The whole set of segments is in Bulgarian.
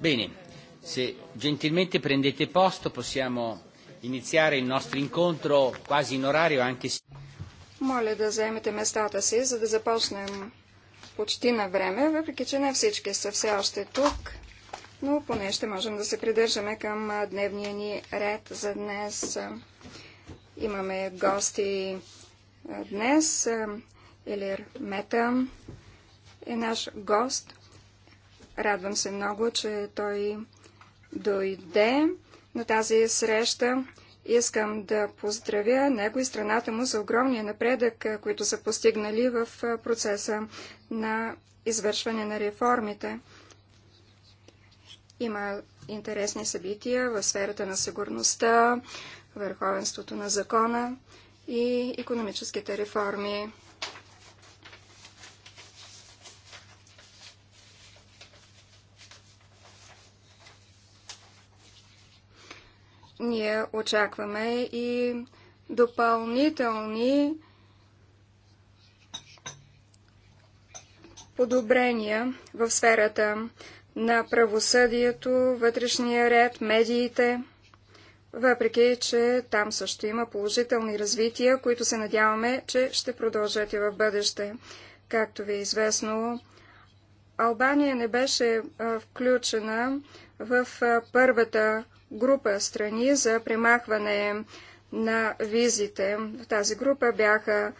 Bene, se gentilmente prendete posto possiamo iniziare il nostro incontro quasi in orario anche se... Моля да заемете местата си, за да започнем почти на време, въпреки че не всички са все още тук, но поне ще можем да се придържаме към дневния ни ред за днес. Имаме гости днес. Елир Мета е наш гост – Радвам се много, че той дойде на тази среща. Искам да поздравя него и страната му за огромния напредък, които са постигнали в процеса на извършване на реформите. Има интересни събития в сферата на сигурността, върховенството на закона и економическите реформи. Ние очакваме и допълнителни подобрения в сферата на правосъдието, вътрешния ред, медиите, въпреки че там също има положителни развития, които се надяваме, че ще продължат и в бъдеще. Както ви е известно, Албания не беше включена в първата група страни за премахване на визите. В тази група бяха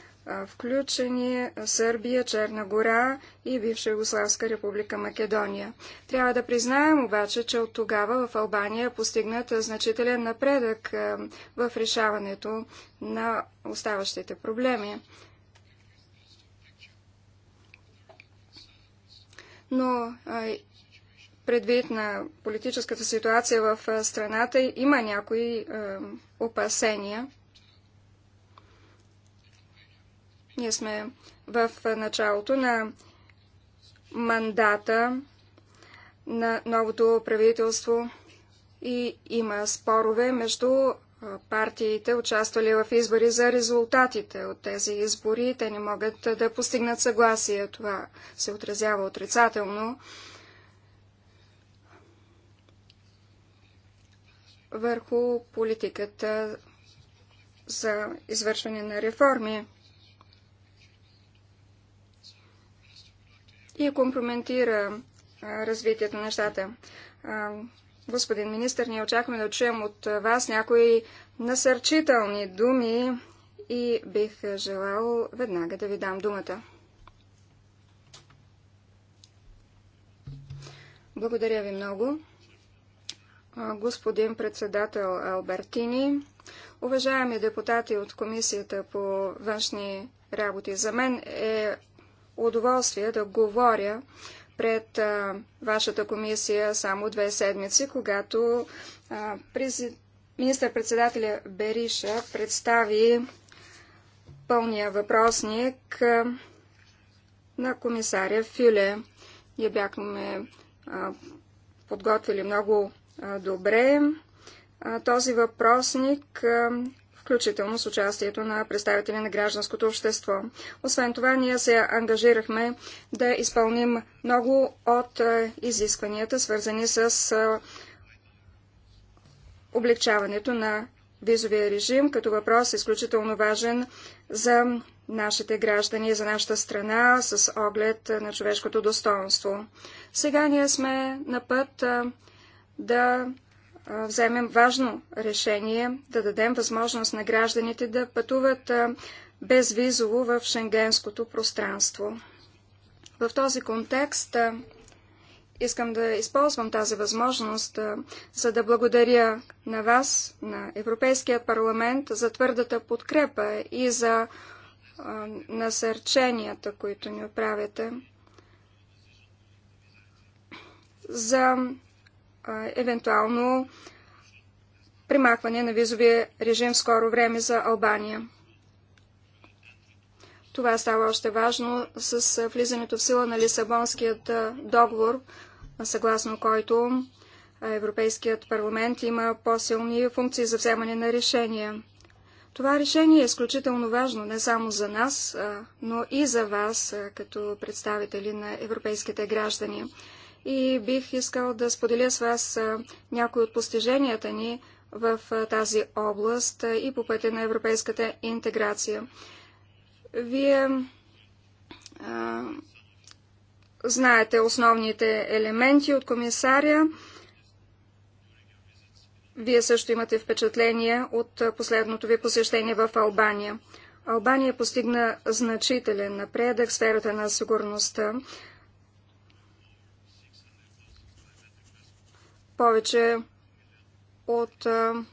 включени Сърбия, Черна гора и бивша Югославска република Македония. Трябва да признаем обаче, че от тогава в Албания е постигнат значителен напредък в решаването на оставащите проблеми. Но предвид на политическата ситуация в страната, има някои е, опасения. Ние сме в началото на мандата на новото правителство и има спорове между партиите, участвали в избори за резултатите от тези избори. Те не могат да постигнат съгласие. Това се отразява отрицателно върху политиката за извършване на реформи. и компрометира развитието на нещата. Господин министр, ние очакваме да чуем от вас някои насърчителни думи и бих желал веднага да ви дам думата. Благодаря ви много господин председател Албертини, уважаеми депутати от Комисията по външни работи. За мен е удоволствие да говоря пред а, вашата комисия само две седмици, когато през... министър-председателя Бериша представи пълния въпросник а, на комисаря Фюле. Ние бяхме подготвили много добре този въпросник, включително с участието на представители на гражданското общество. Освен това, ние се ангажирахме да изпълним много от изискванията, свързани с облегчаването на визовия режим, като въпрос е изключително важен за нашите граждани, за нашата страна, с оглед на човешкото достоинство. Сега ние сме на път да вземем важно решение, да дадем възможност на гражданите да пътуват безвизово в шенгенското пространство. В този контекст искам да използвам тази възможност, за да благодаря на вас, на Европейския парламент, за твърдата подкрепа и за насърченията, които ни отправяте. За евентуално примахване на визовия режим в скоро време за Албания. Това става още важно с влизането в сила на Лисабонският договор, съгласно който Европейският парламент има по-силни функции за вземане на решения. Това решение е изключително важно не само за нас, но и за вас, като представители на европейските граждани и бих искал да споделя с вас някои от постиженията ни в тази област и по пътя на европейската интеграция. Вие а, знаете основните елементи от комисаря. Вие също имате впечатление от последното ви посещение в Албания. Албания постигна значителен напредък в сферата на сигурността. Повече от 600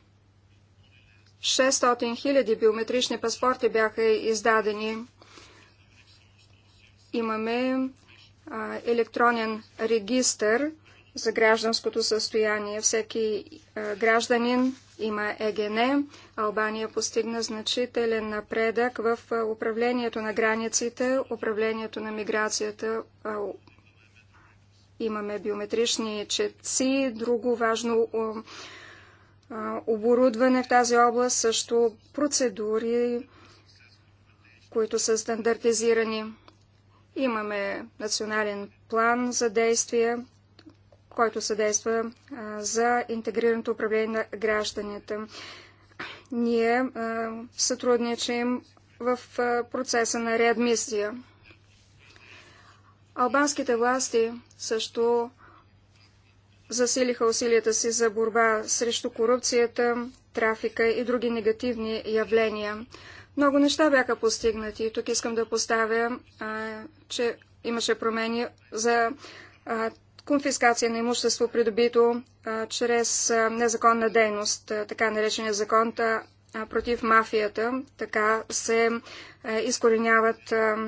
000 биометрични паспорти бяха издадени. Имаме електронен регистър за гражданското състояние. Всеки гражданин има ЕГН. Албания постигна значителен напредък в управлението на границите, управлението на миграцията, Имаме биометрични четци, друго важно оборудване в тази област, също процедури, които са стандартизирани. Имаме национален план за действие, който съдейства за интегрираното управление на гражданите. Ние сътрудничаем в процеса на реадмисия. Албанските власти също засилиха усилията си за борба срещу корупцията, трафика и други негативни явления. Много неща бяха постигнати. тук искам да поставя, а, че имаше промени за а, конфискация на имущество, придобито а, чрез а, незаконна дейност, а, така наречения закон а, против мафията. Така се а, изкореняват а,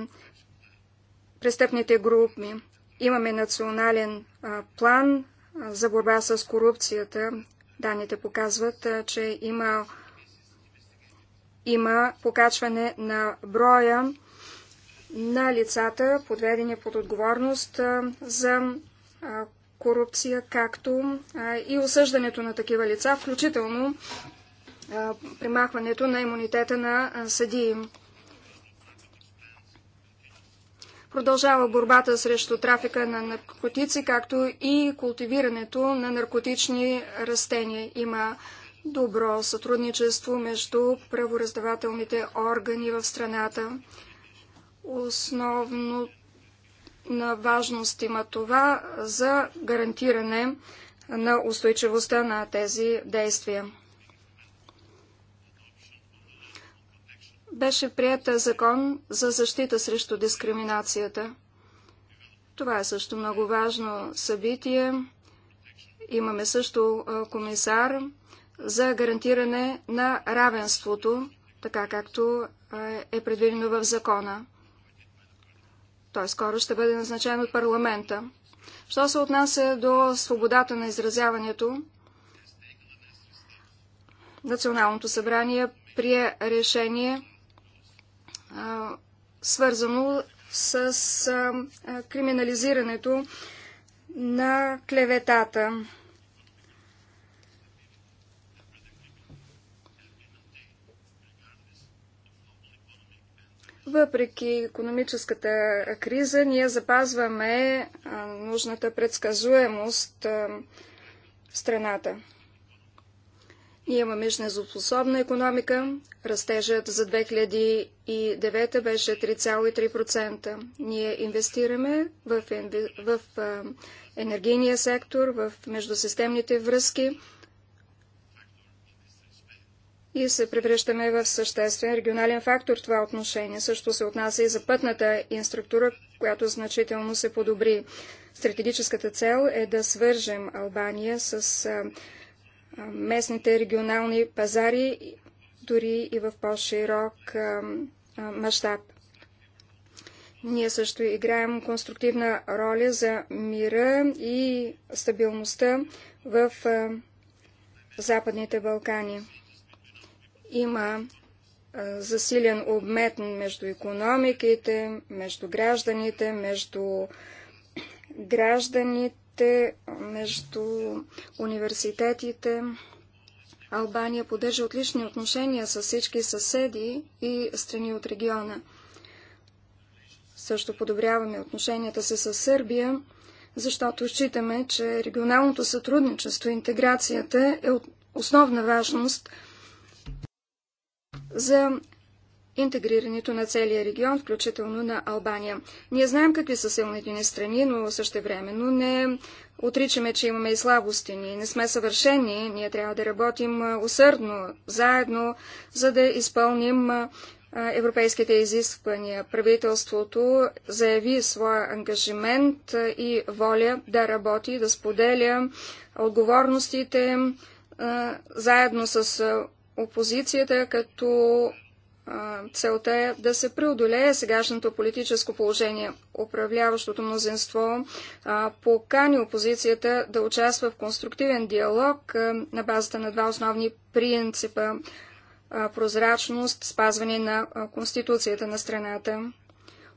престъпните групи. Имаме национален а, план а, за борба с корупцията. Даните показват, а, че има, има покачване на броя на лицата, подведени под отговорност за корупция, както и осъждането на такива лица, включително примахването на имунитета на съдии. Продължава борбата срещу трафика на наркотици, както и култивирането на наркотични растения. Има добро сътрудничество между правораздавателните органи в страната. Основно на важност има това за гарантиране на устойчивостта на тези действия. беше прията закон за защита срещу дискриминацията. Това е също много важно събитие. Имаме също комисар за гарантиране на равенството, така както е предвидено в закона. Той скоро ще бъде назначен от парламента. Що се отнася до свободата на изразяването, Националното събрание прие решение свързано с криминализирането на клеветата. Въпреки економическата криза, ние запазваме нужната предсказуемост в страната. Ние имаме жизнеспособна економика. Растежът за 2009 беше 3,3%. Ние инвестираме в, в енергийния сектор, в междусистемните връзки и се превръщаме в съществен регионален фактор в това отношение. Също се отнася и за пътната инструктура, която значително се подобри. Стратегическата цел е да свържем Албания с местните регионални пазари, дори и в по-широк мащаб. Ние също играем конструктивна роля за мира и стабилността в Западните Балкани. Има засилен обмет между економиките, между гражданите, между гражданите контактите между университетите. Албания поддържа отлични отношения с всички съседи и страни от региона. Също подобряваме отношенията си с Сърбия, защото считаме, че регионалното сътрудничество и интеграцията е от основна важност за интегрирането на целия регион, включително на Албания. Ние знаем какви са силните ни страни, но същевременно не отричаме, че имаме и слабости. Ние не сме съвършени, ние трябва да работим усърдно, заедно, за да изпълним европейските изисквания. Правителството заяви своя ангажимент и воля да работи, да споделя отговорностите заедно с опозицията, като Целта е да се преодолее сегашното политическо положение. Управляващото мнозинство покани опозицията да участва в конструктивен диалог на базата на два основни принципа прозрачност, спазване на конституцията на страната.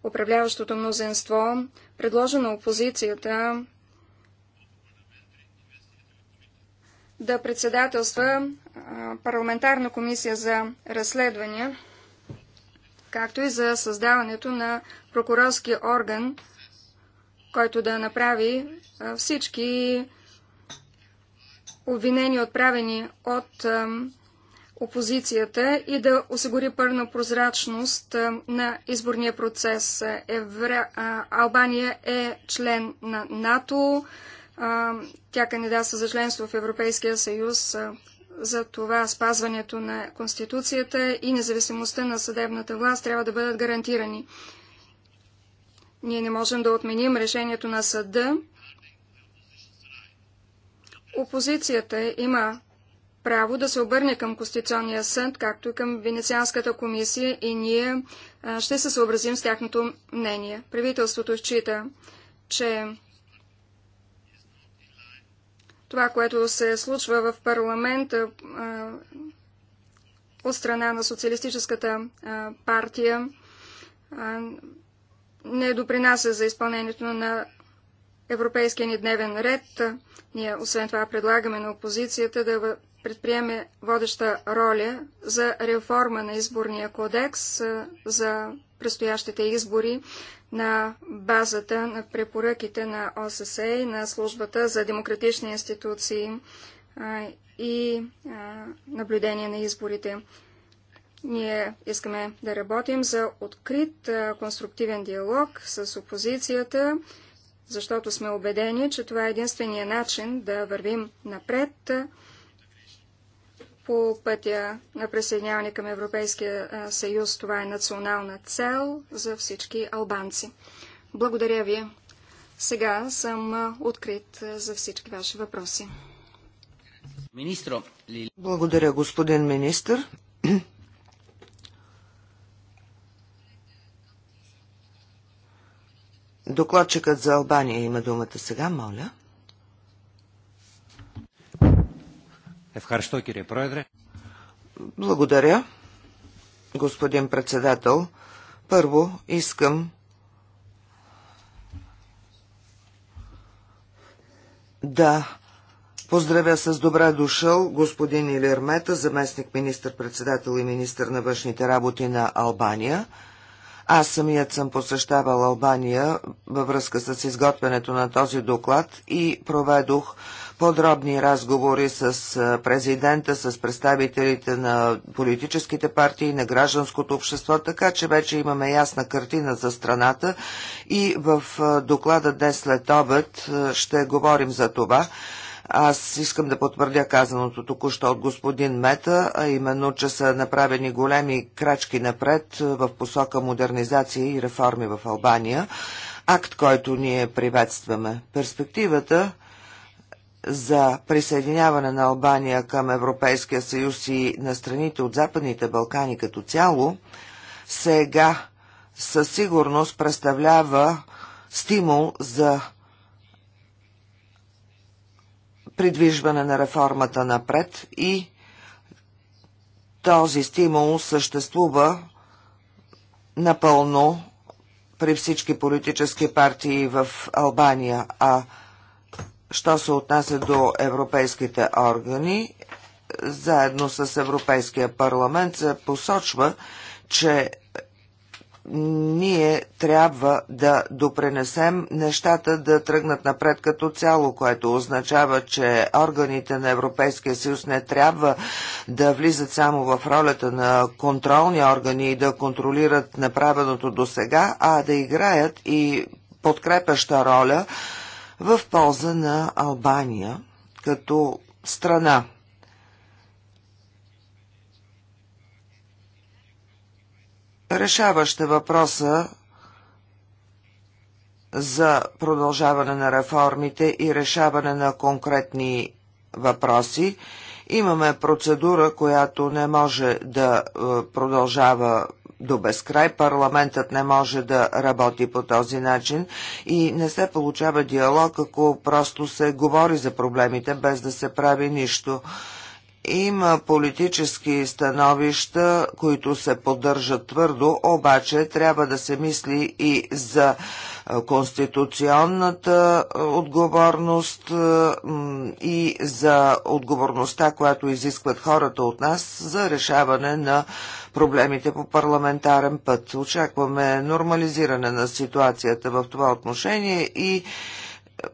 Управляващото мнозинство предложи на опозицията да председателства парламентарна комисия за разследвания както и за създаването на прокурорски орган, който да направи всички обвинения, отправени от опозицията и да осигури пълна прозрачност на изборния процес. Евра... Албания е член на НАТО. Тя кандидатства за членство в Европейския съюз. За това спазването на Конституцията и независимостта на съдебната власт трябва да бъдат гарантирани. Ние не можем да отменим решението на съда. Опозицията има право да се обърне към Конституционния съд, както и към Венецианската комисия и ние ще се съобразим с тяхното мнение. Правителството счита, че това, което се случва в парламента а, от страна на Социалистическата а, партия, а, не допринася за изпълнението на европейския ни дневен ред. Ние, освен това, предлагаме на опозицията да предприеме водеща роля за реформа на изборния кодекс, за предстоящите избори, на базата на препоръките на ОССЕ и на Службата за демократични институции и наблюдение на изборите. Ние искаме да работим за открит конструктивен диалог с опозицията, защото сме убедени, че това е единствения начин да вървим напред по пътя на присъединяване към Европейския съюз. Това е национална цел за всички албанци. Благодаря ви. Сега съм открит за всички ваши въпроси. Благодаря, господин министр. Докладчикът за Албания има думата сега, моля. Ευχαριστώ, κύριε Πρόεδρε. Благодаря, господин председател. Първо искам да Поздравя с добре дошъл господин Илир Мета, заместник министър-председател и министър на външните работи на Албания. Аз самият съм посещавал Албания във връзка с изготвянето на този доклад и проведох подробни разговори с президента, с представителите на политическите партии, на гражданското общество, така че вече имаме ясна картина за страната и в доклада днес след обед ще говорим за това. Аз искам да потвърдя казаното току-що от господин Мета, а именно, че са направени големи крачки напред в посока модернизация и реформи в Албания. Акт, който ние приветстваме. Перспективата за присъединяване на Албания към Европейския съюз и на страните от Западните Балкани като цяло, сега със сигурност представлява стимул за придвижване на реформата напред и този стимул съществува напълно при всички политически партии в Албания, а що се отнася до европейските органи, заедно с Европейския парламент се посочва, че ние трябва да допренесем нещата да тръгнат напред като цяло, което означава, че органите на Европейския съюз не трябва да влизат само в ролята на контролни органи и да контролират направеното до сега, а да играят и подкрепяща роля в полза на Албания като страна. Решаваща въпроса за продължаване на реформите и решаване на конкретни въпроси. Имаме процедура, която не може да е, продължава до безкрай. Парламентът не може да работи по този начин и не се получава диалог, ако просто се говори за проблемите без да се прави нищо. Има политически становища, които се поддържат твърдо, обаче трябва да се мисли и за конституционната отговорност и за отговорността, която изискват хората от нас за решаване на проблемите по парламентарен път. Очакваме нормализиране на ситуацията в това отношение и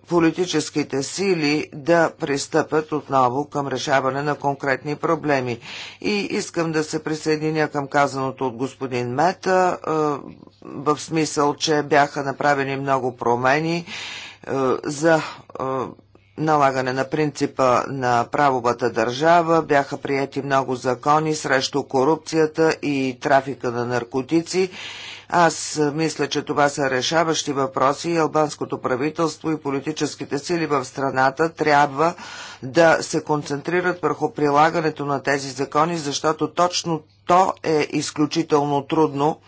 политическите сили да пристъпят отново към решаване на конкретни проблеми. И искам да се присъединя към казаното от господин Мета, е, в смисъл, че бяха направени много промени е, за е, налагане на принципа на правовата държава, бяха приети много закони срещу корупцията и трафика на наркотици аз мисля, че това са решаващи въпроси и албанското правителство и политическите сили в страната трябва да се концентрират върху прилагането на тези закони, защото точно то е изключително трудно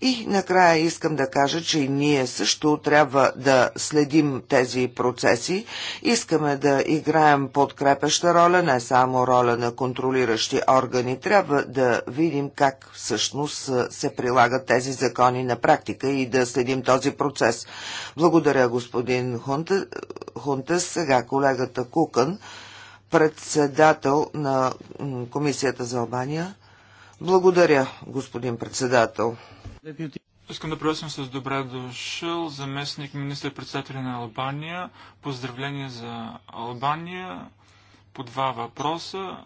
и накрая искам да кажа, че ние също трябва да следим тези процеси. Искаме да играем подкрепеща роля, не само роля на контролиращи органи. Трябва да видим как всъщност се прилагат тези закони на практика и да следим този процес. Благодаря, господин Хунта. Хунта. Сега колегата Кукън, председател на Комисията за Албания. Благодаря, господин председател. Искам да приветствам с добре дошъл заместник министър-председателя на Албания. Поздравление за Албания по два въпроса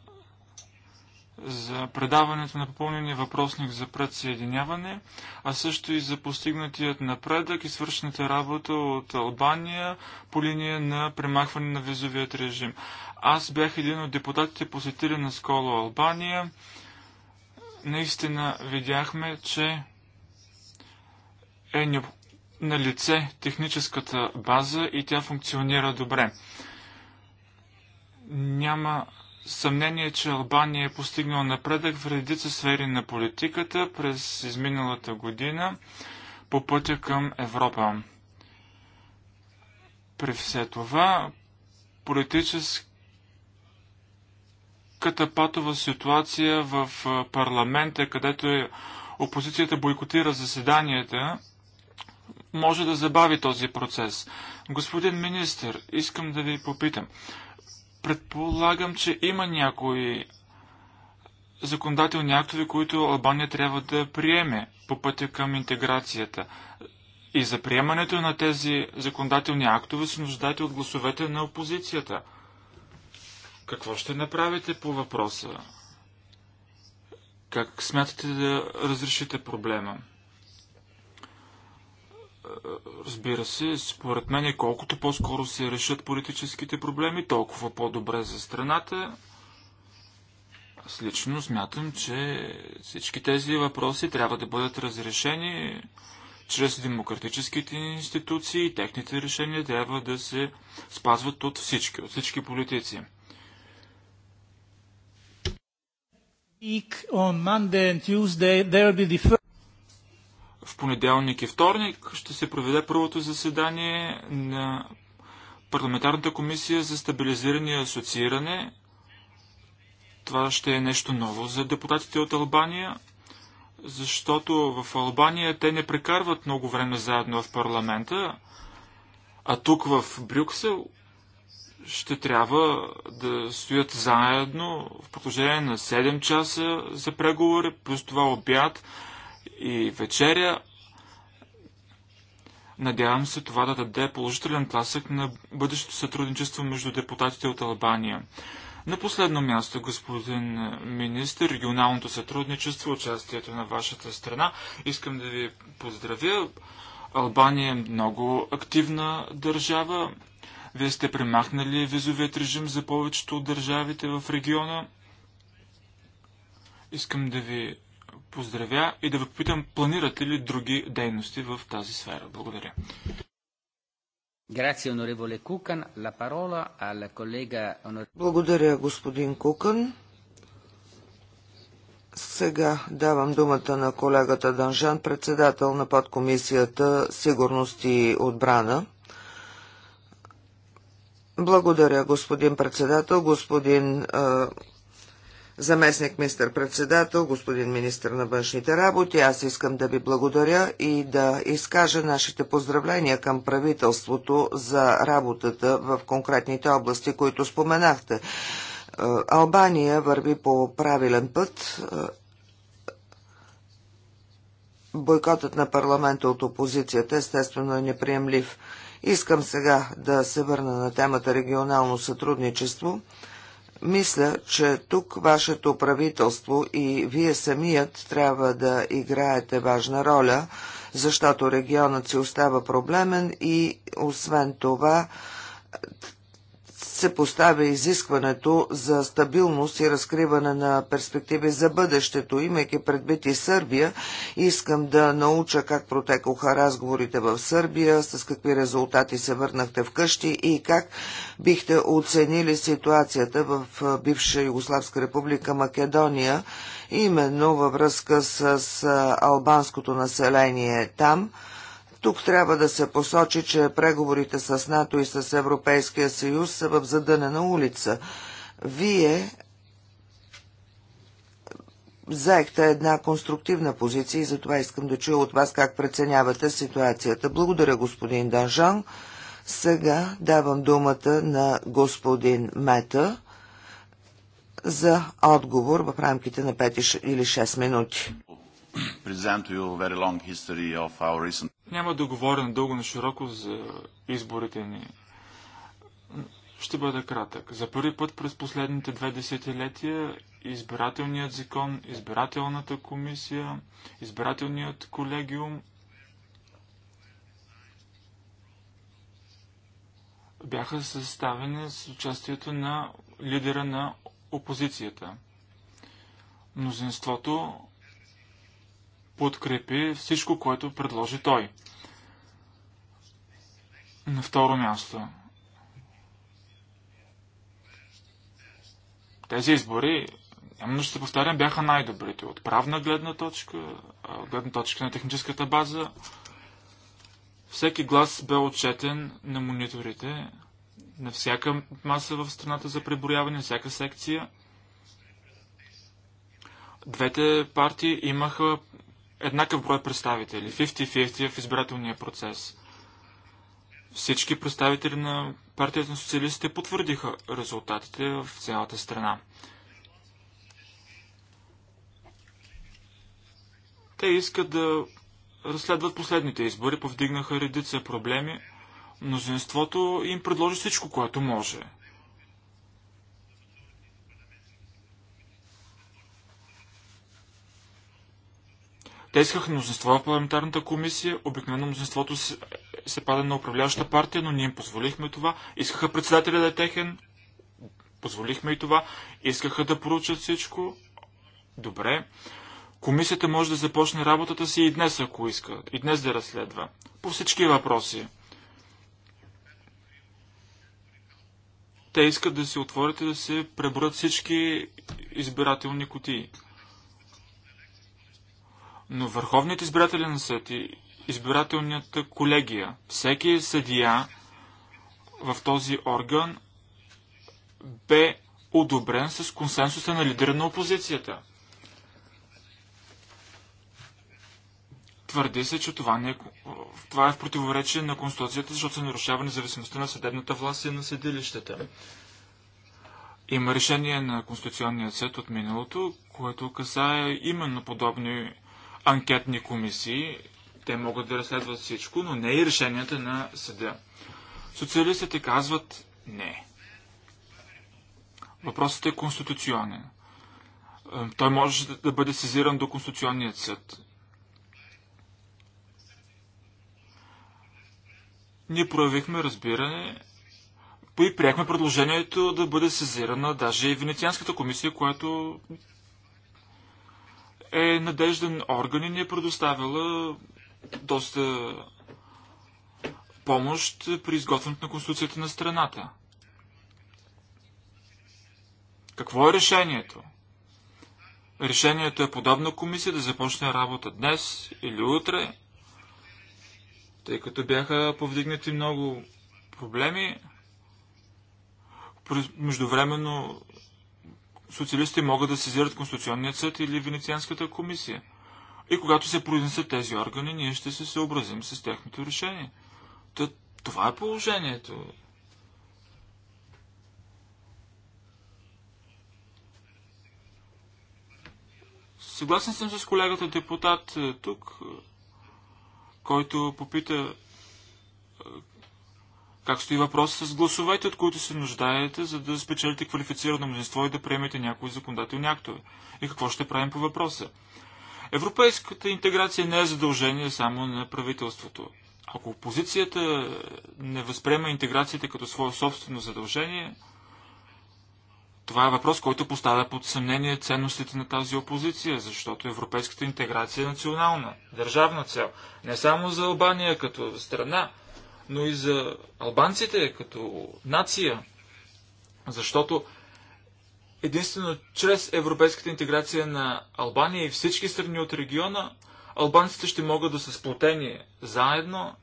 за предаването на попълнения въпросник за предсъединяване, а също и за постигнатият напредък и свършената работа от Албания по линия на премахване на визовият режим. Аз бях един от депутатите посетили на сколо Албания наистина видяхме, че е на лице техническата база и тя функционира добре. Няма съмнение, че Албания е постигнала напредък в редица сфери на политиката през изминалата година по пътя към Европа. При все това, политически патова ситуация в парламента, където е, опозицията бойкотира заседанията, може да забави този процес. Господин министр, искам да ви попитам. Предполагам, че има някои законодателни актове, които Албания трябва да приеме по пътя към интеграцията. И за приемането на тези законодателни актове се нуждаете от гласовете на опозицията – какво ще направите по въпроса? Как смятате да разрешите проблема? Разбира се, според мен колкото по-скоро се решат политическите проблеми, толкова по-добре за страната. Аз лично смятам, че всички тези въпроси трябва да бъдат разрешени чрез демократическите институции и техните решения трябва да се спазват от всички, от всички политици. В понеделник и вторник ще се проведе първото заседание на Парламентарната комисия за стабилизиране и асоцииране. Това ще е нещо ново за депутатите от Албания, защото в Албания те не прекарват много време заедно в парламента, а тук в Брюксел – ще трябва да стоят заедно в продължение на 7 часа за преговори, плюс това обяд и вечеря. Надявам се това да даде положителен тласък на бъдещето сътрудничество между депутатите от Албания. На последно място, господин министр, регионалното сътрудничество, участието на вашата страна. Искам да ви поздравя. Албания е много активна държава. Вие сте премахнали визовият режим за повечето от държавите в региона. Искам да ви поздравя и да ви попитам, планирате ли други дейности в тази сфера? Благодаря. Благодаря, господин Кукан. Сега давам думата на колегата Данжан, председател на подкомисията Сигурност и отбрана. Благодаря, господин председател, господин а, заместник министър председател господин министър на външните работи. Аз искам да ви благодаря и да изкажа нашите поздравления към правителството за работата в конкретните области, които споменахте. Албания върви по правилен път. Бойкотът на парламента от опозицията естествено е неприемлив. Искам сега да се върна на темата регионално сътрудничество. Мисля, че тук вашето правителство и вие самият трябва да играете важна роля, защото регионът си остава проблемен и освен това се поставя изискването за стабилност и разкриване на перспективи за бъдещето. Имайки предвид и Сърбия, искам да науча как протекоха разговорите в Сърбия, с какви резултати се върнахте вкъщи и как бихте оценили ситуацията в бивша Югославска република Македония, именно във връзка с албанското население там – тук трябва да се посочи, че преговорите с НАТО и с Европейския съюз са в задънена улица. Вие заехте една конструктивна позиция и затова искам да чуя от вас как преценявате ситуацията. Благодаря, господин Данжан. Сега давам думата на господин Мета за отговор в рамките на 5 или 6 минути. Няма да говоря надълго на широко за изборите ни. Ще бъда кратък. За първи път през последните две десетилетия избирателният закон, избирателната комисия, избирателният колегиум бяха съставени с участието на лидера на опозицията. Мнозинството подкрепи всичко, което предложи той. На второ място. Тези избори, няма ще повтарям, бяха най-добрите. От правна гледна точка, от гледна точка на техническата база, всеки глас бе отчетен на мониторите, на всяка маса в страната за преброяване, на всяка секция. Двете партии имаха еднакъв брой представители, 50-50 в избирателния процес. Всички представители на партията на социалистите потвърдиха резултатите в цялата страна. Те искат да разследват последните избори, повдигнаха редица проблеми. Мнозинството им предложи всичко, което може – Те искаха мнозинство в парламентарната комисия, обикновено мнозинството се, се пада на управляваща партия, но ние им позволихме това. Искаха председателя да е техен, позволихме и това. Искаха да поручат всичко. Добре. Комисията може да започне работата си и днес, ако иска. И днес да разследва. По всички въпроси. Те искат да се отворят и да се преборят всички избирателни кутии. Но Върховният избирателен съд и избирателната колегия, всеки съдия в този орган бе одобрен с консенсуса на лидера на опозицията. Твърди се, че това, не е, това е в противоречие на Конституцията, защото се нарушава независимостта на съдебната власт и на съдилищата. Има решение на Конституционния съд от миналото, което касае именно подобни анкетни комисии. Те могат да разследват всичко, но не и решенията на съда. Социалистите казват не. Въпросът е конституционен. Е, той може да бъде сезиран до Конституционният съд. Ние проявихме разбиране и приехме предложението да бъде сезирана даже и Венецианската комисия, която е надежден орган и ни е предоставила доста помощ при изготвянето на Конституцията на страната. Какво е решението? Решението е подобна комисия да започне работа днес или утре, тъй като бяха повдигнати много проблеми. Междувременно социалистите могат да сезират Конституционният съд или Венецианската комисия. И когато се произнесат тези органи, ние ще се съобразим с тяхното решение. Та, това е положението. Съгласен съм с колегата депутат е, тук, е, който попита как стои въпросът с гласовете, от които се нуждаете, за да спечелите квалифицирано мнозинство и да приемете някои законодателни актове? И какво ще правим по въпроса? Европейската интеграция не е задължение само на правителството. Ако опозицията не възприема интеграцията като свое собствено задължение, това е въпрос, който поставя под съмнение ценностите на тази опозиция, защото европейската интеграция е национална, държавна цел. Не само за Албания като страна, но и за албанците като нация, защото единствено чрез европейската интеграция на Албания и всички страни от региона, албанците ще могат да са сплотени заедно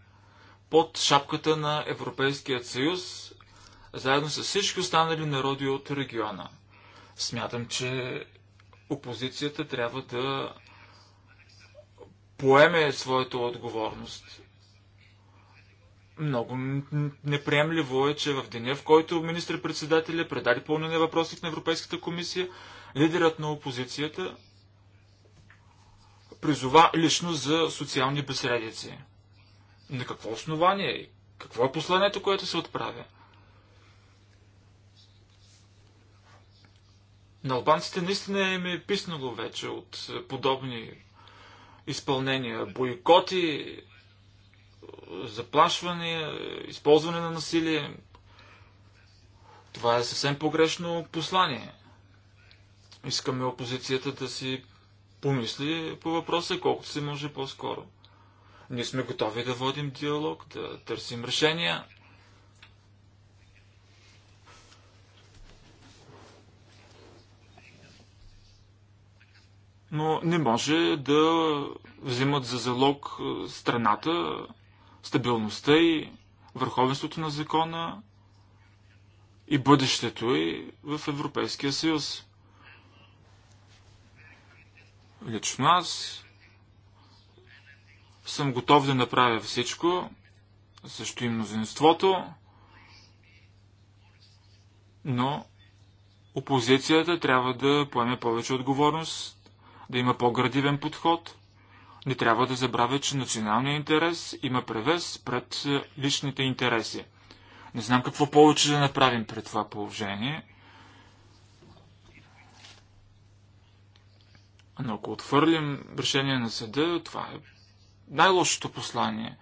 под шапката на Европейският съюз, заедно с всички останали народи от региона. Смятам, че опозицията трябва да поеме своята отговорност. Много неприемливо е, че в деня, в който министр-председателя предаде пълнене въпроси на Европейската комисия, лидерът на опозицията призова лично за социални безредици. На какво основание? Какво е посланието, което се отправя? На албанците наистина им ми е писнало вече от подобни изпълнения. Бойкоти, заплашване, използване на насилие. Това е съвсем погрешно послание. Искаме опозицията да си помисли по въпроса колкото се може по-скоро. Ние сме готови да водим диалог, да търсим решения. Но не може да взимат за залог е, страната, стабилността и върховенството на закона и бъдещето и в Европейския съюз. Лично аз съм готов да направя всичко, също и мнозинството, но опозицията трябва да поеме повече отговорност, да има по-градивен подход – не трябва да забравя, че националният интерес има превес пред е, личните интереси. Не знам какво повече да направим пред това положение. Но ако отвърлим решение на съда, това е най-лошото послание,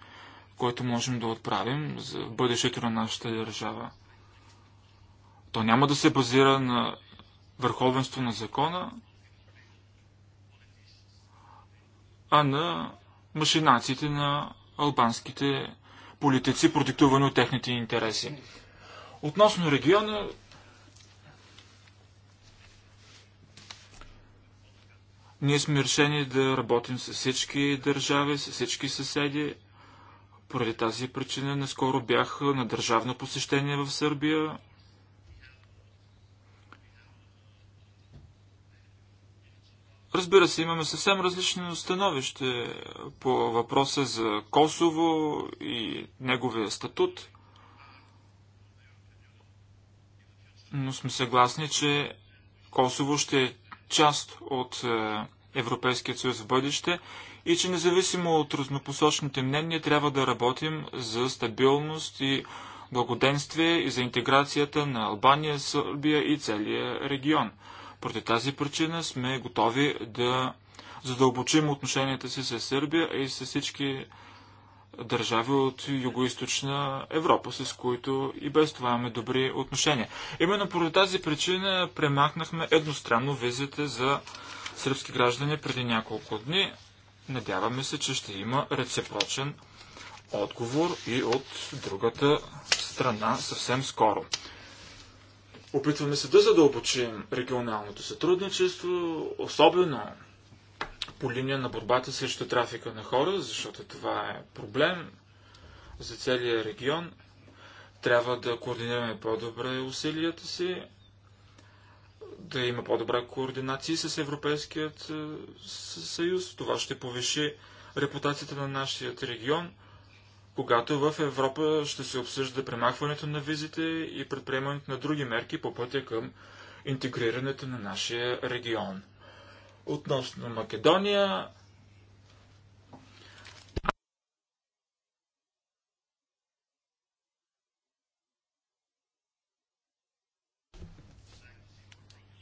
което можем да отправим за бъдещето на нашата държава. То няма да се базира на върховенство на закона, а на машинациите на албанските политици, продиктувани от техните интереси. Относно региона, ние сме решени да работим с всички държави, с всички съседи. Поради тази причина наскоро бях на държавно посещение в Сърбия. Разбира се, имаме съвсем различно становище по въпроса за Косово и неговия статут, но сме съгласни, че Косово ще е част от е, Европейския съюз в бъдеще и че независимо от разнопосочните мнения трябва да работим за стабилност и благоденствие и за интеграцията на Албания, Сърбия и целия регион – поради тази причина сме готови да задълбочим отношенията си с Сърбия и с всички държави от Юго-Источна Европа, с които и без това имаме добри отношения. Именно поради тази причина премахнахме едностранно визите за сръбски граждани преди няколко дни. Надяваме се, че ще има реципрочен отговор и от другата страна съвсем скоро. Опитваме се да задълбочим регионалното сътрудничество, особено по линия на борбата срещу трафика на хора, защото това е проблем за целия регион. Трябва да координираме по-добре усилията си, да има по-добра координация с Европейският е, съюз. Това ще повиши репутацията на нашия регион – когато в Европа ще се обсъжда премахването на визите и предприемането на други мерки по пътя към интегрирането на нашия регион. Относно Македония,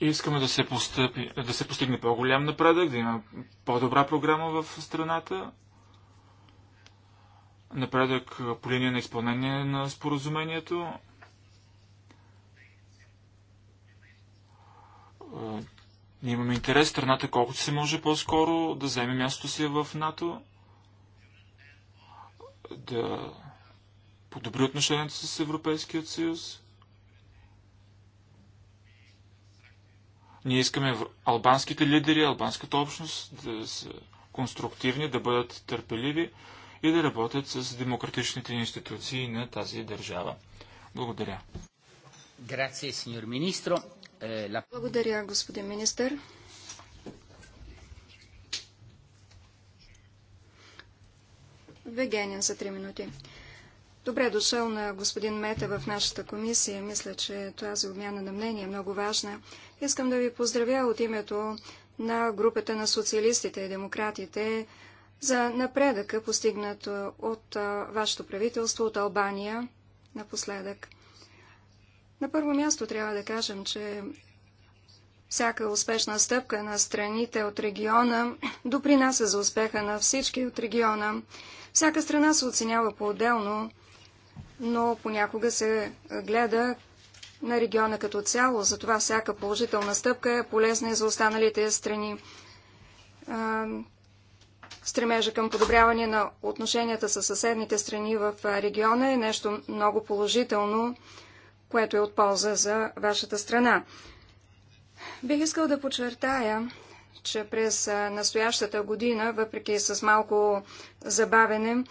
Искаме да се, постъпи, да се постигне по-голям напредък, да има по-добра програма в страната напредък по линия на изпълнение на споразумението. Ние имаме интерес страната колкото се може по-скоро да вземе мястото си в НАТО, да подобри отношението с Европейският съюз. Ние искаме албанските лидери, албанската общност да са конструктивни, да бъдат търпеливи, и да работят с демократичните институции на тази държава. Благодаря. Е, Благодаря, господин министр. Вегенин за три минути. Добре дошъл на господин Мета в нашата комисия. Мисля, че тази обмяна на мнение е много важна. Искам да ви поздравя от името на групата на социалистите и демократите за напредъка, постигнато от вашето правителство, от Албания напоследък. На първо място трябва да кажем, че всяка успешна стъпка на страните от региона допринася за успеха на всички от региона. Всяка страна се оценява по-отделно, но понякога се гледа на региона като цяло, затова всяка положителна стъпка е полезна и за останалите страни. Стремежа към подобряване на отношенията с съседните страни в региона е нещо много положително, което е от полза за вашата страна. Бих искал да подчертая, че през настоящата година, въпреки с малко забавене,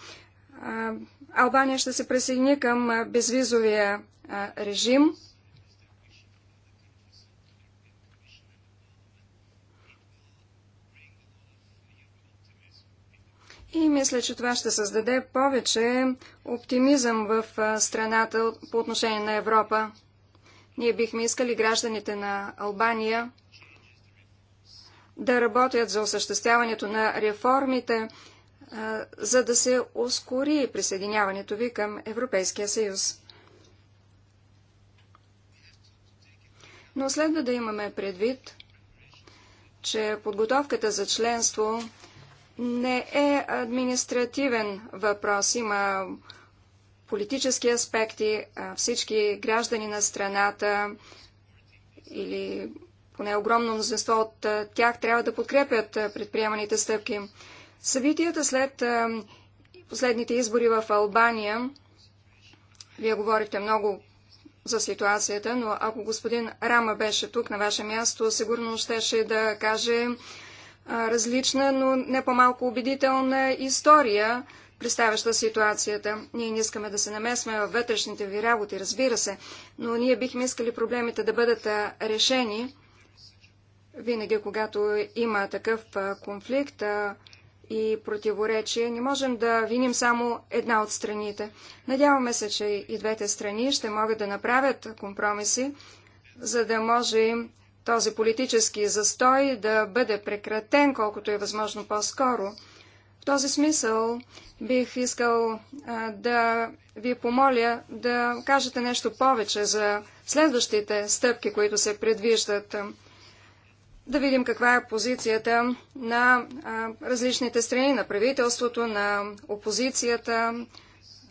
Албания ще се присъедини към безвизовия режим. И мисля, че това ще създаде повече оптимизъм в страната по отношение на Европа. Ние бихме искали гражданите на Албания да работят за осъществяването на реформите, за да се ускори присъединяването ви към Европейския съюз. Но следва да имаме предвид, че подготовката за членство не е административен въпрос. Има политически аспекти. Всички граждани на страната или поне огромно мнозинство от тях трябва да подкрепят предприеманите стъпки. Събитията след последните избори в Албания, вие говорите много за ситуацията, но ако господин Рама беше тук на ваше място, сигурно щеше да каже различна, но не по-малко убедителна история, представяща ситуацията. Ние не искаме да се намесваме във вътрешните ви работи, разбира се, но ние бихме искали проблемите да бъдат решени. Винаги, когато има такъв конфликт и противоречие, не можем да виним само една от страните. Надяваме се, че и двете страни ще могат да направят компромиси, за да може този политически застой да бъде прекратен колкото е възможно по-скоро. В този смисъл бих искал а, да ви помоля да кажете нещо повече за следващите стъпки, които се предвиждат. Да видим каква е позицията на а, различните страни, на правителството, на опозицията.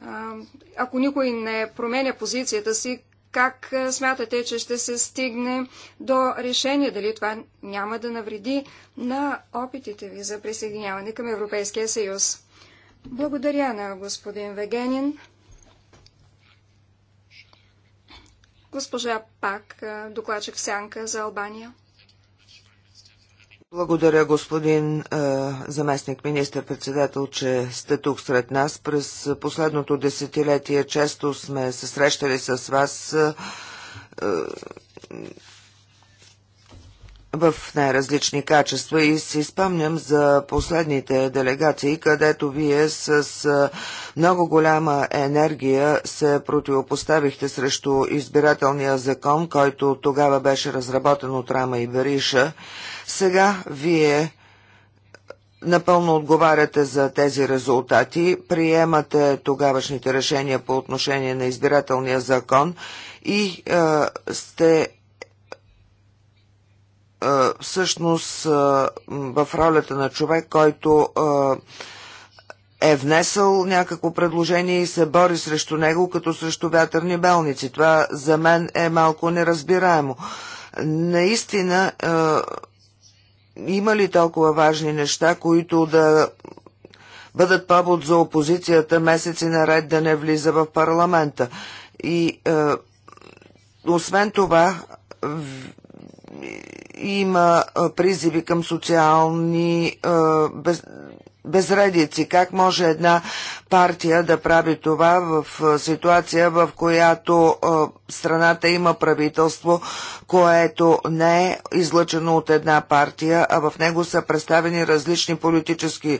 А, ако никой не променя позицията си, как е, смятате, че ще се стигне до решение, дали това няма да навреди на опитите ви за присъединяване към Европейския съюз. Благодаря на господин Вегенин. Госпожа Пак, е, докладчик в Сянка за Албания. Благодаря, господин е, заместник министър-председател, че сте тук сред нас. През последното десетилетие често сме се срещали с вас е, е, в най-различни качества и си спомням за последните делегации, където вие с много голяма енергия се противопоставихте срещу избирателния закон, който тогава беше разработен от Рама и Бериша сега вие напълно отговаряте за тези резултати, приемате тогавашните решения по отношение на избирателния закон и а, е, сте а, е, всъщност а, е, в ролята на човек, който е, е внесъл някакво предложение и се бори срещу него, като срещу вятърни белници. Това за мен е малко неразбираемо. Наистина. А, има ли толкова важни неща, които да бъдат повод за опозицията месеци наред да не влиза в парламента? И е, освен това, има е, призиви към социални, е, без, безредици. Как може една партия да прави това в ситуация, в която страната има правителство, което не е излъчено от една партия, а в него са представени различни политически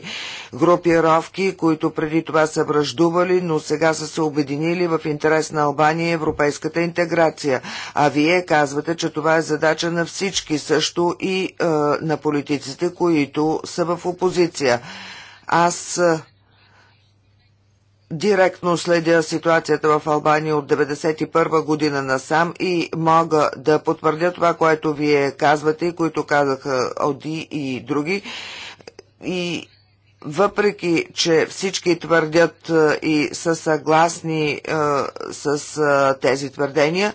групировки, които преди това са връждували, но сега са се обединили в интерес на Албания и европейската интеграция. А вие казвате, че това е задача на всички, също и е, на политиците, които са в опозиция. Аз директно следя ситуацията в Албания от 1991 година насам и мога да потвърдя това, което вие казвате и които казаха Оди и други. И въпреки, че всички твърдят и са съгласни е, с е, тези твърдения,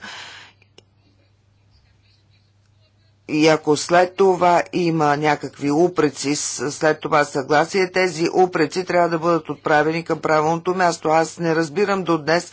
и ако след това има някакви упреци, след това съгласие, тези упреци трябва да бъдат отправени към правилното място. Аз не разбирам до днес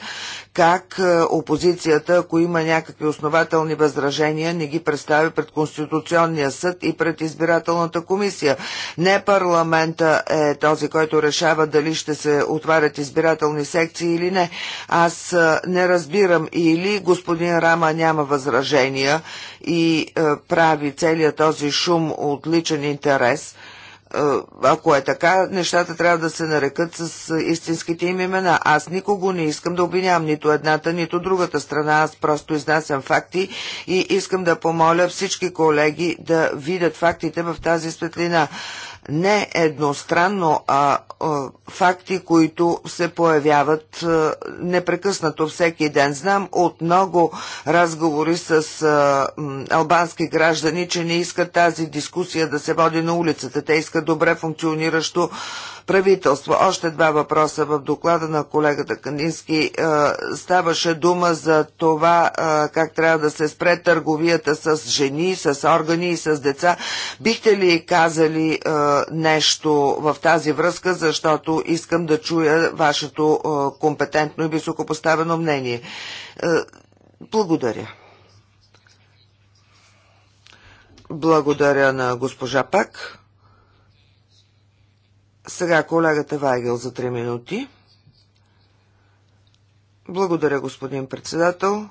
как е, опозицията, ако има някакви основателни възражения, не ги представи пред Конституционния съд и пред избирателната комисия. Не парламента е този, който решава дали ще се отварят избирателни секции или не. Аз е, не разбирам или господин Рама няма възражения и е, прави направи целият този шум от личен интерес. Е, ако е така, нещата трябва да се нарекат с истинските им имена. Аз никого не искам да обвинявам нито едната, нито другата страна. Аз просто изнасям факти и искам да помоля всички колеги да видят фактите в тази светлина не едностранно, а, а факти, които се появяват непрекъснато всеки ден. Знам от много разговори с албански граждани, че не искат тази дискусия да се води на улицата. Те искат добре функциониращо правителство. Още два въпроса в доклада на колегата Канински. Е, ставаше дума за това е, как трябва да се спре търговията с жени, с органи и с деца. Бихте ли казали е, нещо в тази връзка, защото искам да чуя вашето компетентно и високопоставено мнение. Благодаря. Благодаря на госпожа Пак. Сега колегата Вайгел за 3 минути. Благодаря, господин председател.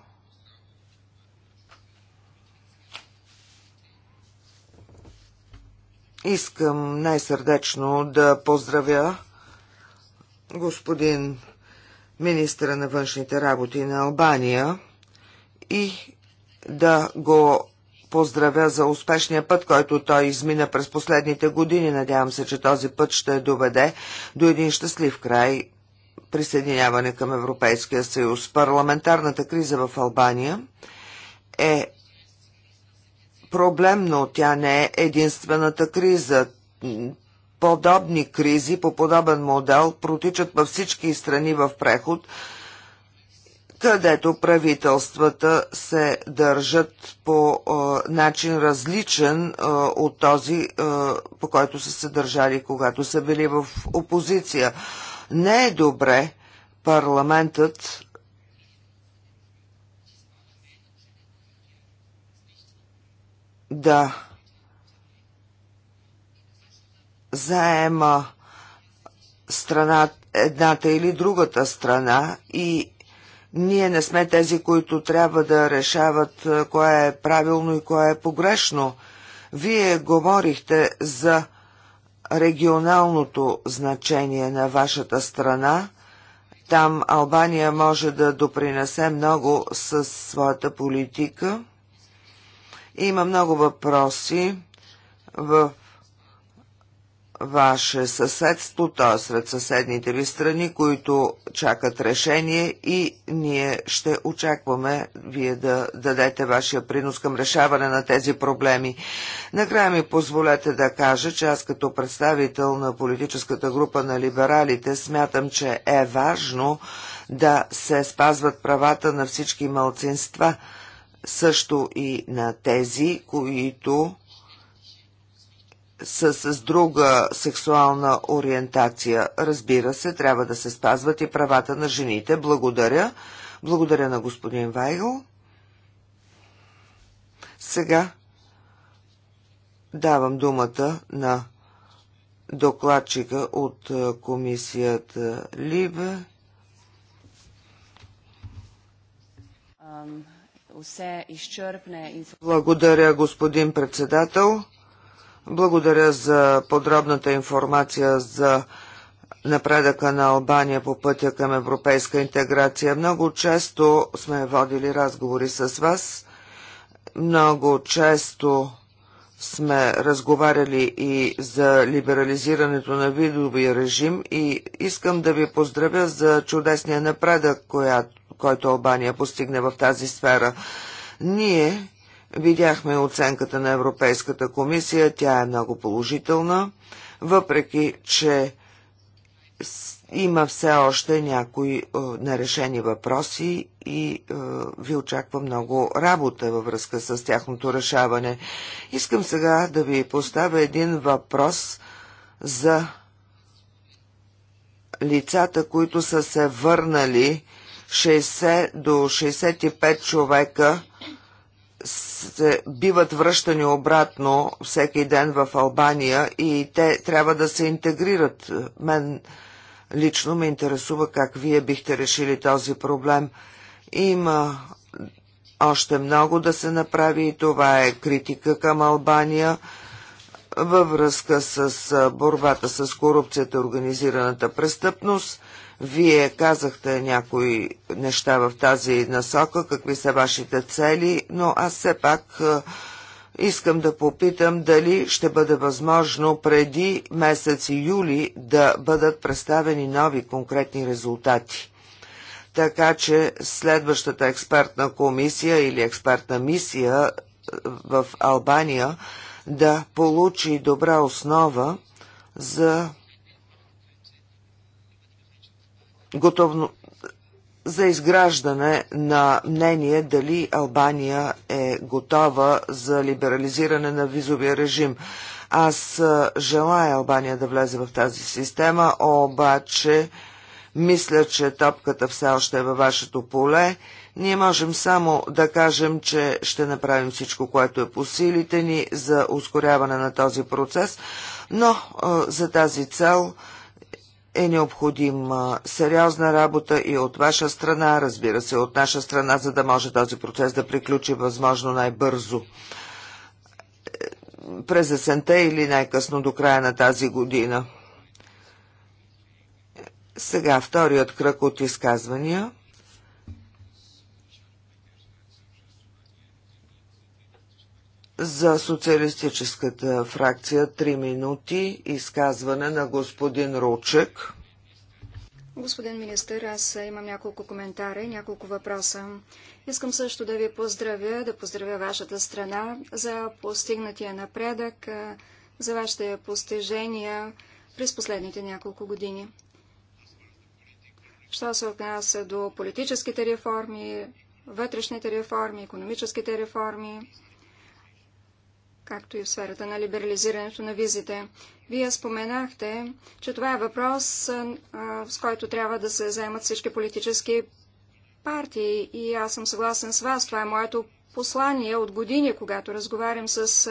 Искам най-сърдечно да поздравя господин министра на външните работи на Албания и да го поздравя за успешния път, който той измина през последните години. Надявам се, че този път ще доведе до един щастлив край присъединяване към Европейския съюз. Парламентарната криза в Албания е проблемно. Тя не е единствената криза. Подобни кризи по подобен модел протичат във всички страни в преход – където правителствата се държат по а, начин различен а, от този, а, по който са се държали, когато са били в опозиция. Не е добре парламентът да заема страна, едната или другата страна и ние не сме тези, които трябва да решават е, кое е правилно и кое е погрешно. Вие говорихте за регионалното значение на вашата страна. Там Албания може да допринесе много със своята политика. Има много въпроси в ваше съседство, т.е. сред съседните ви страни, които чакат решение и ние ще очакваме вие да дадете вашия принос към решаване на тези проблеми. Накрая ми позволете да кажа, че аз като представител на политическата група на либералите смятам, че е важно да се спазват правата на всички малцинства, също и на тези, които са с друга сексуална ориентация. Разбира се, трябва да се спазват и правата на жените. Благодаря. Благодаря на господин Вайл. Сега давам думата на докладчика от е, комисията Либе. Благодаря, господин председател. Благодаря за подробната информация за напредъка на Албания по пътя към европейска интеграция. Много често сме водили разговори с вас. Много често сме разговаряли и за либерализирането на видовия режим и искам да ви поздравя за чудесния напредък, който Албания постигне в тази сфера. Ние Видяхме оценката на Европейската комисия, тя е много положителна, въпреки че има все още някои е, нерешени въпроси и е, ви очаква много работа във връзка с тяхното решаване. Искам сега да ви поставя един въпрос за лицата, които са се върнали 60 до 65 човека се биват връщани обратно всеки ден в Албания и те трябва да се интегрират. Мен лично ме интересува как вие бихте решили този проблем. Има още много да се направи и това е критика към Албания във връзка с борбата с корупцията и организираната престъпност. Вие казахте някои неща в тази насока, какви са вашите цели, но аз все пак е, искам да попитам дали ще бъде възможно преди месец юли да бъдат представени нови конкретни резултати така че следващата експертна комисия или експертна мисия е, в Албания да получи добра основа за готовно за изграждане на мнение дали Албания е готова за либерализиране на визовия режим. Аз желая Албания да влезе в тази система, обаче мисля, че топката все още е във вашето поле. Ние можем само да кажем, че ще направим всичко, което е по силите ни за ускоряване на този процес, но за тази цел – е необходима сериозна работа и от ваша страна, разбира се, от наша страна, за да може този процес да приключи възможно най-бързо е, през есента или най-късно до края на тази година. Сега вторият кръг от изказвания – За социалистическата фракция 3 минути изказване на господин Ручек. Господин министър, аз имам няколко коментара и няколко въпроса. Искам също да ви поздравя, да поздравя вашата страна за постигнатия напредък, за вашите постижения през последните няколко години. Що се отнася до политическите реформи, вътрешните реформи, економическите реформи, както и в сферата на либерализирането на визите. Вие споменахте, че това е въпрос, с който трябва да се заемат всички политически партии. И аз съм съгласен с вас. Това е моето послание от години, когато разговарям с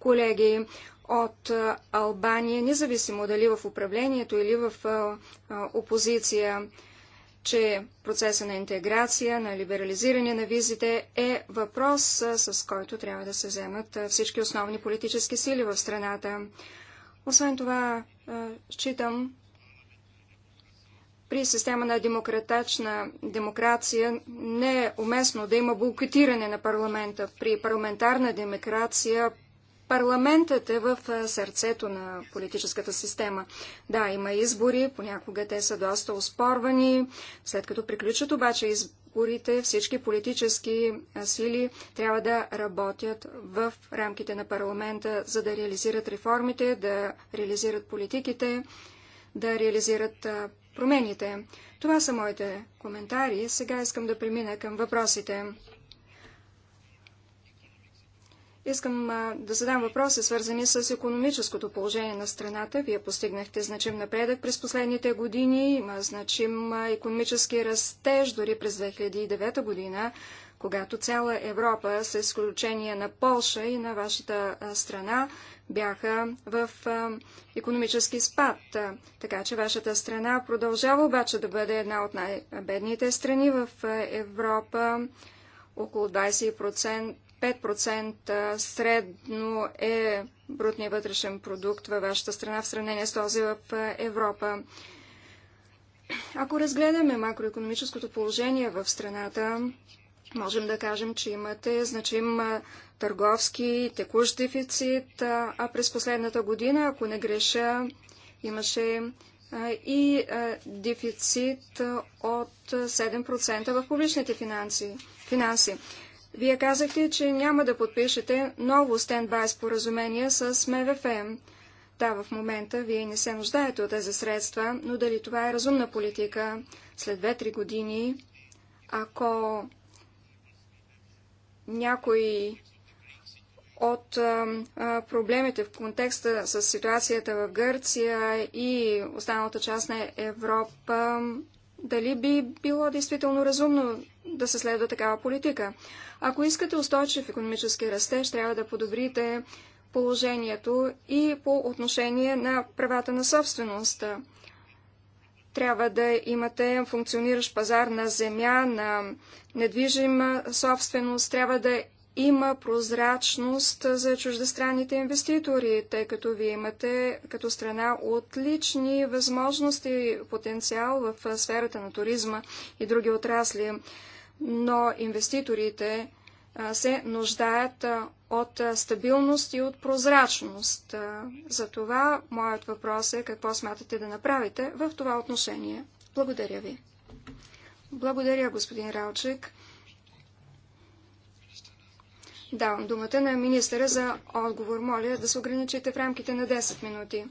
колеги от Албания, независимо дали в управлението или в опозиция че процеса на интеграция, на либерализиране на визите е въпрос, с който трябва да се вземат всички основни политически сили в страната. Освен това, считам, при система на демократична демокрация не е уместно да има блокетиране на парламента. При парламентарна демокрация Парламентът е в сърцето на политическата система. Да, има избори, понякога те са доста успорвани. След като приключат обаче изборите, всички политически сили трябва да работят в рамките на парламента, за да реализират реформите, да реализират политиките, да реализират промените. Това са моите коментари. Сега искам да премина към въпросите. Искам а, да задам въпроси, свързани с економическото положение на страната. Вие постигнахте значим напредък през последните години. Има значим а, економически растеж дори през 2009 година, когато цяла Европа, с изключение на Полша и на вашата а, страна, бяха в економически спад. Така че вашата страна продължава обаче да бъде една от най-бедните страни в Европа около 20%, 5% средно е брутния вътрешен продукт във вашата страна в сравнение с този в Европа. Ако разгледаме макроекономическото положение в страната, можем да кажем, че имате значим търговски текущ дефицит, а през последната година, ако не греша, имаше и дефицит от 7% в публичните финанси. финанси. Вие казахте, че няма да подпишете ново стендбай споразумение с МВФ. Да, в момента вие не се нуждаете от тези средства, но дали това е разумна политика след 2-3 години, ако някои от а, проблемите в контекста с ситуацията в Гърция и останалата част на Европа, дали би било действително разумно да се следва такава политика. Ако искате устойчив економически растеж, трябва да подобрите положението и по отношение на правата на собствеността. Трябва да имате функциониращ пазар на земя, на недвижима собственост, трябва да има прозрачност за чуждестранните инвеститори, тъй като вие имате като страна отлични възможности, и потенциал в сферата на туризма и други отрасли но инвеститорите се нуждаят от стабилност и от прозрачност. За това, моят въпрос е какво смятате да направите в това отношение. Благодаря ви. Благодаря, господин Раучик. Давам думата на министъра за отговор. Моля да се ограничите в рамките на 10 минути.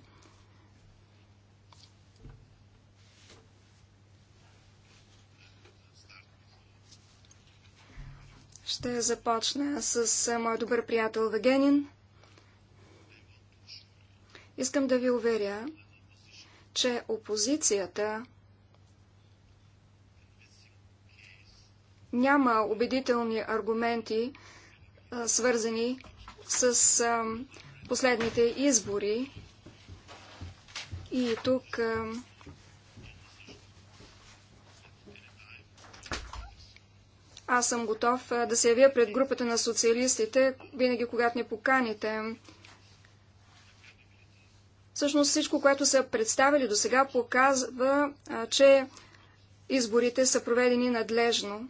Ще започна с моят добър приятел Вегенин. Искам да ви уверя, че опозицията няма убедителни аргументи, свързани с последните избори. И тук Аз съм готов да се явя пред групата на социалистите, винаги когато ни поканите. Всъщност всичко, което са представили до сега, показва, че изборите са проведени надлежно.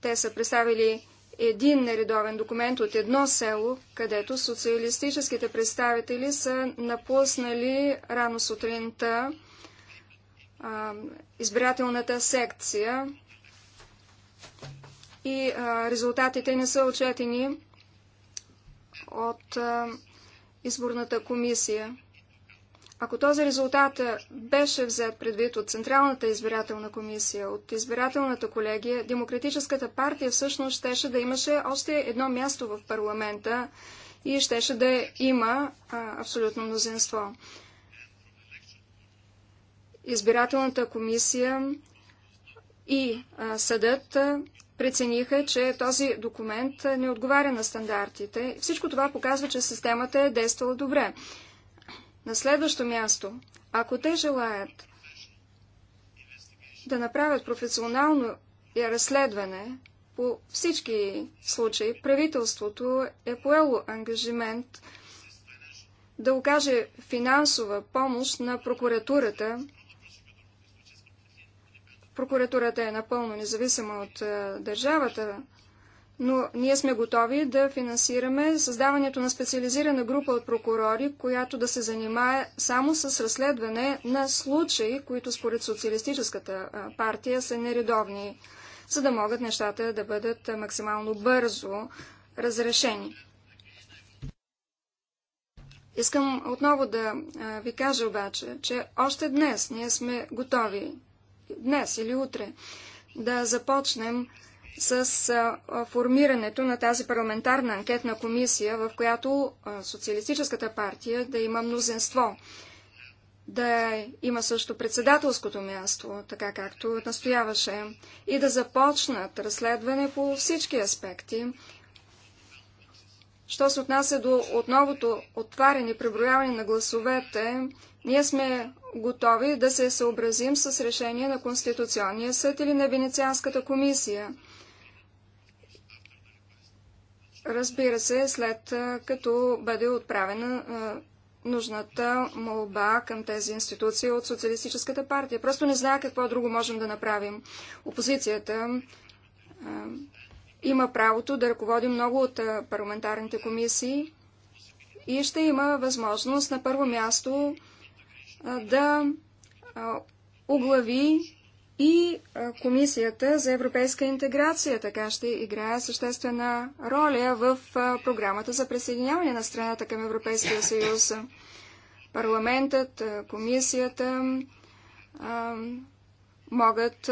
Те са представили един нередовен документ от едно село, където социалистическите представители са напуснали рано сутринта избирателната секция и а, резултатите не са отчетени от а, изборната комисия. Ако този резултат беше взет предвид от Централната избирателна комисия, от избирателната колегия, Демократическата партия всъщност щеше да имаше още едно място в парламента и щеше да има а, абсолютно мнозинство. Избирателната комисия и а, съдът прецениха, че този документ не отговаря на стандартите. Всичко това показва, че системата е действала добре. На следващо място, ако те желаят да направят професионално разследване по всички случаи, правителството е поело ангажимент да окаже финансова помощ на прокуратурата Прокуратурата е напълно независима от е, държавата, но ние сме готови да финансираме създаването на специализирана група от прокурори, която да се занимае само с разследване на случаи, които според социалистическата е, партия са нередовни, за да могат нещата да бъдат максимално бързо разрешени. Искам отново да е, ви кажа обаче, че още днес ние сме готови днес или утре, да започнем с формирането на тази парламентарна анкетна комисия, в която Социалистическата партия да има мнозинство, да има също председателското място, така както настояваше, и да започнат разследване по всички аспекти. Що се отнася до отновото отваряне и преброяване на гласовете, ние сме готови да се съобразим с решение на Конституционния съд или на Венецианската комисия. Разбира се, след като бъде отправена нужната молба към тези институции от Социалистическата партия. Просто не знае какво друго можем да направим. Опозицията има правото да ръководи много от парламентарните комисии и ще има възможност на първо място да оглави и Комисията за европейска интеграция. Така ще играе съществена роля в програмата за присъединяване на страната към Европейския съюз. Парламентът, комисията могат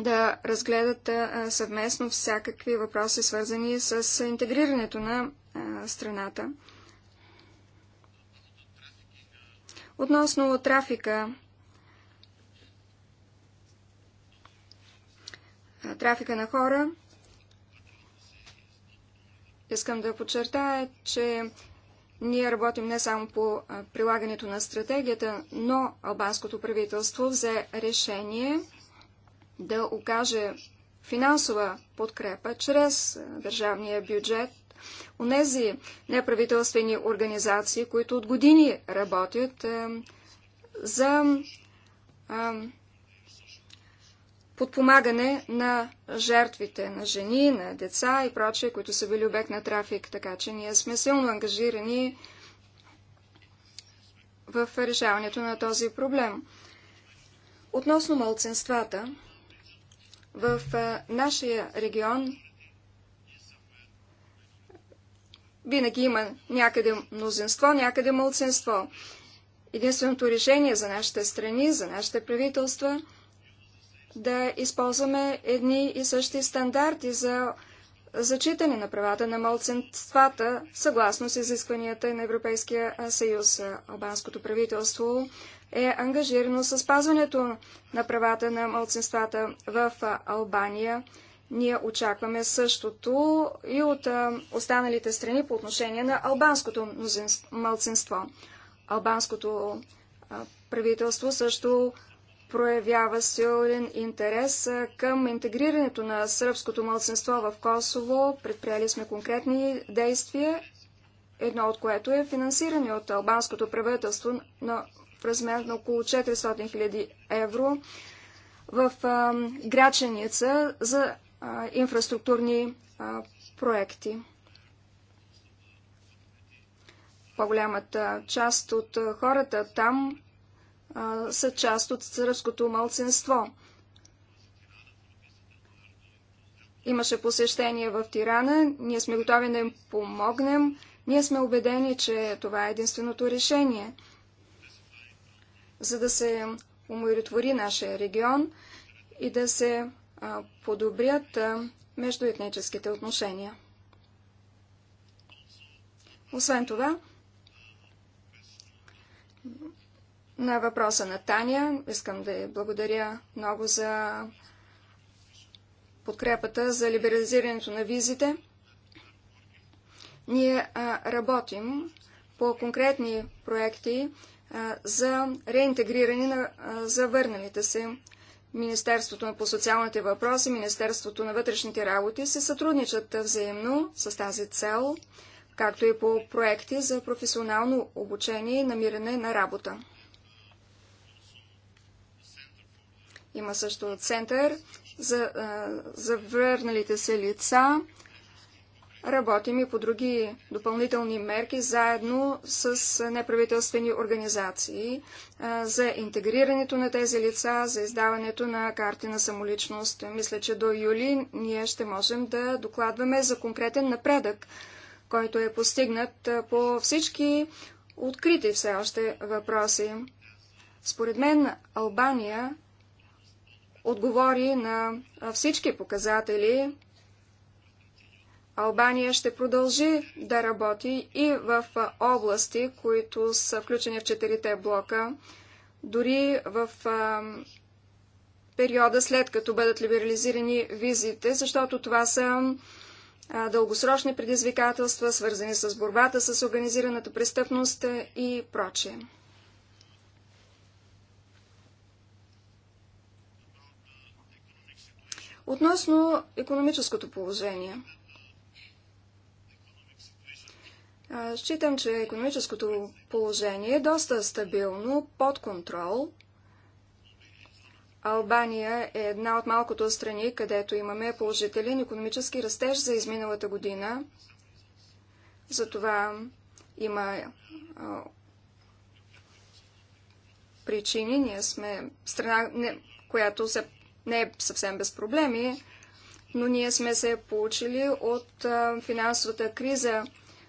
да разгледат съвместно всякакви въпроси, свързани с интегрирането на страната. Относно трафика, трафика на хора, искам да подчертая, че ние работим не само по прилагането на стратегията, но албанското правителство взе решение да окаже финансова подкрепа чрез държавния бюджет Онези неправителствени организации, които от години работят е, за е, подпомагане на жертвите, на жени, на деца и прочие, които са били обект на трафик. Така че ние сме силно ангажирани в решаването на този проблем. Относно мълценствата, в е, нашия регион Винаги има някъде мнозинство, някъде мълцинство. Единственото решение за нашите страни, за нашите правителства, да използваме едни и същи стандарти за зачитане на правата на мълцинствата, съгласно с изискванията на Европейския съюз. Албанското правителство е ангажирано с пазването на правата на мълцинствата в Албания. Ние очакваме същото и от останалите страни по отношение на албанското мълцинство. Албанското правителство също проявява силен интерес към интегрирането на сръбското мълцинство в Косово. Предприели сме конкретни действия, едно от което е финансиране от албанското правителство на, в размер на около 400 000 евро в а, Граченица за инфраструктурни проекти. По-голямата част от хората там са част от сръбското малцинство. Имаше посещение в Тирана, ние сме готови да им помогнем, ние сме убедени, че това е единственото решение. За да се умиротвори нашия регион и да се подобрят междуетническите отношения. Освен това, на въпроса на Таня, искам да я благодаря много за подкрепата за либерализирането на визите. Ние работим по конкретни проекти за реинтегриране на завърналите се Министерството по социалните въпроси, Министерството на вътрешните работи се сътрудничат взаимно с тази цел, както и по проекти за професионално обучение и намиране на работа. Има също център за завърналите се лица, Работим и по други допълнителни мерки заедно с неправителствени организации за интегрирането на тези лица, за издаването на карти на самоличност. Мисля, че до юли ние ще можем да докладваме за конкретен напредък, който е постигнат по всички открити все още въпроси. Според мен Албания отговори на всички показатели Албания ще продължи да работи и в области, които са включени в четирите блока, дори в периода след като бъдат либерализирани визите, защото това са дългосрочни предизвикателства, свързани с борбата с организираната престъпност и прочее. Относно економическото положение – Считам, че економическото положение е доста стабилно, под контрол. Албания е една от малкото страни, където имаме положителен економически растеж за изминалата година. Затова има причини. Ние сме страна, не, която се, не е съвсем без проблеми, но ние сме се получили от а, финансовата криза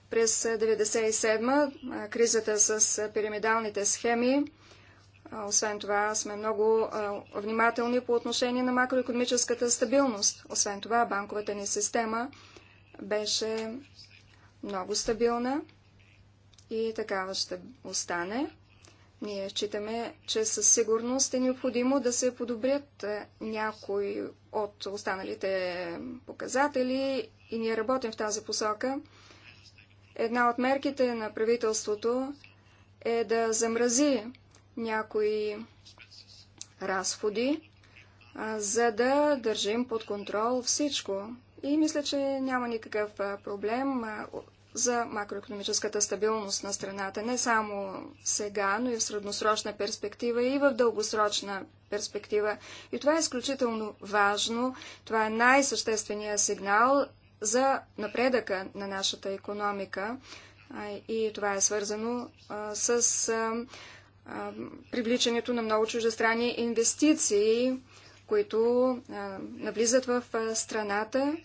през 1997 кризата с пирамидалните схеми. Освен това, сме много внимателни по отношение на макроекономическата стабилност. Освен това, банковата ни система беше много стабилна и такава ще остане. Ние считаме, че със сигурност е необходимо да се подобрят някои от останалите показатели и ние работим в тази посока. Една от мерките на правителството е да замрази някои разходи, за да държим под контрол всичко. И мисля, че няма никакъв проблем за макроекономическата стабилност на страната, не само сега, но и в средносрочна перспектива и в дългосрочна перспектива. И това е изключително важно. Това е най-същественият сигнал за напредъка на нашата економика и това е свързано с привличането на много чуждестранни инвестиции, които навлизат в страната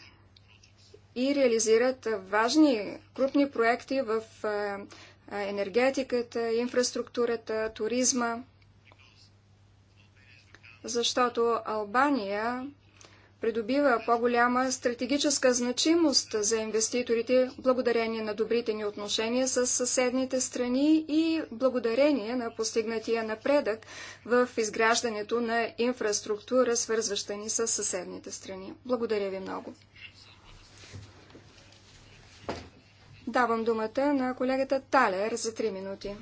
и реализират важни, крупни проекти в енергетиката, инфраструктурата, туризма, защото Албания придобива по-голяма стратегическа значимост за инвеститорите, благодарение на добрите ни отношения с съседните страни и благодарение на постигнатия напредък в изграждането на инфраструктура, свързваща ни с съседните страни. Благодаря ви много. Давам думата на колегата Талер за 3 минути.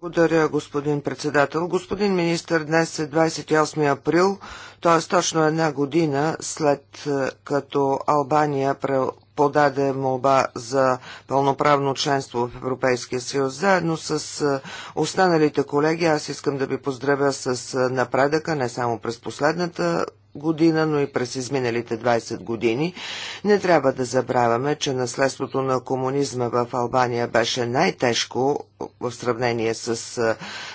Благодаря, господин председател. Господин министр, днес е 28 април, т.е. точно една година след е, като Албания подаде молба за пълноправно членство в Европейския съюз. Заедно с е, останалите колеги аз искам да ви поздравя с е, напредъка, не само през последната година, но и през изминалите 20 години. Не трябва да забравяме, че наследството на комунизма в Албания беше най-тежко в сравнение с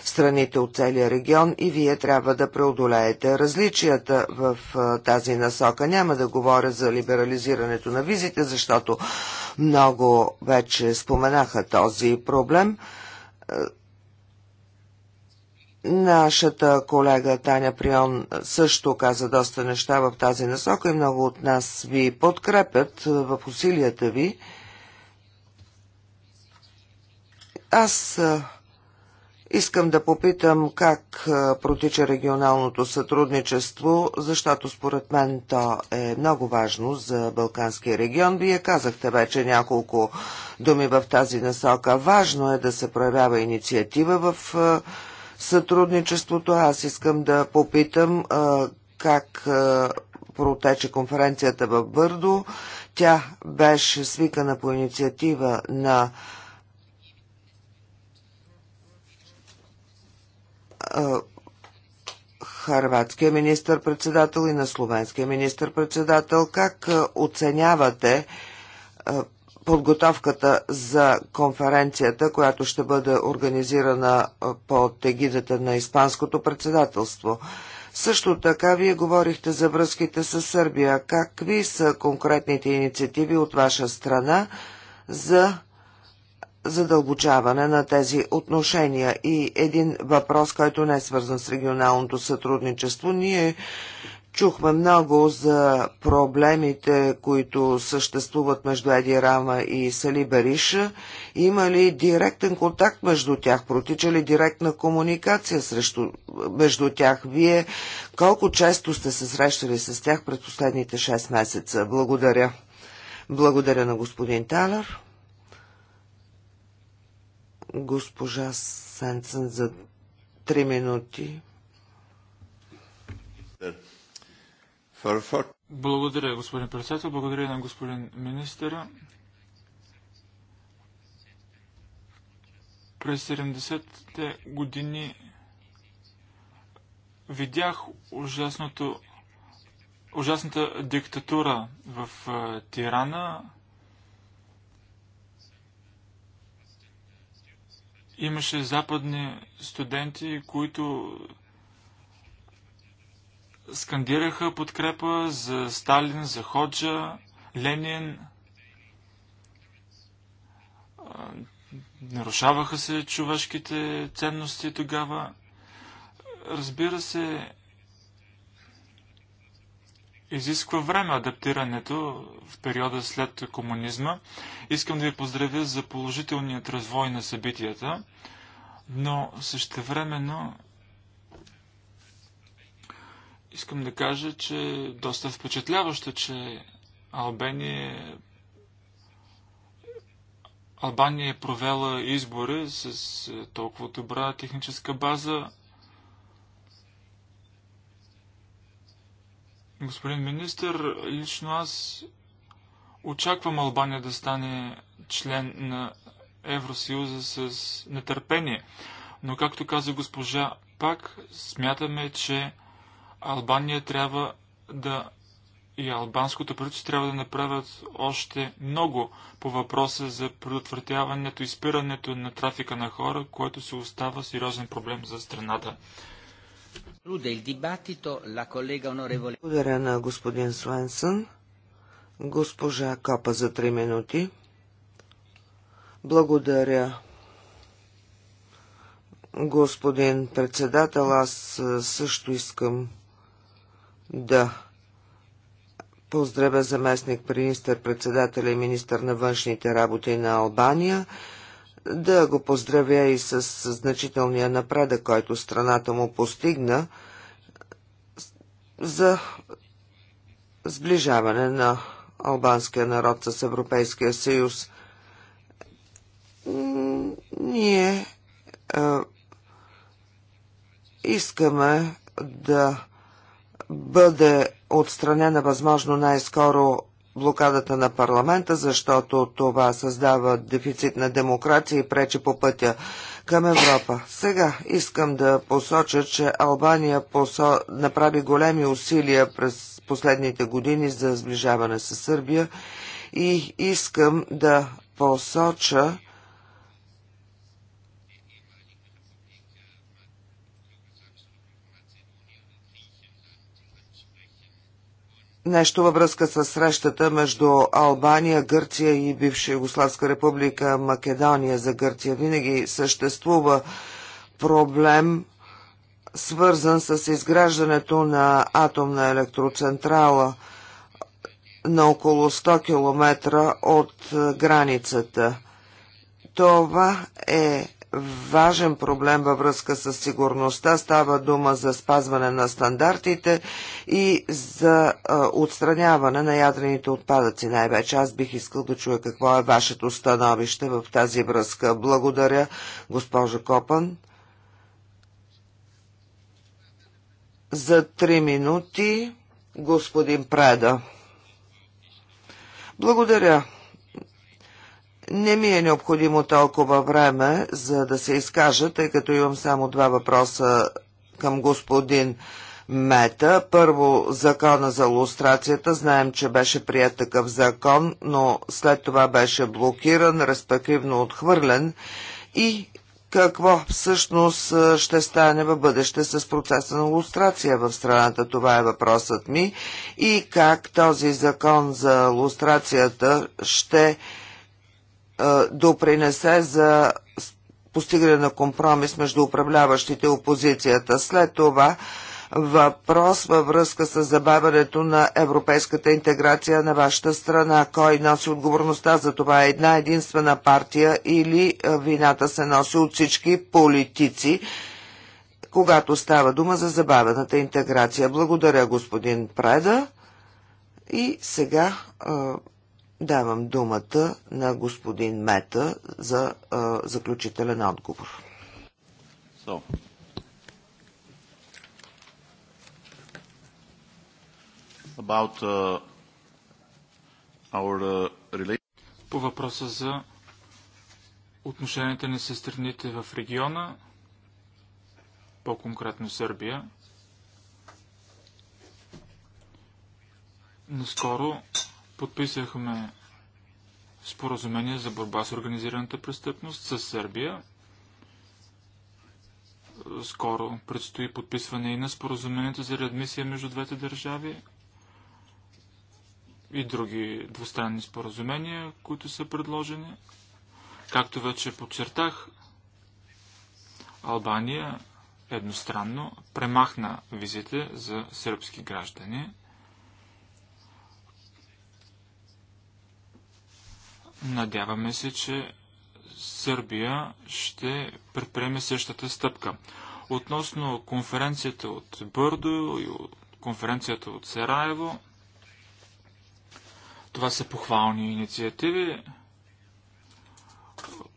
страните от целия регион и вие трябва да преодолеете различията в тази насока. Няма да говоря за либерализирането на визите, защото много вече споменаха този проблем. Нашата колега Таня Прион също каза доста неща в тази насока и много от нас ви подкрепят в усилията ви. Аз искам да попитам как протича регионалното сътрудничество, защото според мен то е много важно за Балканския регион. Вие казахте вече няколко думи в тази насока. Важно е да се проявява инициатива в сътрудничеството. Аз искам да попитам а, как а, протече конференцията в Бърдо. Тя беше свикана по инициатива на харватския министр-председател и на словенския министр-председател. Как оценявате подготовката за конференцията, която ще бъде организирана под егидата на Испанското председателство. Също така вие говорихте за връзките с Сърбия. Какви са конкретните инициативи от ваша страна за задълбочаване на тези отношения? И един въпрос, който не е свързан с регионалното сътрудничество. Ние Чухме много за проблемите, които съществуват между Еди Рама и Сали Бериша. Има ли директен контакт между тях? Протича ли директна комуникация срещу, между тях? Вие колко често сте се срещали с тях през последните 6 месеца? Благодаря. Благодаря на господин Талер. Госпожа Сенсен за 3 минути. Благодаря, господин председател. Благодаря на господин министъра. През 70-те години видях ужасното, ужасната диктатура в Тирана. Имаше западни студенти, които скандираха подкрепа за Сталин, за Ходжа, Ленин. Нарушаваха се човешките ценности тогава. Разбира се, изисква време адаптирането в периода след комунизма. Искам да ви поздравя за положителният развой на събитията, но същевременно Искам да кажа, че доста е впечатляващо, че Албания е- Албания е провела избори с е, толкова добра техническа база. Господин министр, лично аз очаквам Албания да стане член на Евросъюза с нетърпение. Но както каза госпожа, пак смятаме, че Албания трябва да и албанското правителство трябва да направят още много по въпроса за предотвратяването и спирането на трафика на хора, което се остава сериозен проблем за страната. Благодаря на господин Свенсън. Госпожа Капа за три минути. Благодаря. Господин председател, аз също искам да поздравя заместник министър председателя и министър на външните работи на Албания, да го поздравя и с значителния напредък, който страната му постигна за сближаване на албанския народ с Европейския съюз. Ние е, искаме да бъде отстранена възможно най-скоро блокадата на парламента, защото това създава дефицит на демокрация и пречи по пътя към Европа. Сега искам да посоча, че Албания посо... направи големи усилия през последните години за сближаване с Сърбия и искам да посоча, нещо във връзка с срещата между Албания, Гърция и бивша Югославска република Македония за Гърция. Винаги съществува проблем, свързан с изграждането на атомна електроцентрала на около 100 км от границата. Това е важен проблем във връзка с сигурността. Става дума за спазване на стандартите и за отстраняване на ядрените отпадъци. Най-вече аз бих искал да чуя какво е вашето становище в тази връзка. Благодаря, госпожа Копан. За три минути господин Преда. Благодаря. Не ми е необходимо толкова време, за да се изкажа, тъй като имам само два въпроса към господин Мета. Първо, закона за лустрацията. Знаем, че беше прият такъв закон, но след това беше блокиран, респективно отхвърлен. И какво всъщност ще стане в бъдеще с процеса на лустрация в страната? Това е въпросът ми. И как този закон за лустрацията ще допринесе за постигане на компромис между управляващите и опозицията. След това въпрос във връзка с забавянето на европейската интеграция на вашата страна. Кой носи отговорността за това? Една единствена партия или вината се носи от всички политици, когато става дума за забавената интеграция? Благодаря, господин Преда. И сега Давам думата на господин Мета за а, заключителен отговор. So. About, uh, our, uh, По въпроса за отношенията ни с страните в региона, по-конкретно Сърбия, наскоро Подписахме споразумение за борба с организираната престъпност с Сърбия. Скоро предстои подписване и на споразумението за реадмисия между двете държави и други двустранни споразумения, които са предложени. Както вече подчертах, Албания едностранно премахна визите за сръбски граждани – Надяваме се, че Сърбия ще предприеме същата стъпка. Относно конференцията от Бърдо и конференцията от Сараево, това са похвални инициативи,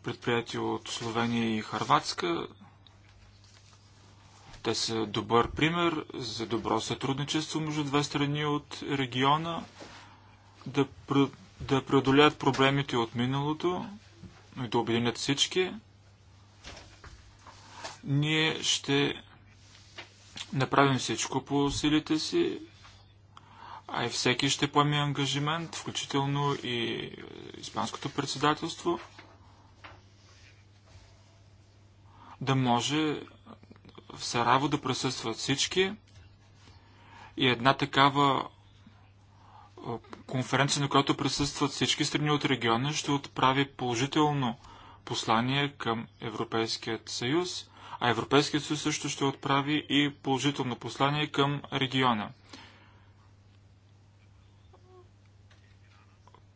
предприяти от Словения и Харватска. Те са добър пример за добро сътрудничество между две страни от региона да да преодолят проблемите от миналото и да обединят всички, ние ще направим всичко по силите си, а и всеки ще поеме ангажимент, включително и Испанското председателство, да може в Сараво да присъстват всички и една такава конференция, на която присъстват всички страни от региона, ще отправи положително послание към Европейският съюз, а Европейският съюз също ще отправи и положително послание към региона.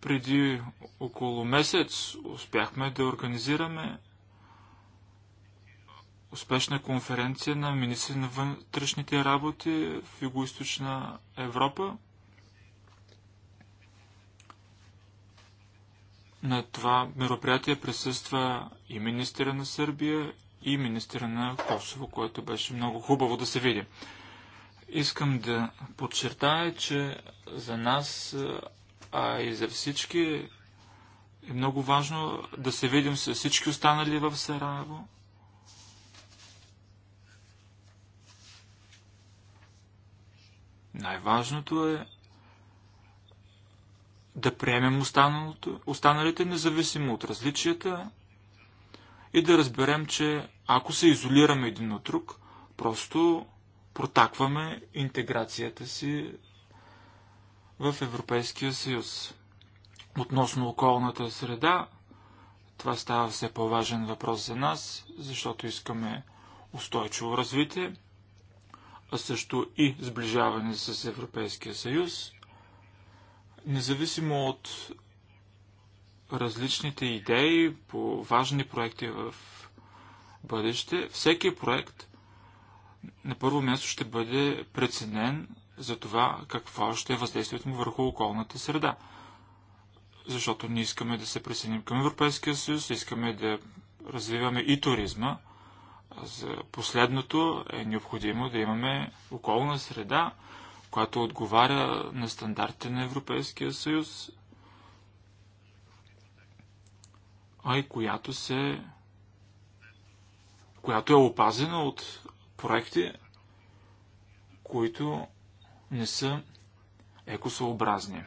Преди около месец успяхме да организираме успешна конференция на министри на вътрешните работи в Юго-Источна Европа – На това мероприятие присъства и министъра на Сърбия, и министъра на Косово, което беше много хубаво да се види. Искам да подчертая, че за нас, а и за всички, е много важно да се видим с всички останали в Сараево. Най-важното е да приемем останалите, независимо от различията, и да разберем, че ако се изолираме един от друг, просто протакваме интеграцията си в Европейския съюз. Относно околната среда, това става все по-важен въпрос за нас, защото искаме устойчиво развитие, а също и сближаване с Европейския съюз. Независимо от различните идеи по важни проекти в бъдеще, всеки проект на първо място ще бъде преценен за това какво ще е въздействието му върху околната среда. Защото ние искаме да се присъединим към Европейския съюз, искаме да развиваме и туризма. За последното е необходимо да имаме околна среда, която отговаря на стандартите на Европейския съюз, а и която се която е опазена от проекти, които не са екосъобразни.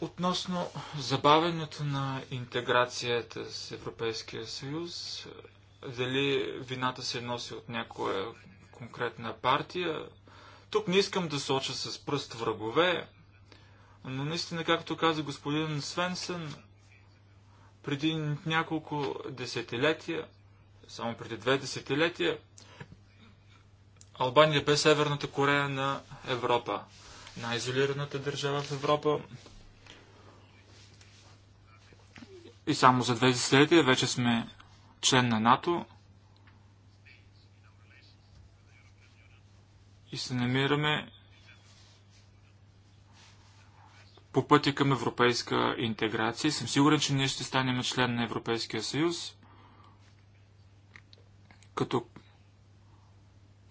Относно забавенето на интеграцията с Европейския съюз, дали вината се носи от някоя конкретна партия тук не искам да соча с пръст врагове, но наистина, както каза господин Свенсън, преди няколко десетилетия, само преди две десетилетия, Албания бе Северната Корея на Европа. Най-изолираната държава в Европа. И само за две десетилетия вече сме член на НАТО. и се намираме по пътя към европейска интеграция. съм сигурен, че ние ще станем член на Европейския съюз, като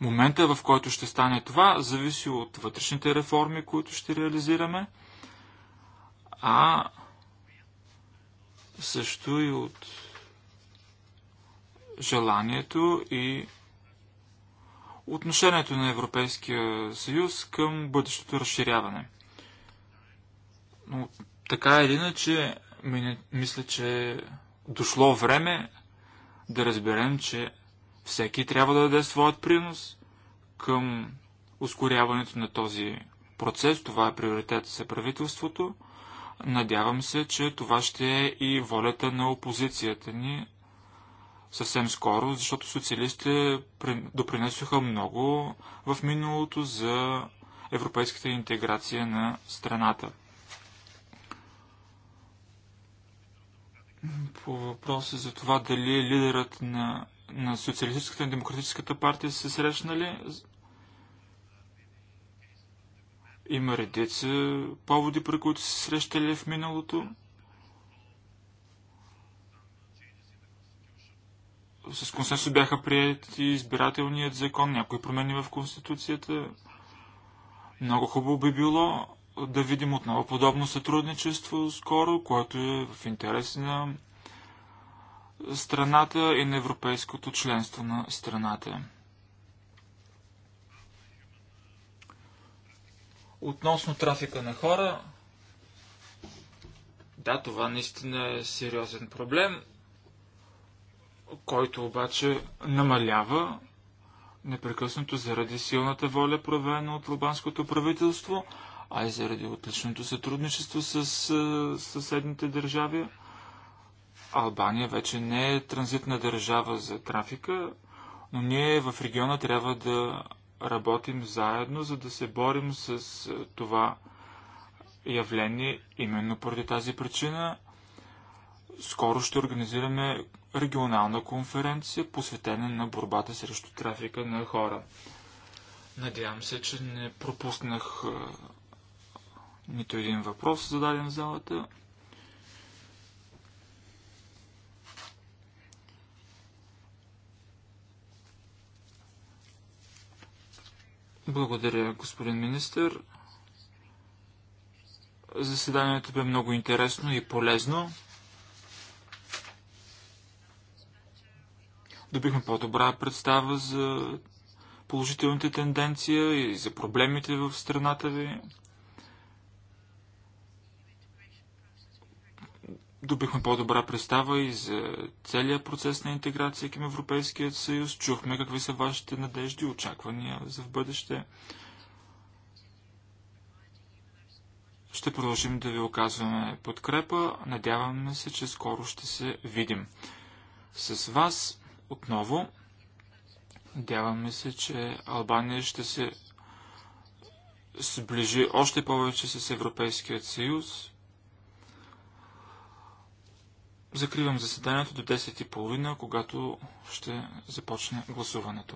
момента, в който ще стане това, зависи от вътрешните реформи, които ще реализираме, а също и от желанието и отношението на Европейския съюз към бъдещото разширяване. Но така или иначе, мисля, че е дошло време да разберем, че всеки трябва да даде своят принос към ускоряването на този процес. Това е приоритет за правителството. Надявам се, че това ще е и волята на опозицията ни съвсем скоро, защото социалистите допринесоха много в миналото за европейската интеграция на страната. По въпроса за това дали лидерът на, на Социалистическата и Демократическата партия се срещнали, има редица поводи, при които се срещали в миналото. с консенсус бяха прияти избирателният закон, някои промени в Конституцията. Много хубаво би било да видим отново подобно сътрудничество скоро, което е в интерес на страната и на европейското членство на страната. Относно трафика на хора, да, това наистина е сериозен проблем който обаче намалява непрекъснато заради силната воля, проявена от албанското правителство, а и заради отличното сътрудничество с съседните държави. Албания вече не е транзитна държава за трафика, но ние в региона трябва да работим заедно, за да се борим с това явление. Именно поради тази причина скоро ще организираме регионална конференция, посветена на борбата срещу трафика на хора. Надявам се, че не пропуснах нито един въпрос, зададен в залата. Благодаря, господин министър. Заседанието бе много интересно и полезно. добихме по-добра представа за положителните тенденции и за проблемите в страната ви. Добихме по-добра представа и за целият процес на интеграция към Европейския съюз. Чухме какви са вашите надежди и очаквания за в бъдеще. Ще продължим да ви оказваме подкрепа. Надяваме се, че скоро ще се видим. С вас отново. Надяваме се, че Албания ще се сближи още повече с Европейският съюз. Закривам заседанието до 10.30, когато ще започне гласуването.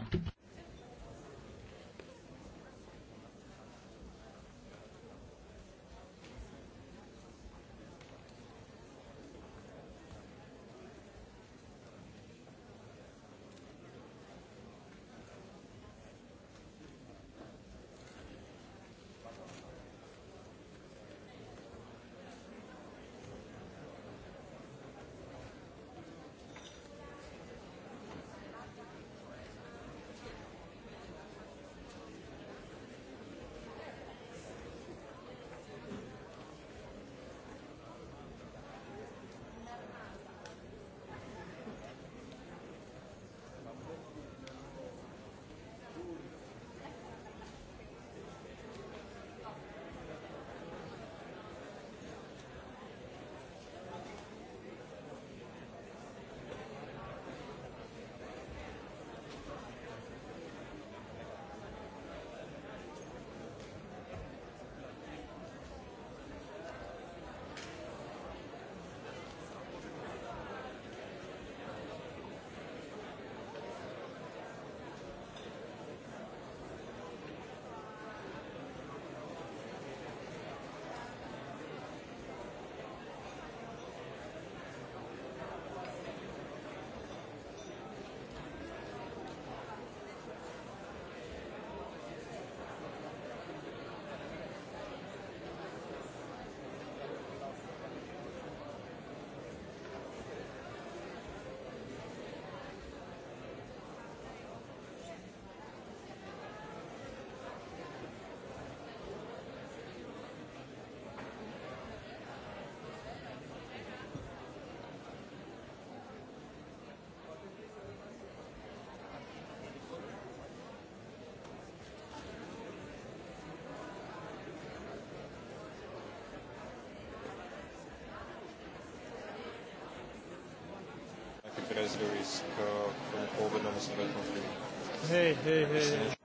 разлика в поведомствената. Hej, hej, hej.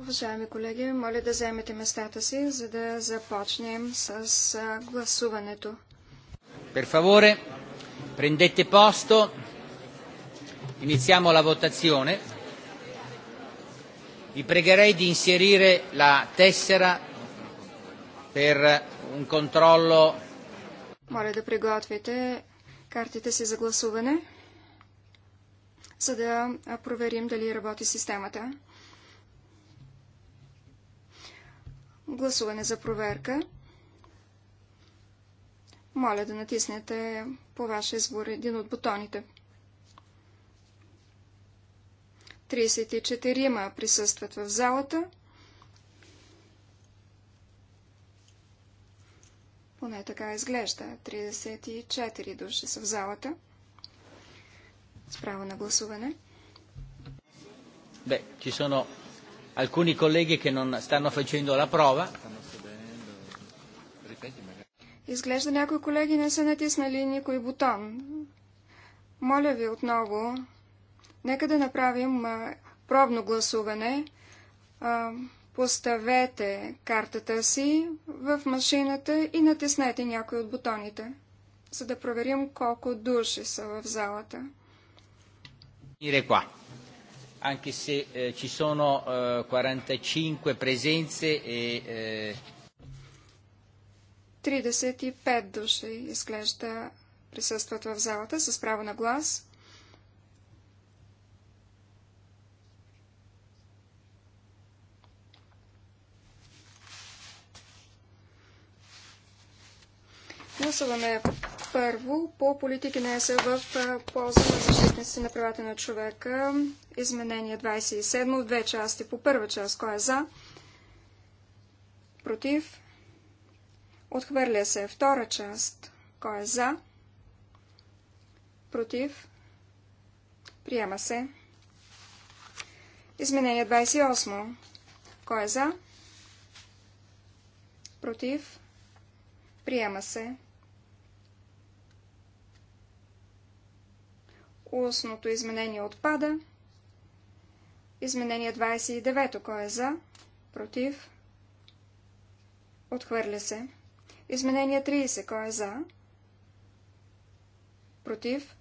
Уважаеми колеги, моля да заемете местата си, за да започнем с гласуването. Per favore, prendete posto. Iniziamo la votazione. Vi pregherei di inserire la tessera per un controllo. Моля да приготвите картите си за гласуване за да проверим дали работи системата. Гласуване за проверка. Моля да натиснете по ваше избор един от бутоните. 34-ма присъстват в залата. Поне така изглежда. 34 души са в залата. Справа на гласуване. Beh, ci sono alcuni colleghi che non stanno facendo la prova. Изглежда някои колеги не са натиснали никой бутон. Моля ви отново, нека да направим пробно гласуване. поставете картата си в машината и натиснете някой от бутоните, за да проверим колко души са в залата finire qua, anche se eh, ci sono eh, 45 presenze e... Eh... 35 души изглежда присъстват в залата с право на глас. Гласуваме първо, по политики на ЕС в полза на защитници на правата на човека, изменение 27 от две части. По първа част, кой е за? Против? Отхвърля се втора част. Кой е за? Против? Приема се. Изменение 28. Кой е за? Против? Приема се. Устното изменение отпада. Изменение 29. Кой е за? Против? Отхвърля се. Изменение 30. Кой е за? Против?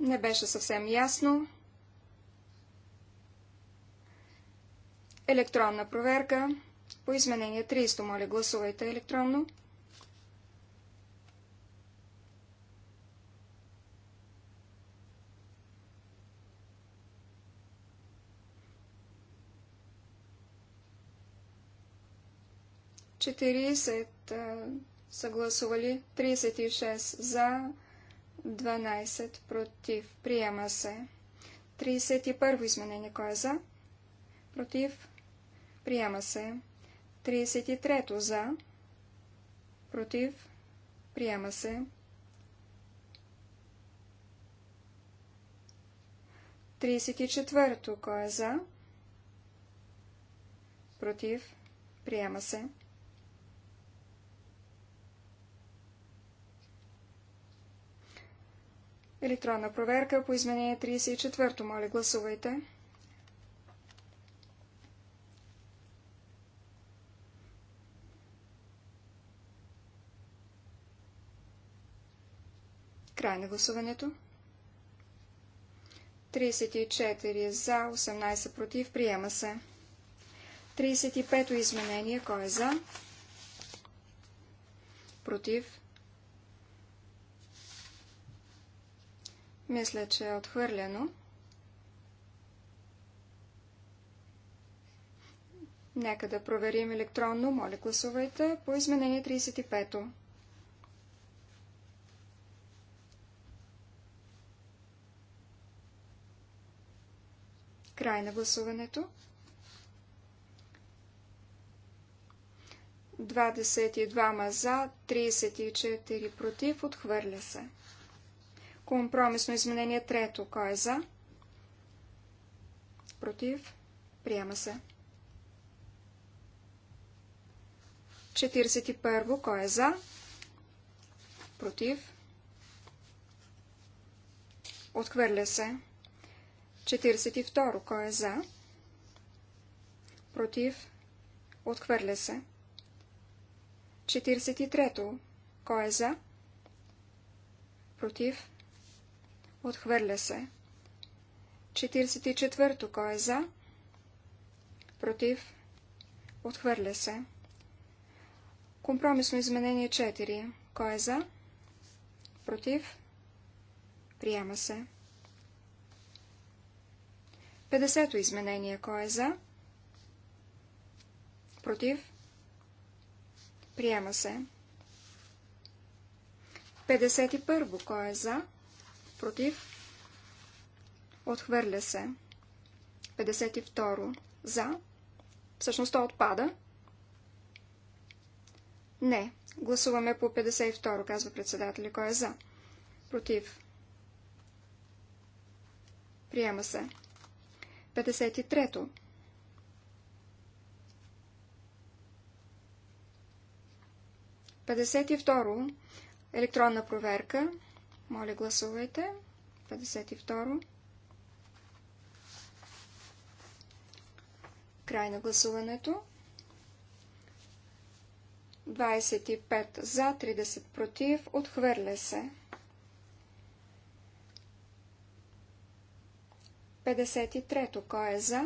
Не беше съвсем ясно. Електронна проверка. По изменение 30, моля, гласувайте електронно. 40 са гласували, 36 за, 12 против. Приема се. 31 изменение. Кой е за? Против. Приема се. 33 за. Против. Приема се. 34 кой е за? Против. Приема се. Електронна проверка по изменение 34. Моля, гласувайте. Край на гласуването. 34 за, 18 против. Приема се. 35-то изменение. Кой е за? Против. Мисля, че е отхвърлено. Нека да проверим електронно. Моля, гласувайте по изменение 35-то. Край на гласуването. 22 за, 34 против, отхвърля се. Компромисно изменение трето. Кой е за? Против? Приема се. 41. Кой е за? Против? Отхвърля се. 42. Кой е за? Против? Отхвърля се. 43. Кой е за? Против? Отхвърля се. 44-то. Кой е за? Против. Отхвърля се. Компромисно изменение 4. Кой е за? Против. Приема се. 50-то изменение. Кой е за? Против. Приема се. 51 го Кой е за? против, отхвърля се. 52 за, всъщност то отпада. Не, гласуваме по 52, казва председателя. Кой е за? Против. Приема се. 53-то. Петдесет и второ. Електронна проверка. Моля, гласувайте. 52. Край на гласуването. 25 за, 30 против, отхвърля се. 53. Кой е за?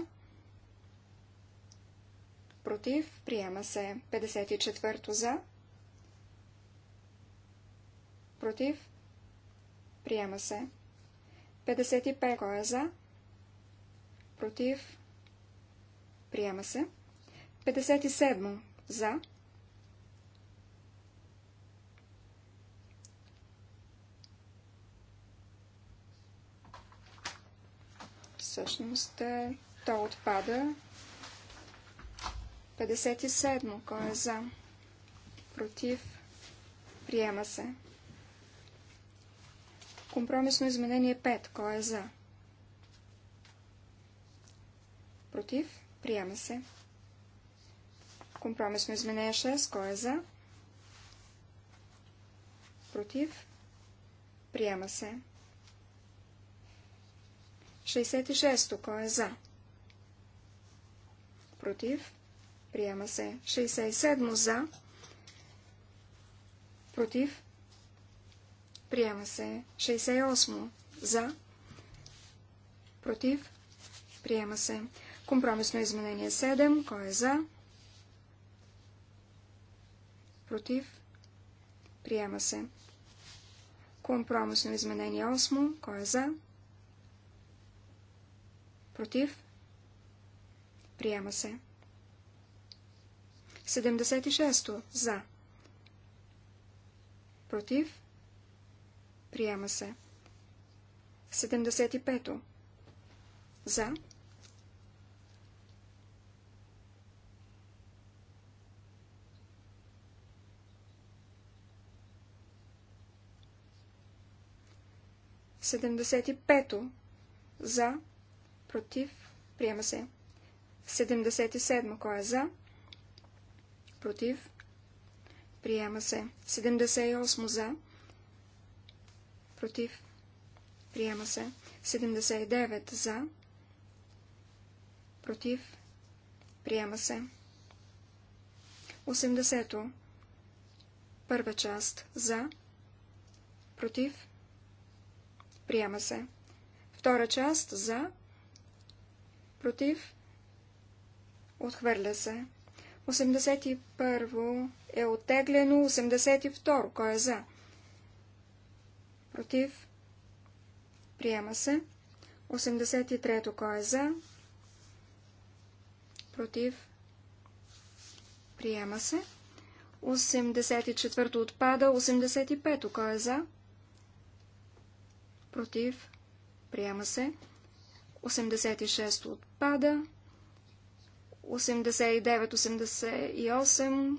Против, приема се. 54. За. Против, Приема се. 55. Е е, кой е за? Против. Приема се. 57. За. Всъщност е то отпада. 57. Кой е за? Против. Приема се. Компромисно изменение 5. Кой е за? Против? Приема се. Компромисно изменение 6. Кой е за? Против? Приема се. 66-то. Кой е за? Против? Приема се. 67-то за. Против? Приема се. 68. За. Против. Приема се. Компромисно изменение 7. Кой е за? Против. Приема се. Компромисно изменение 8. Кой е за? Против. Приема се. 76. За. Против. Приема се. 75 За. Седемдесет и пето. За. Против. Приема се. Седемдесет и седмо. Кой е за? Против. Приема се. Седемдесет и осмо. За против, приема се. 79 за, против, приема се. 80-то, първа част, за, против, приема се. Втора част, за, против, отхвърля се. 81 е оттеглено, 82 кой е за? против, приема се. 83-то кой е за, против, приема се. 84-то отпада, 85-то кой е за, против, приема се. 86-то отпада, 89-88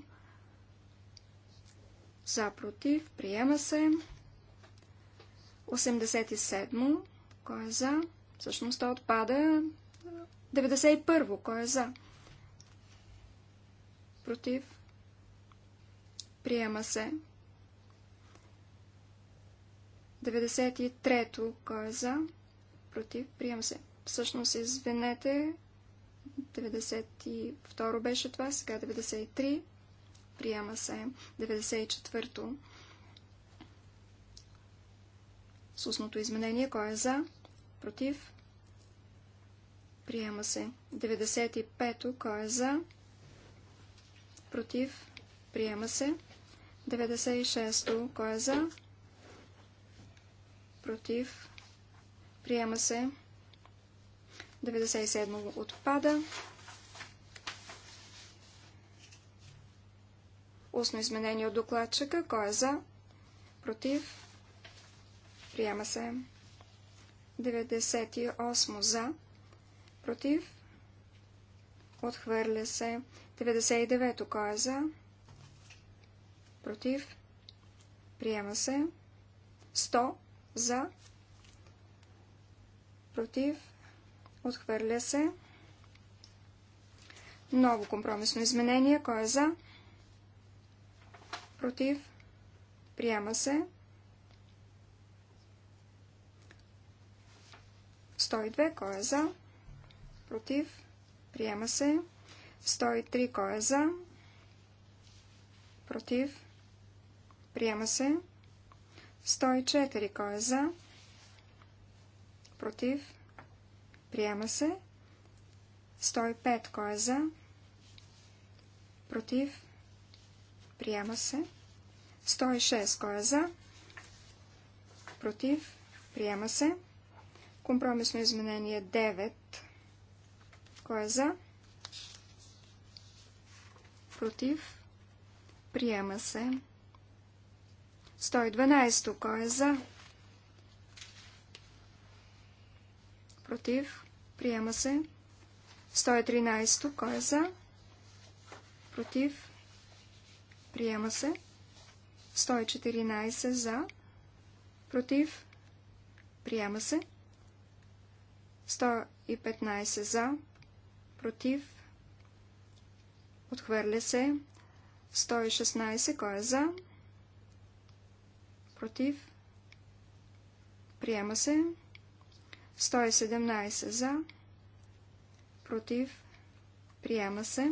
за, против, приема се. 87. Кой е за? Всъщност то отпада. 91. Кой е за? Против. Приема се. 93-то, кой е за? Против, приема се. Всъщност, извинете, 92-ро беше това, сега 93, приема се. 94-то, с устното изменение. Кой е за? Против? Приема се. 95-то. Кой е за? Против? Приема се. 96-то. Кой е за? Против? Приема се. 97 отпада. Устно изменение от докладчика. Кой е за? Против? Приема се. 98 за. Против. Отхвърля се. 99 кой е за? Против. Приема се. 100 за. Против. Отхвърля се. Ново компромисно изменение. Кой е за? Против. Приема се. 102. Кой е за? Против. Приема се. 103. Кой е за? Против. Приема се. 104. Кой е за? Против. Приема се. 105. Кой е за? Против. Приема се. 106. Кой е за? Против. Приема се. Компромисно изменение 9. Кой е за? Против? Приема се. 112. Кой е за? Против? Приема се. 113. Кой е за? Против? Приема се. 114 за. Против? Приема се. 115 за, против, отхвърля се, 116, кой е за, против, приема се, 117 за, против, приема се.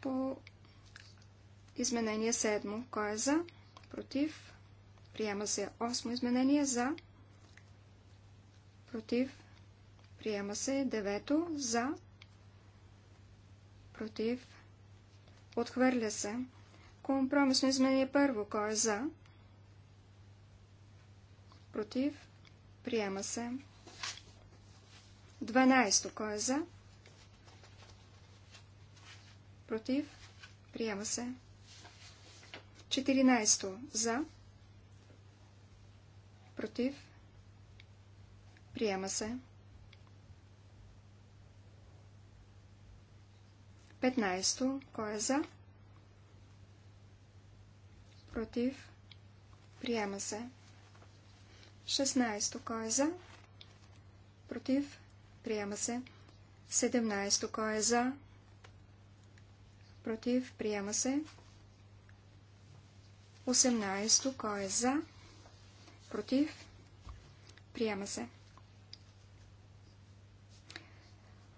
По изменение 7, кой е за, против, приема се 8 изменение за, против, против, приема се. Девето, за, против, отхвърля се. Компромисно изменение първо, кой е за, против, приема се. 12. Кой е за? Против? Приема се. 14. За? Против? Приема се. 15. Кой е за? Против. Приема се. 16. Кой е за? Против. Приема се. 17. Кой е за? Против. Приема се. 18. Кой е за? Против. Приема се.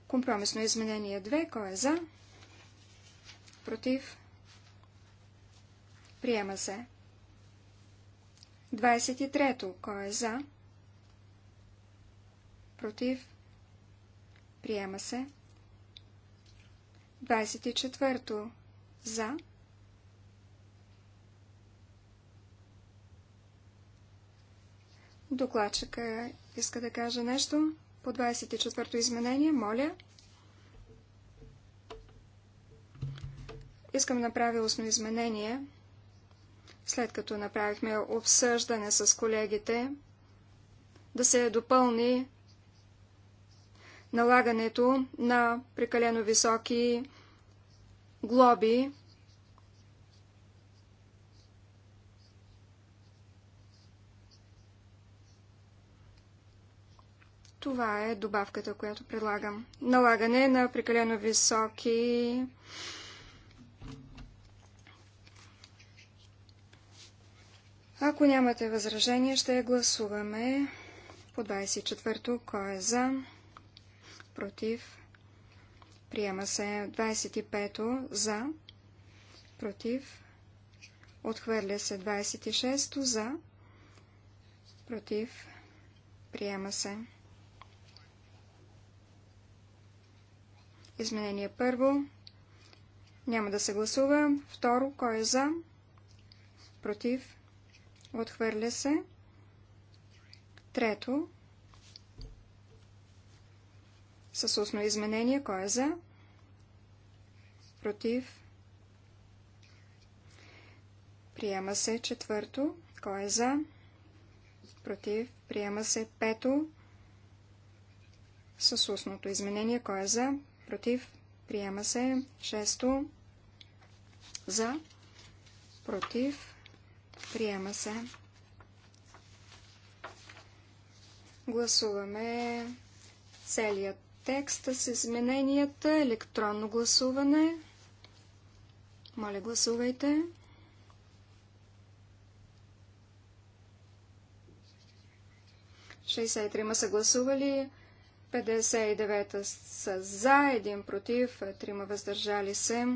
Компромисно изменение 2. Кой е за? Против? Приема се. 23-то. Кой е за? Против? Приема се. 24-то. За? Докладчика иска да каже нещо. По 24-то изменение, моля. Искам да направя устно изменение. След като направихме обсъждане с колегите, да се допълни налагането на прекалено високи глоби Това е добавката, която предлагам. Налагане на прекалено високи Ако нямате възражение, ще гласуваме по 24-то. Кой е за? Против? Приема се 25-то. За? Против? Отхвърля се 26-то. За? Против? Приема се. Изменение първо. Няма да се гласува. Второ. Кой е за? Против. Отхвърля се. Трето. С устно изменение. Кой е за? Против. Приема се. Четвърто. Кой е за? Против. Приема се. Пето. С устното изменение. Кой е за? против, приема се. Шесто, за, против, приема се. Гласуваме целият текст с измененията, електронно гласуване. Моля, гласувайте. Шестдесет са гласували. 59 са за, 1 против, 3 въздържали се.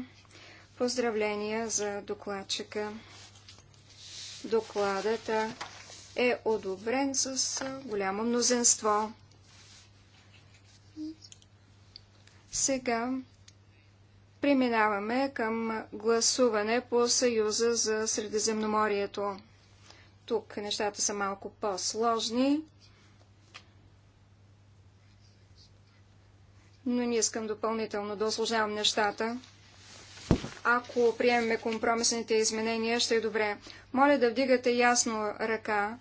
Поздравления за докладчика. Докладът е одобрен с голямо мнозинство. Сега преминаваме към гласуване по Съюза за Средиземноморието. Тук нещата са малко по-сложни. но не искам допълнително да осложнявам нещата. Ако приемеме компромисните изменения, ще е добре. Моля да вдигате ясно ръка.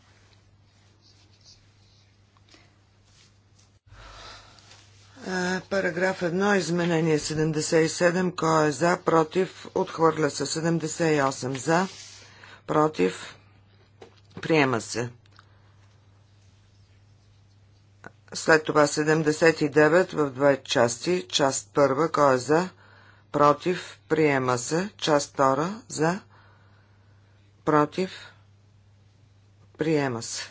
Е, параграф 1, изменение 77. Кой е за? Против? Отхвърля се. 78 за. Против? Приема се. След това 79 в две части. Част първа, кой е за? Против, приема се. Част втора, за? Против, приема се.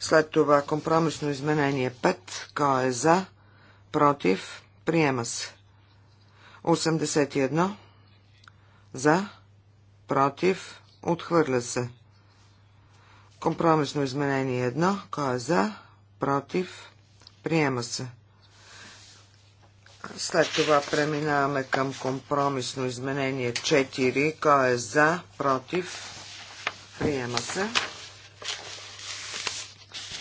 След това компромисно изменение 5, кой е за? Против, приема се. 81 за? Против, отхвърля се. Компромисно изменение 1. Кой е за? Против? Приема се. След това преминаваме към компромисно изменение 4. Кой е за? Против? Приема се.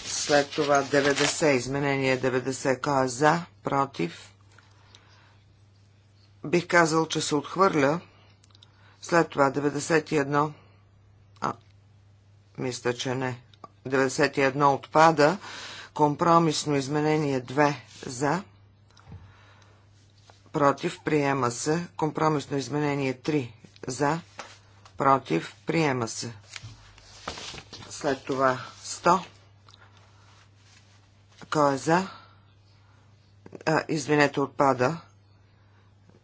След това 90. Изменение 90. Кой е за? Против? Бих казал, че се отхвърля. След това 91. Мисля, че не. 91 отпада. Компромисно изменение 2 за. Против. Приема се. Компромисно изменение 3 за. Против. Приема се. След това 100. Кой е за? А, извинете, отпада.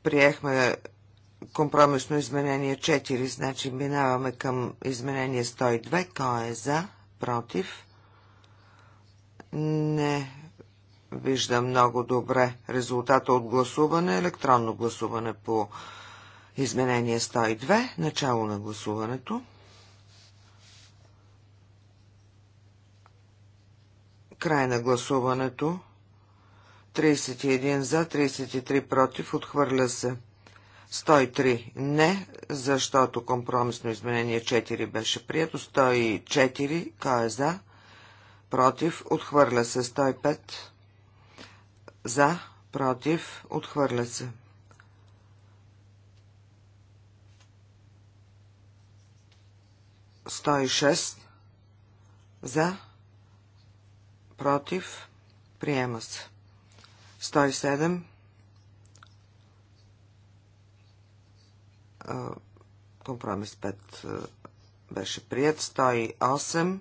Приехме компромисно изменение 4, значи минаваме към изменение 102. Кой е за? Против? Не вижда много добре резултата от гласуване. Електронно гласуване по изменение 102. Начало на гласуването. Край на гласуването. 31 за, 33 против. Отхвърля се. 103 не, защото компромисно изменение 4 беше прието. 104, кой е за? Против, отхвърля се. 105 за, против, отхвърля се. 106 за, против, приема се. 107 Компромис 5 беше прият. 108.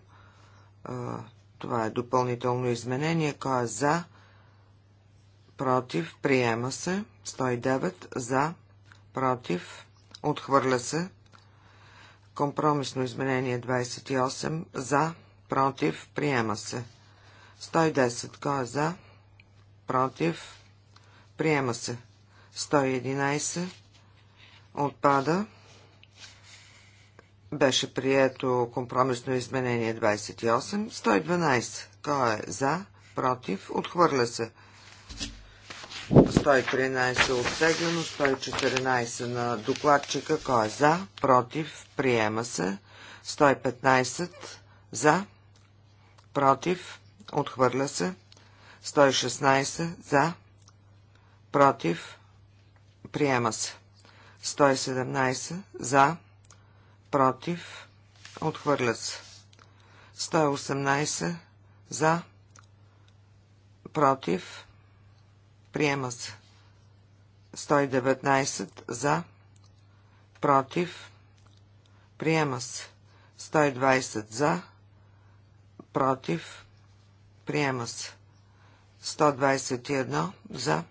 Това е допълнително изменение. Кой е за? Против. Приема се. 109. За. Против. Отхвърля се. Компромисно изменение 28. За. Против. Приема се. 110. Кой е за? Против. Приема се. 111. Отпада. Беше прието компромисно изменение 28. 112. Кой е за? Против? Отхвърля се. 113 отсеглено, 114 на докладчика. Кой е за? Против? Приема се. 115 за? Против? Отхвърля се. 116 за? Против? Приема се. 117 за, против, отхвърлят се. 118 за, против, приема се. 119 за, против, приема се. 120 за, против, приема се. 121 за,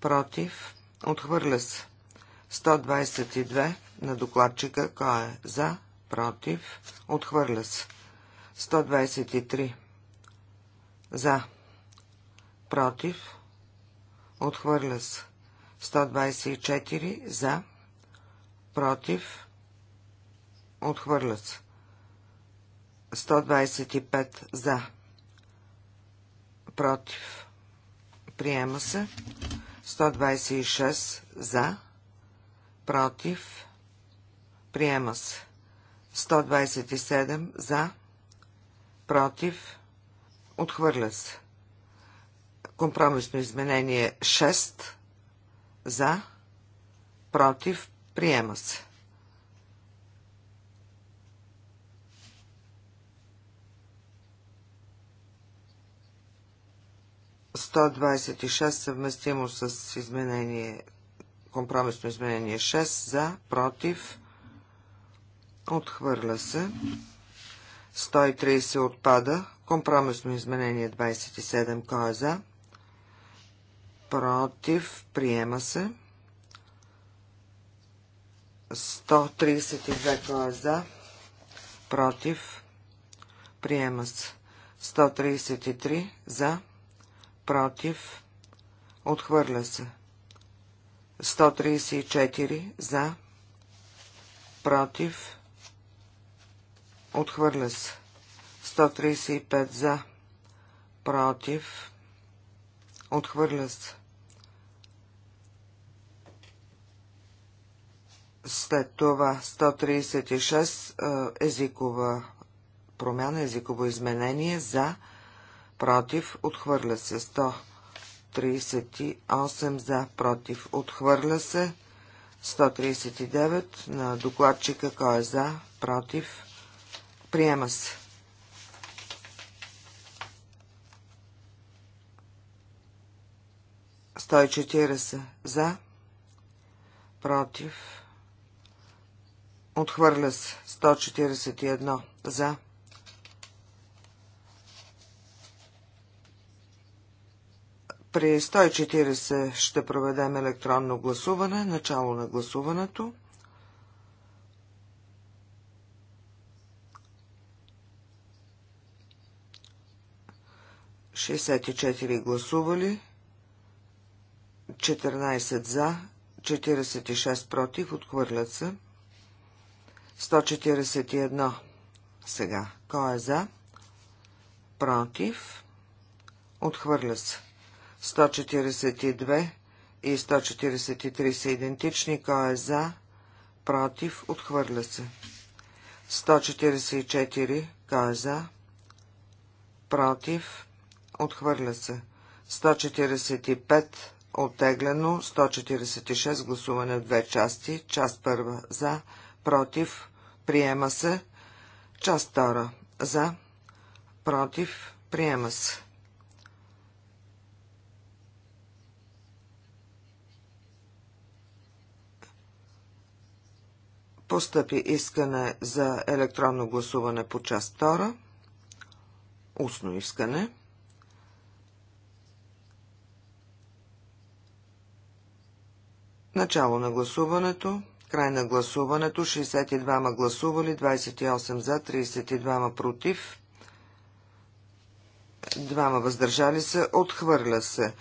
против, отхвърля се. 122 на докладчика. Кой е за? Против. Отхвърля се. 123. За. Против. Отхвърля се. 124. За. Против. Отхвърля се. 125. За. Против. Приема се. 126. За против, приема се. 127 за, против, отхвърля се. Компромисно изменение 6 за, против, приема се. Сто съвместимо с изменение Компромисно изменение 6 за, против, отхвърля се. 130 отпада. Компромисно изменение 27, кой е за? Против, приема се. 132, кой е за? Против, приема се. 133 за, против, отхвърля се. 134 за, против, отхвърля се. 135 за, против, отхвърля се. След това 136 езикова промяна, езиково изменение за, против, отхвърля се. 100 138 за, против, отхвърля се. 139 на докладчика, кой е за, против, приема се. Стой за, против, отхвърля се. 141 за, При 140 ще проведем електронно гласуване, начало на гласуването. Шестдесет и четири гласували, 14 за, 46 против, отхвърлят се. 141 сега. Кой е за? Против. Отхвърля се. 142 и 143 са идентични. Кой е за? Против. Отхвърля се. 144. Кой е за? Против. Отхвърля се. 145. Отеглено. 146. Гласуване в две части. Част първа. За. Против. Приема се. Част втора. За. Против. Приема се. Постъпи искане за електронно гласуване по част 2. Устно искане. Начало на гласуването. Край на гласуването. 62 гласували, 28 за, 32 против. Двама въздържали се. Отхвърля се.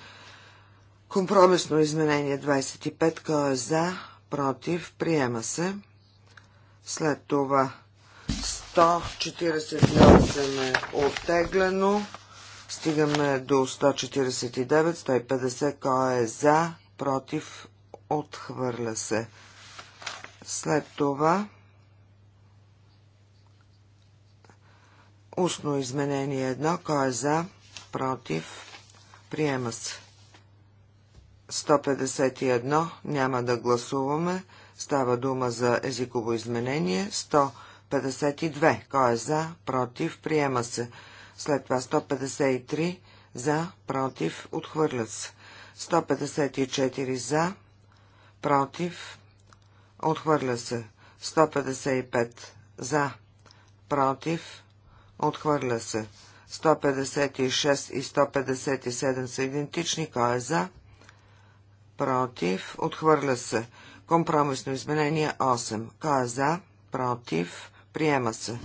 Компромисно изменение 25. Кой е за? Против. Приема се. След това 148 е оттеглено. Стигаме до 149, 150, кой е за, против, отхвърля се. След това устно изменение 1, кой е за, против, приема се. 151, няма да гласуваме. Става дума за езиково изменение 152. Кой е за, против, приема се. След това 153 за, против, отхвърлят се. 154 за, против, отхвърля се. 155 за, против, отхвърля се. 156 и 157 са идентични. Кой е за? Против, отхвърля се. Компромисно изменение 8. Кой е за? Против. Приема се.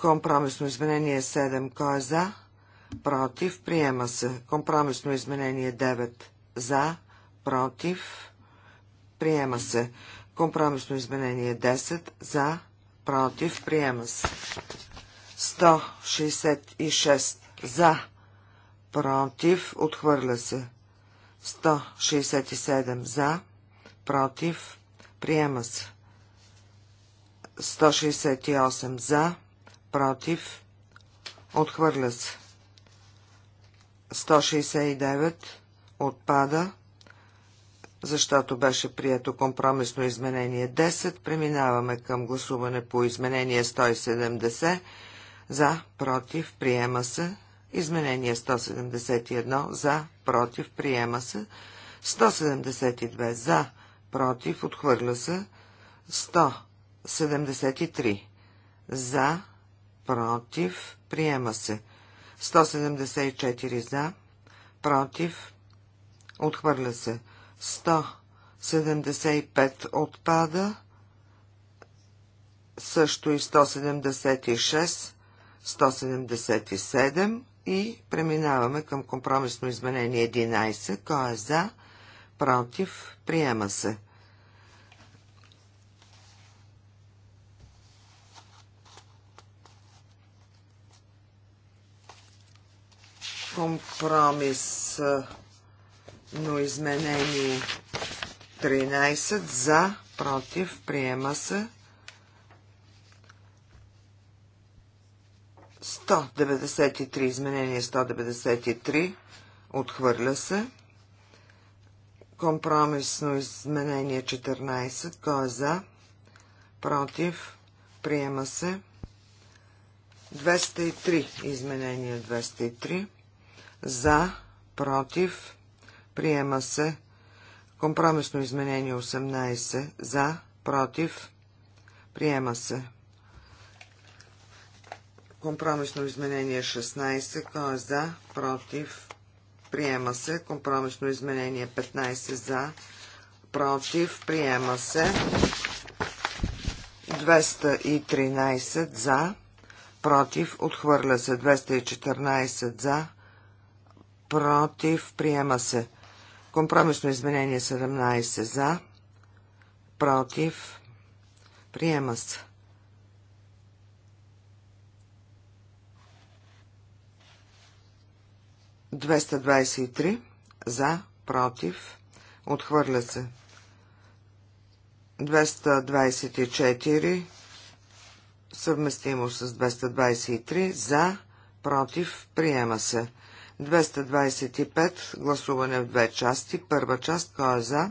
Компромисно изменение 7. Кой е за? Против. Приема се. Компромисно изменение 9. За. Против. Приема се. Компромисно изменение 10. За. Против. Приема се. 166. За. Против. Отхвърля се. 167 за, против, приема се. 168 за, против, отхвърля се. 169 отпада, защото беше прието компромисно изменение 10. Преминаваме към гласуване по изменение 170. За, против, приема се. Изменение 171 за, против, приема се. 172 за, против, отхвърля се. 173 за, против, приема се. 174 за, против, отхвърля се. 175 отпада, също и 176, 177 и преминаваме към компромисно изменение 11. Кой е за? Против? Приема се. компромис, но изменение 13 за, против, приема се. 193, изменение 193, отхвърля се. Компромисно изменение 14, кой е за? Против, приема се. 203, изменение 203, за, против, приема се. Компромисно изменение 18, за, против, приема се. Компромисно изменение 16. Кой е за? Против. Приема се. Компромисно изменение 15 за. Против. Приема се. 213 за. Против. Отхвърля се. 214 за. Против. Приема се. Компромисно изменение 17 за. Против. Приема се. 223 за, против, отхвърля се. 224 съвместимо с 223 за, против, приема се. 225 гласуване в две части. Първа част, кой е за,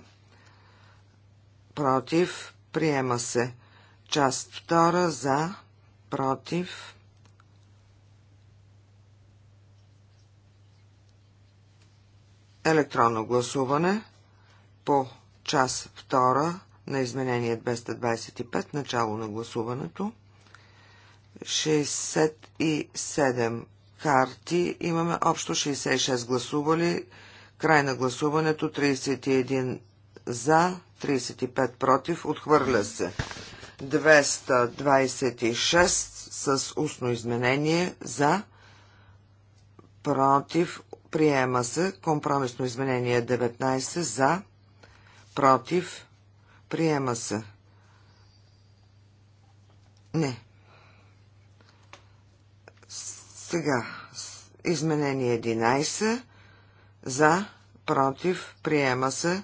против, приема се. Част втора за, против, Електронно гласуване по част 2 на изменение 225, начало на гласуването. 67 карти, имаме общо 66 гласували, край на гласуването 31 за, 35 против, отхвърля се. 226 с устно изменение за, против, Приема се компромисно изменение 19 за, против, приема се. Не. Сега, изменение 11 за, против, приема се.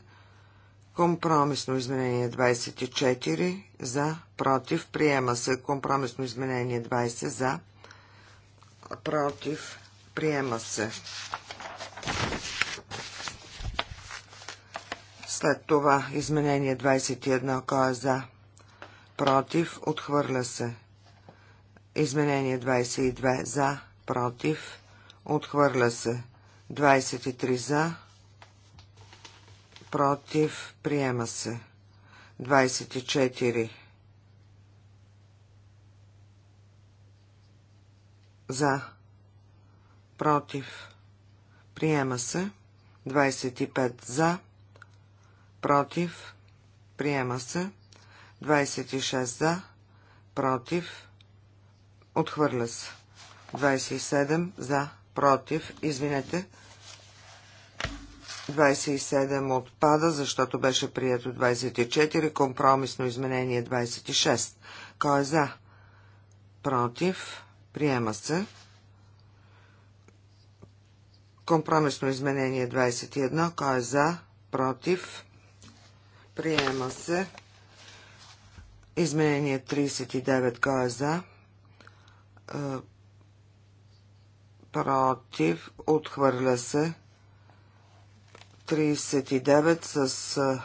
Компромисно изменение 24 за, против, приема се. Компромисно изменение 20 за, против, приема се. След това изменение 21. Кой е за? Против. Отхвърля се. Изменение 22. За. Против. Отхвърля се. 23 за. Против. Приема се. 24. За. Против. Приема се. 25 за против, приема се. 26 за, против, отхвърля се. 27 за, против, извинете. 27 отпада, защото беше прието 24, компромисно изменение 26. Кой е за? Против, приема се. Компромисно изменение 21. Кой е за? Против? Приема се. Изменение 39. Кой е за? Е, против. Отхвърля се. 39 с е,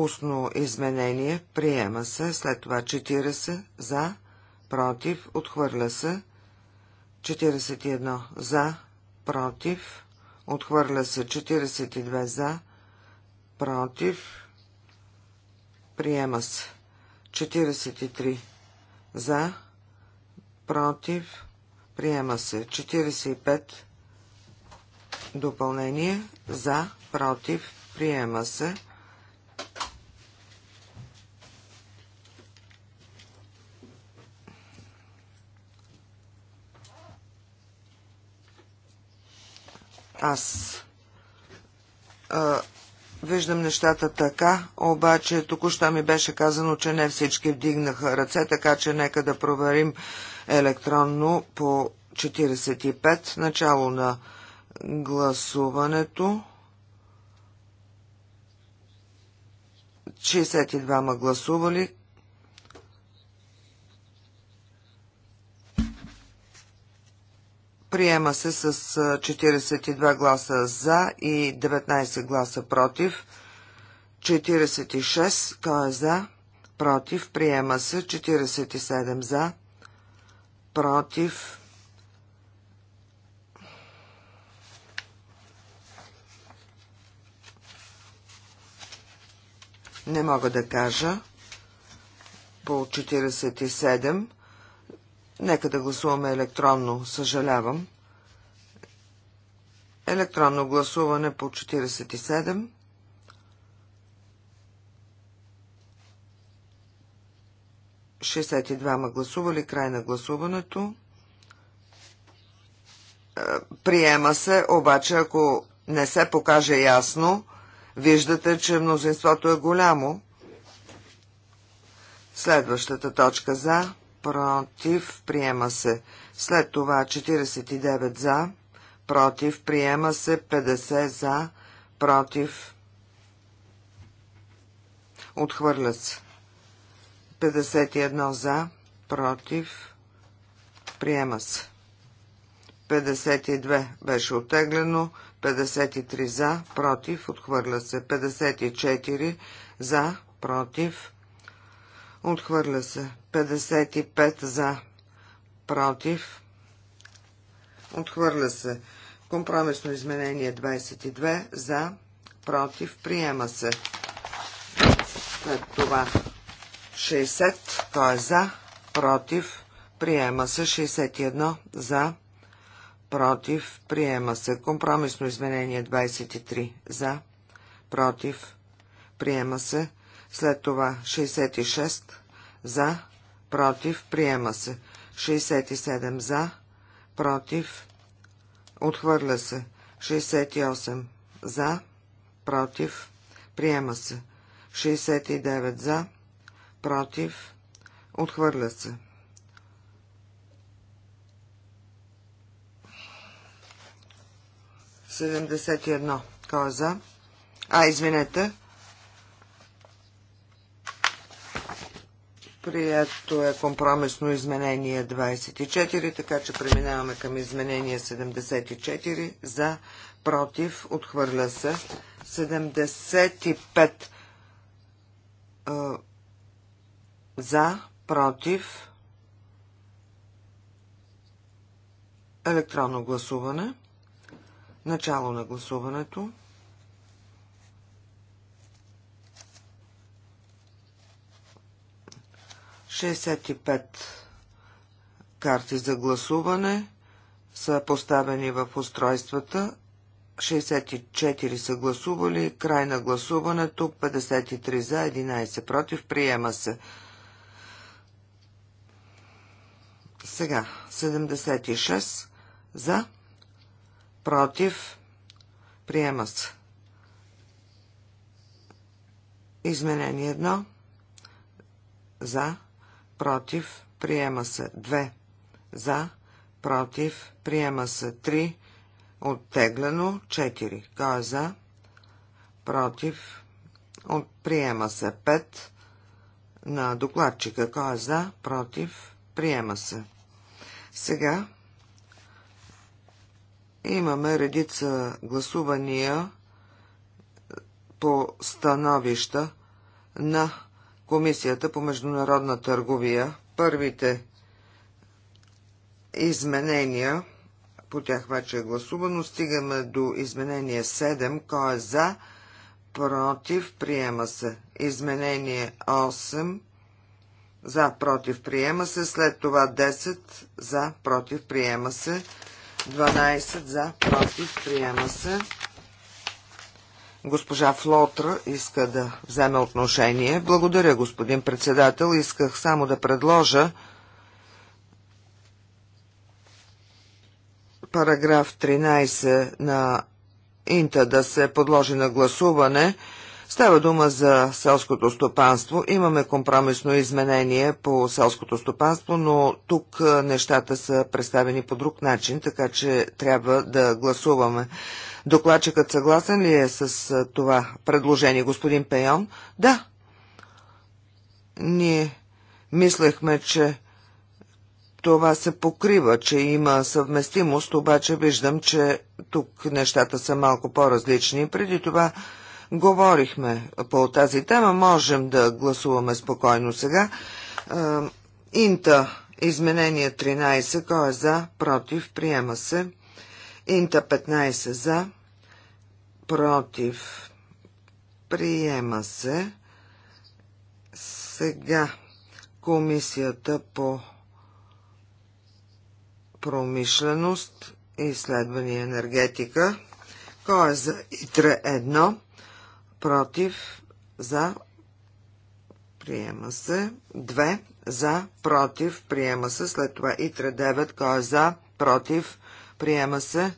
устно изменение. Приема се. След това 40. За. Против. Отхвърля се. 41. За. Против. Отхвърля се. 42. За. Против Приема се. 43 за, против, приема се. 45 допълнение за, против, приема се. Аз а, Виждам нещата така, обаче току-що ми беше казано, че не всички вдигнаха ръце, така че нека да проверим електронно по 45 начало на гласуването. 62 гласували, Приема се с 42 гласа за и 19 гласа против. 46, кой е за? Против. Приема се 47 за. Против. Не мога да кажа по 47. Нека да гласуваме електронно, съжалявам. Електронно гласуване по 47. 62 и двама гласували, край на гласуването. Е, приема се, обаче ако не се покаже ясно, виждате, че мнозинството е голямо. Следващата точка за против, приема се. След това 49 за, против, приема се. 50 за, против, отхвърля се. 51 за, против, приема се. 52 беше отеглено, 53 за, против, отхвърля се. 54 за, против, Отхвърля се. 55 за. Против. Отхвърля се. Компромисно изменение 22 за. Против. Приема се. След това 60. Той е за. Против. Приема се. 61 за. Против. Приема се. Компромисно изменение 23 за. Против. Приема се. След това 66 за, против, приема се. 67 за, против, отхвърля се. 68 за, против, приема се. 69 за, против, отхвърля се. Седемдесет и едно. Кой е за? А, извинете. Прието е компромисно изменение 24, така че преминаваме към изменение 74 за против, отхвърля се. 75 за против електронно гласуване. Начало на гласуването. 65 карти за гласуване са поставени в устройствата. 64 са гласували. Край на гласуването. 53 за, 11 против. Приема се. Сега 76 за, против, приема се. Изменение 1 за, против, приема се 2 за, против, приема се 3, оттеглено 4. Кой е за? Против, от, приема се 5 на докладчика. Кой е за? Против, приема се. Сега имаме редица гласувания по становища на Комисията по международна търговия. Първите изменения, по тях вече е гласувано, стигаме до изменение 7, кой е за, против, приема се. Изменение 8, за, против, приема се. След това 10, за, против, приема се. 12, за, против, приема се. Госпожа Флотра иска да вземе отношение. Благодаря, господин председател. Исках само да предложа параграф 13 на Инта да се подложи на гласуване. Става дума за селското стопанство. Имаме компромисно изменение по селското стопанство, но тук нещата са представени по друг начин, така че трябва да гласуваме. Докладчикът съгласен ли е с това предложение, господин Пейон? Да. Ние мислехме, че това се покрива, че има съвместимост, обаче виждам, че тук нещата са малко по-различни. Преди това говорихме по тази тема, можем да гласуваме спокойно сега. Инта, изменение 13, кой е за, против, приема се. Инта 15 за, против, приема се. Сега комисията по промишленост, изследване и енергетика. Кой е за ИТРЕ 1? Против, за, приема се. 2 за, против, приема се. След това ИТРЕ 9. Кой е за, против, приема се.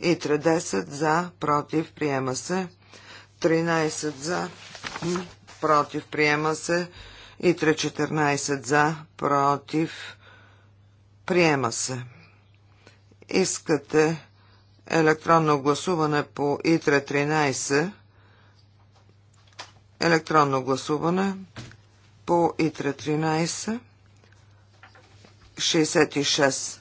И 10 за, против, приема се. 13 за, против, приема се. Итре 14 за, против, приема се. Искате електронно гласуване по ИТРЕ 13. Електронно гласуване по ИТРЕ 13. 66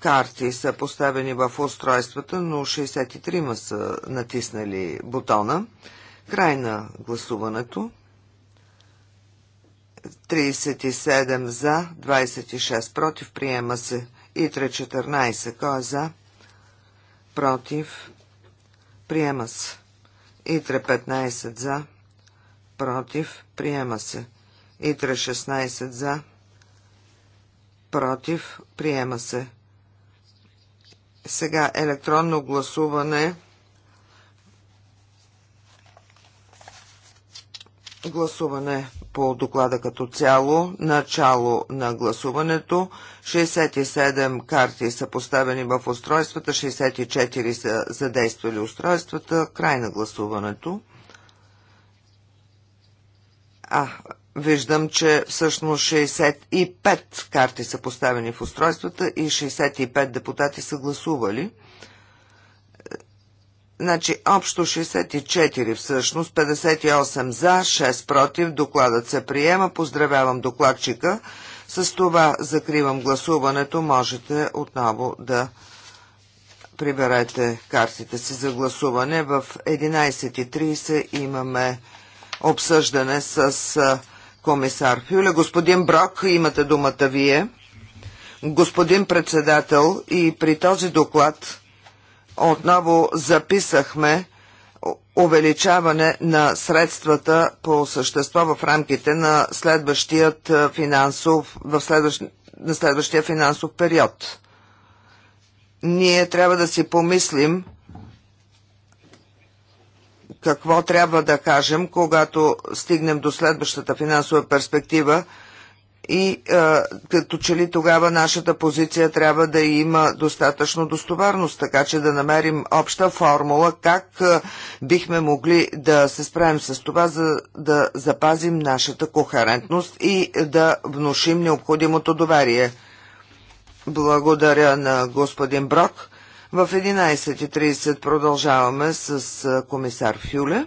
карти са поставени в устройствата, но 63-ма са натиснали бутона. Край на гласуването. 37 за, 26 против, приема се. Итре 14, кой е за? Против, приема се. Итре 15 за, против, приема се. Итре 16 за, против, приема се. Сега електронно гласуване. Гласуване по доклада като цяло, начало на гласуването, 67 карти са поставени в устройствата, 64 са задействали устройствата, край на гласуването. А, Виждам, че всъщност 65 карти са поставени в устройствата и 65 депутати са гласували. Значи общо 64 всъщност, 58 за, 6 против. Докладът се приема. Поздравявам докладчика. С това закривам гласуването. Можете отново да приберете картите си за гласуване. В 11.30 имаме обсъждане с комисар Фюле. Господин Брок, имате думата вие. Господин председател, и при този доклад отново записахме увеличаване на средствата по същество в рамките на следващият е, финансов, в следващ, на следващия финансов период. Ние трябва да си помислим какво трябва да кажем, когато стигнем до следващата финансова перспектива и а, е, като че ли тогава нашата позиция трябва да има достатъчно достоверност, така че да намерим обща формула как а, е, бихме могли да се справим с това, за да запазим нашата кохерентност и да внушим необходимото доверие. Благодаря на господин Брок. В 11.30 продължаваме с комисар Фюле.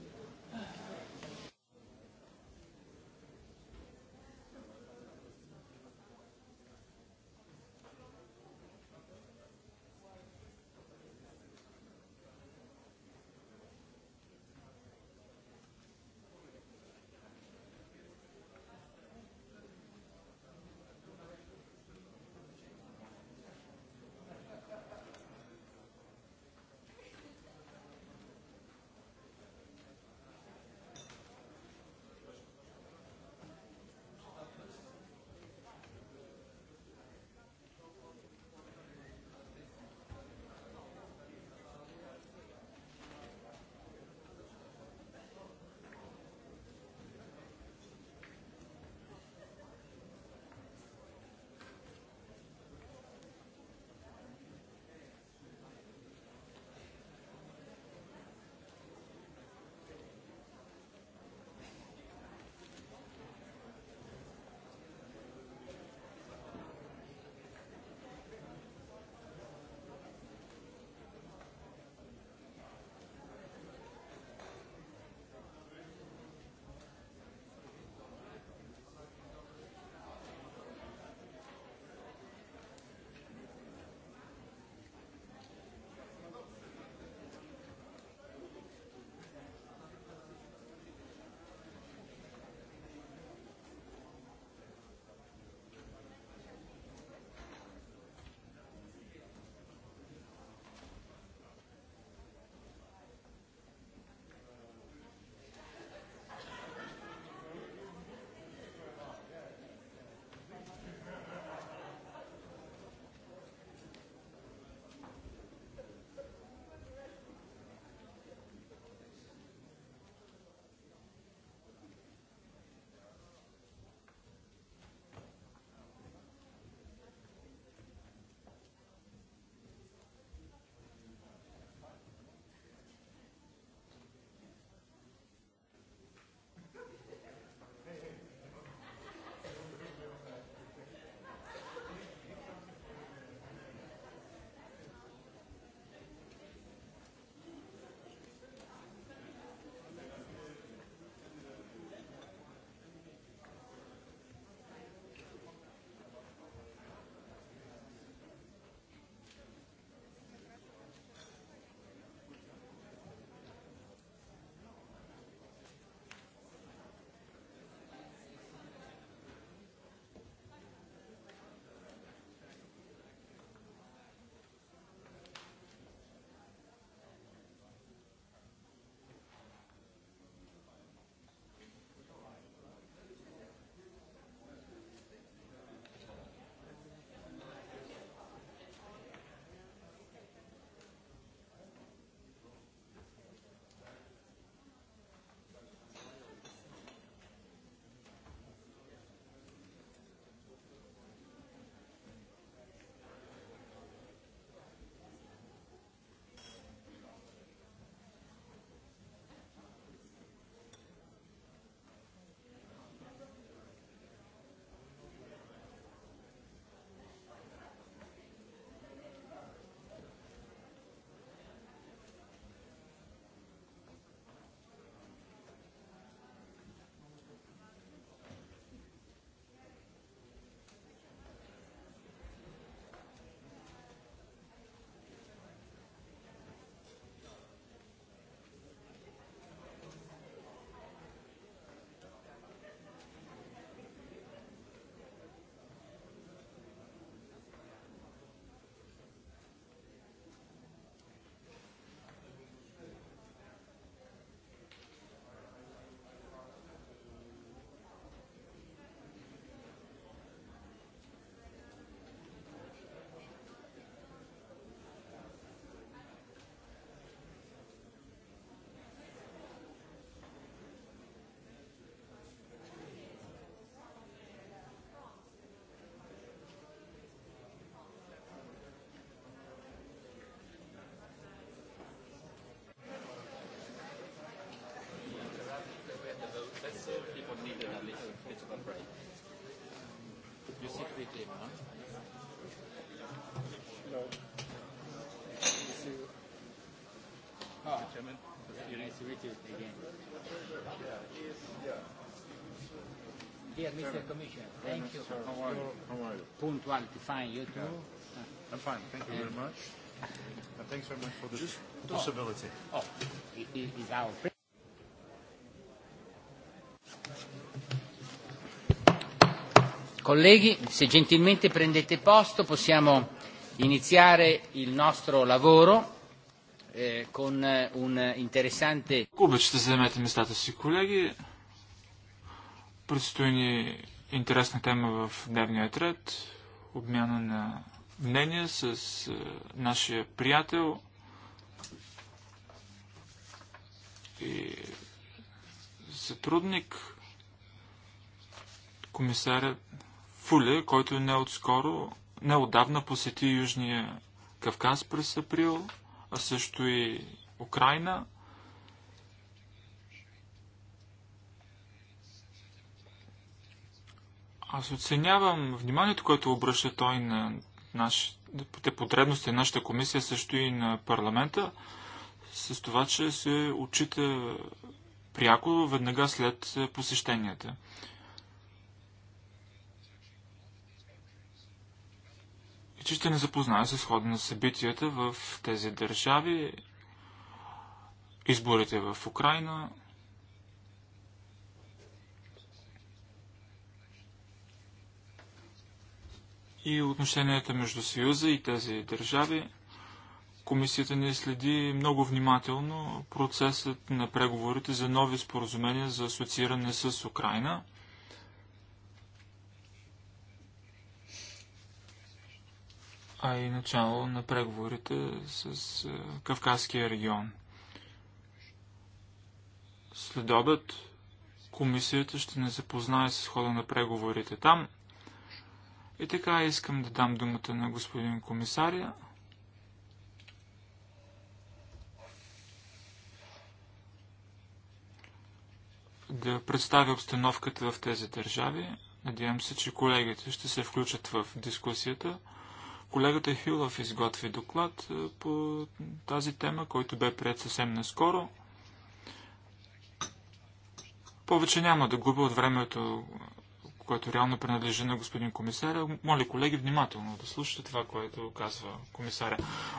break. You sit with him, huh? No. Ah, Chairman, you're with again. Yeah. Dear Mr. Commissioner, thank you for How are you? How are you? punctuality. Fine, you too? I'm fine, thank you very much. And thanks very much for this possibility. Oh, it is our Colleghi, se gentilmente prendete posto possiamo iniziare il nostro lavoro eh, con eh, un interessante... Куба, ще заемете местата си, колеги. Предстои ни интересна тема в дневния ред. Обмяна на мнение с е, нашия приятел и сътрудник комисарят Пуле, който не отскоро, не отдавна посети Южния Кавказ през април, а също и Украина. Аз оценявам вниманието, което обръща той на нашите потребности, на нашата комисия, също и на парламента, с това, че се отчита пряко веднага след посещенията. и че ще ни запознае с хода на събитията в тези държави, изборите в Украина. И отношенията между Съюза и тези държави. Комисията ни следи много внимателно процесът на преговорите за нови споразумения за асоцииране с Украина – а и начало на преговорите с е, Кавказския регион. След обед комисията ще не запознае с хода на преговорите там. И така искам да дам думата на господин комисаря. да представя обстановката в тези държави. Надявам се, че колегите ще се включат в дискусията. Колегата Хюлов изготви доклад е, по тази тема, който бе прият съвсем наскоро. Повече няма да губя от времето, което реално принадлежи на господин комисаря. Моля колеги внимателно да слушате това, което казва комисаря.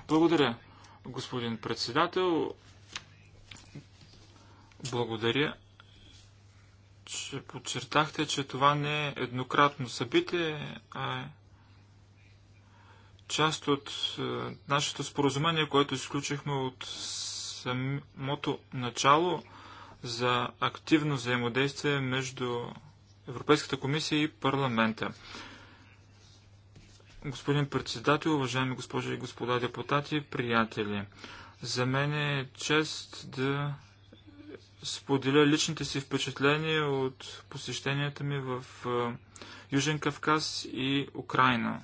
Благодаря, господин председател. Благодаря, че подчертахте, че това не е еднократно събитие, а е част от е, нашето споразумение, което изключихме от самото начало за активно взаимодействие между Европейската комисия и парламента. Господин председател, уважаеми госпожи и господа депутати, приятели, за мен е чест да споделя личните си впечатления от посещенията ми в е, Южен Кавказ и Украина.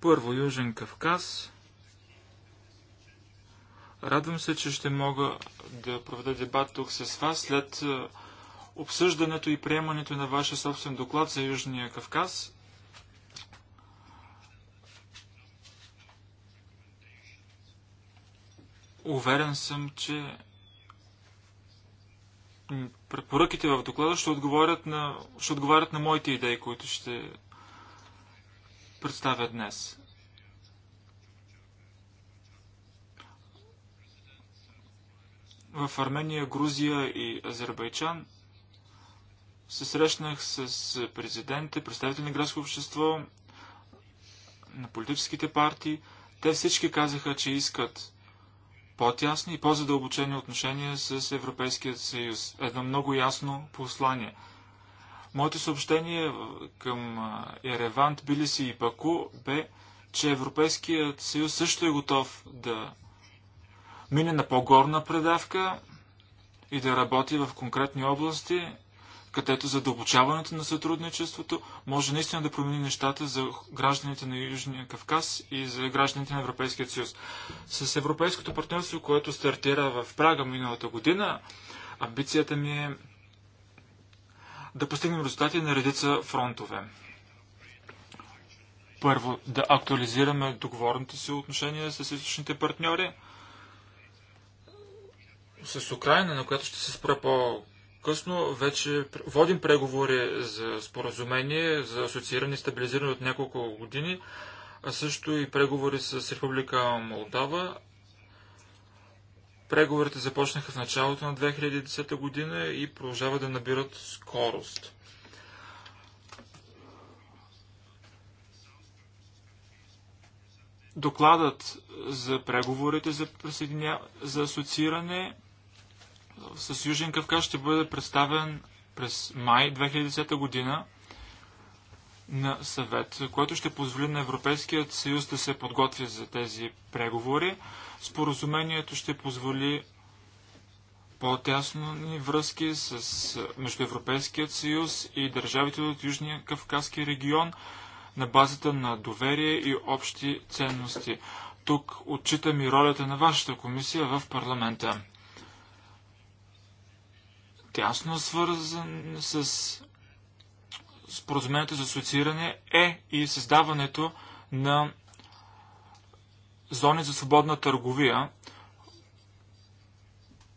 Първо, Южен Кавказ. Радвам се, че ще мога да проведа дебат тук с вас след е, обсъждането и приемането на вашия собствен доклад за Южния Кавказ. Уверен съм, че препоръките в доклада ще отговарят на, ще отговарят на моите идеи, които ще представя днес. В Армения, Грузия и Азербайджан се срещнах с президентите, представители на градско общество, на политическите партии. Те всички казаха, че искат по-тясни и по-задълбочени отношения с Европейския съюз. Едно много ясно послание – Моето съобщение към Ереван, Тбилиси и Баку бе, че Европейският съюз също е готов да мине на по-горна предавка и да работи в конкретни области, където задълбочаването на сътрудничеството може наистина да промени нещата за гражданите на Южния Кавказ и за гражданите на Европейския съюз. С Европейското партньорство, което стартира в Прага миналата година, амбицията ми е да постигнем резултати на редица фронтове. Първо, да актуализираме договорните си отношения с източните партньори. С Украина, на която ще се спра по-късно, вече водим преговори за споразумение, за асоцииране и стабилизиране от няколко години, а също и преговори с Република Молдава, Преговорите започнаха в началото на 2010 година и продължават да набират скорост. Докладът за преговорите за, присъединя... за асоцииране с Южен Кавказ ще бъде представен през май 2010 година на съвет, което ще позволи на Европейският съюз да се подготви за тези преговори. Споразумението ще позволи по-тясни връзки с, между Европейският съюз и държавите от Южния Кавказски регион на базата на доверие и общи ценности. Тук отчитам и ролята на вашата комисия в парламента. Тясно свързан с споразумението за асоцииране е и създаването на зони за свободна търговия,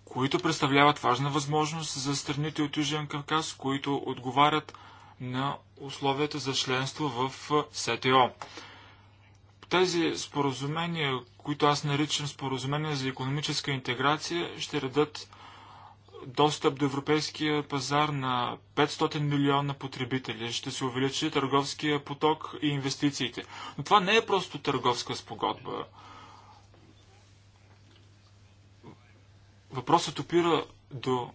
които представляват важна възможност за страните от Южен Кавказ, които отговарят на условията за членство в СТО. Тези споразумения, които аз наричам споразумения за економическа интеграция, ще редат достъп до европейския пазар на 500 милиона потребители. Ще се увеличи търговския поток и инвестициите. Но това не е просто търговска спогодба. Въпросът опира до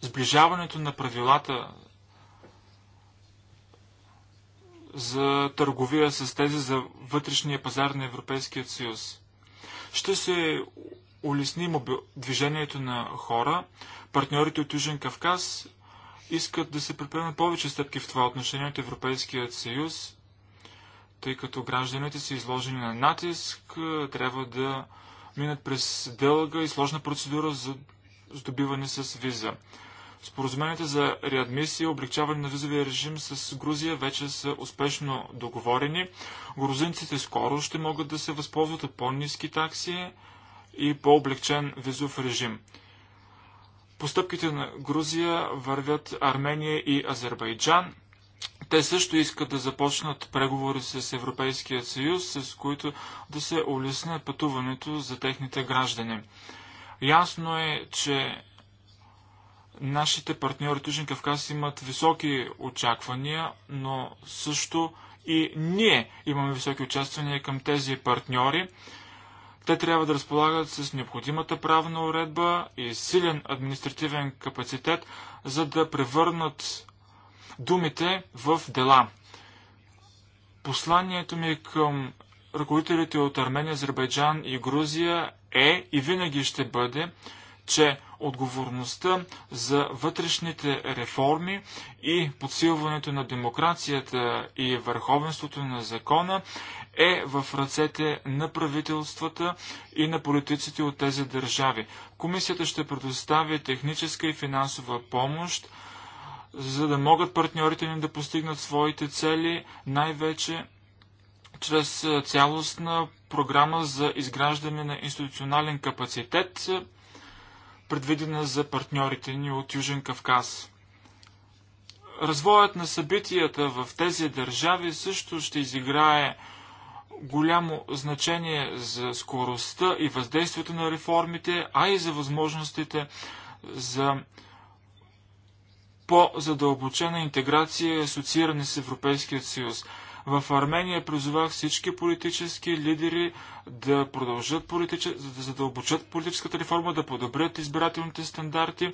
сближаването на правилата за търговия с тези за вътрешния пазар на Европейския съюз. Ще се улесни движението на хора. Партньорите от Южен Кавказ искат да се предприемат повече стъпки в това отношение от Европейският съюз, тъй като гражданите са изложени на натиск, трябва да минат през дълга и сложна процедура за здобиване с виза. Споразумените за реадмисия и облегчаване на визовия режим с Грузия вече са успешно договорени. Грузинците скоро ще могат да се възползват от по-низки такси, и по-облегчен визов режим. Постъпките на Грузия вървят Армения и Азербайджан. Те също искат да започнат преговори с Европейския съюз, с които да се улесне пътуването за техните граждани. Ясно е, че нашите партньори Тужен Кавказ имат високи очаквания, но също и ние имаме високи очаквания към тези партньори. Те трябва да разполагат с необходимата правна уредба и силен административен капацитет, за да превърнат думите в дела. Посланието ми към ръководителите от Армения, Азербайджан и Грузия е и винаги ще бъде, че отговорността за вътрешните реформи и подсилването на демокрацията и върховенството на закона е в ръцете на правителствата и на политиците от тези държави. Комисията ще предостави техническа и финансова помощ, за да могат партньорите ни да постигнат своите цели, най-вече чрез цялостна програма за изграждане на институционален капацитет предвидена за партньорите ни от Южен Кавказ. Развоят на събитията в тези държави също ще изиграе голямо значение за скоростта и въздействието на реформите, а и за възможностите за по-задълбочена интеграция и асоцииране с Европейският съюз. В Армения призовах всички политически лидери да продължат политичес... да задълбочат политическата реформа, да подобрят избирателните стандарти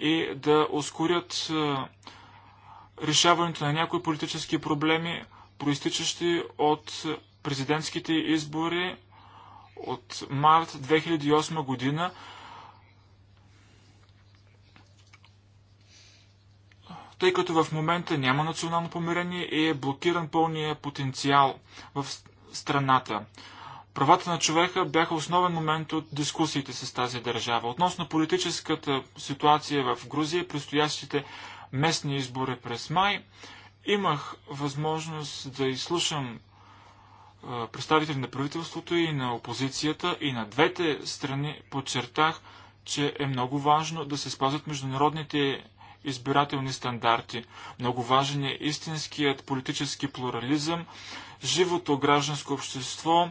и да ускорят решаването на някои политически проблеми, проистичащи от президентските избори от март 2008 година, тъй като в момента няма национално помирение и е блокиран пълния потенциал в страната. Правата на човека бяха основен момент от дискусиите с тази държава. Относно политическата ситуация в Грузия, предстоящите местни избори през май, имах възможност да изслушам представители на правителството и на опозицията и на двете страни подчертах, че е много важно да се спазват международните избирателни стандарти. Много важен е истинският политически плурализъм, живото гражданско общество,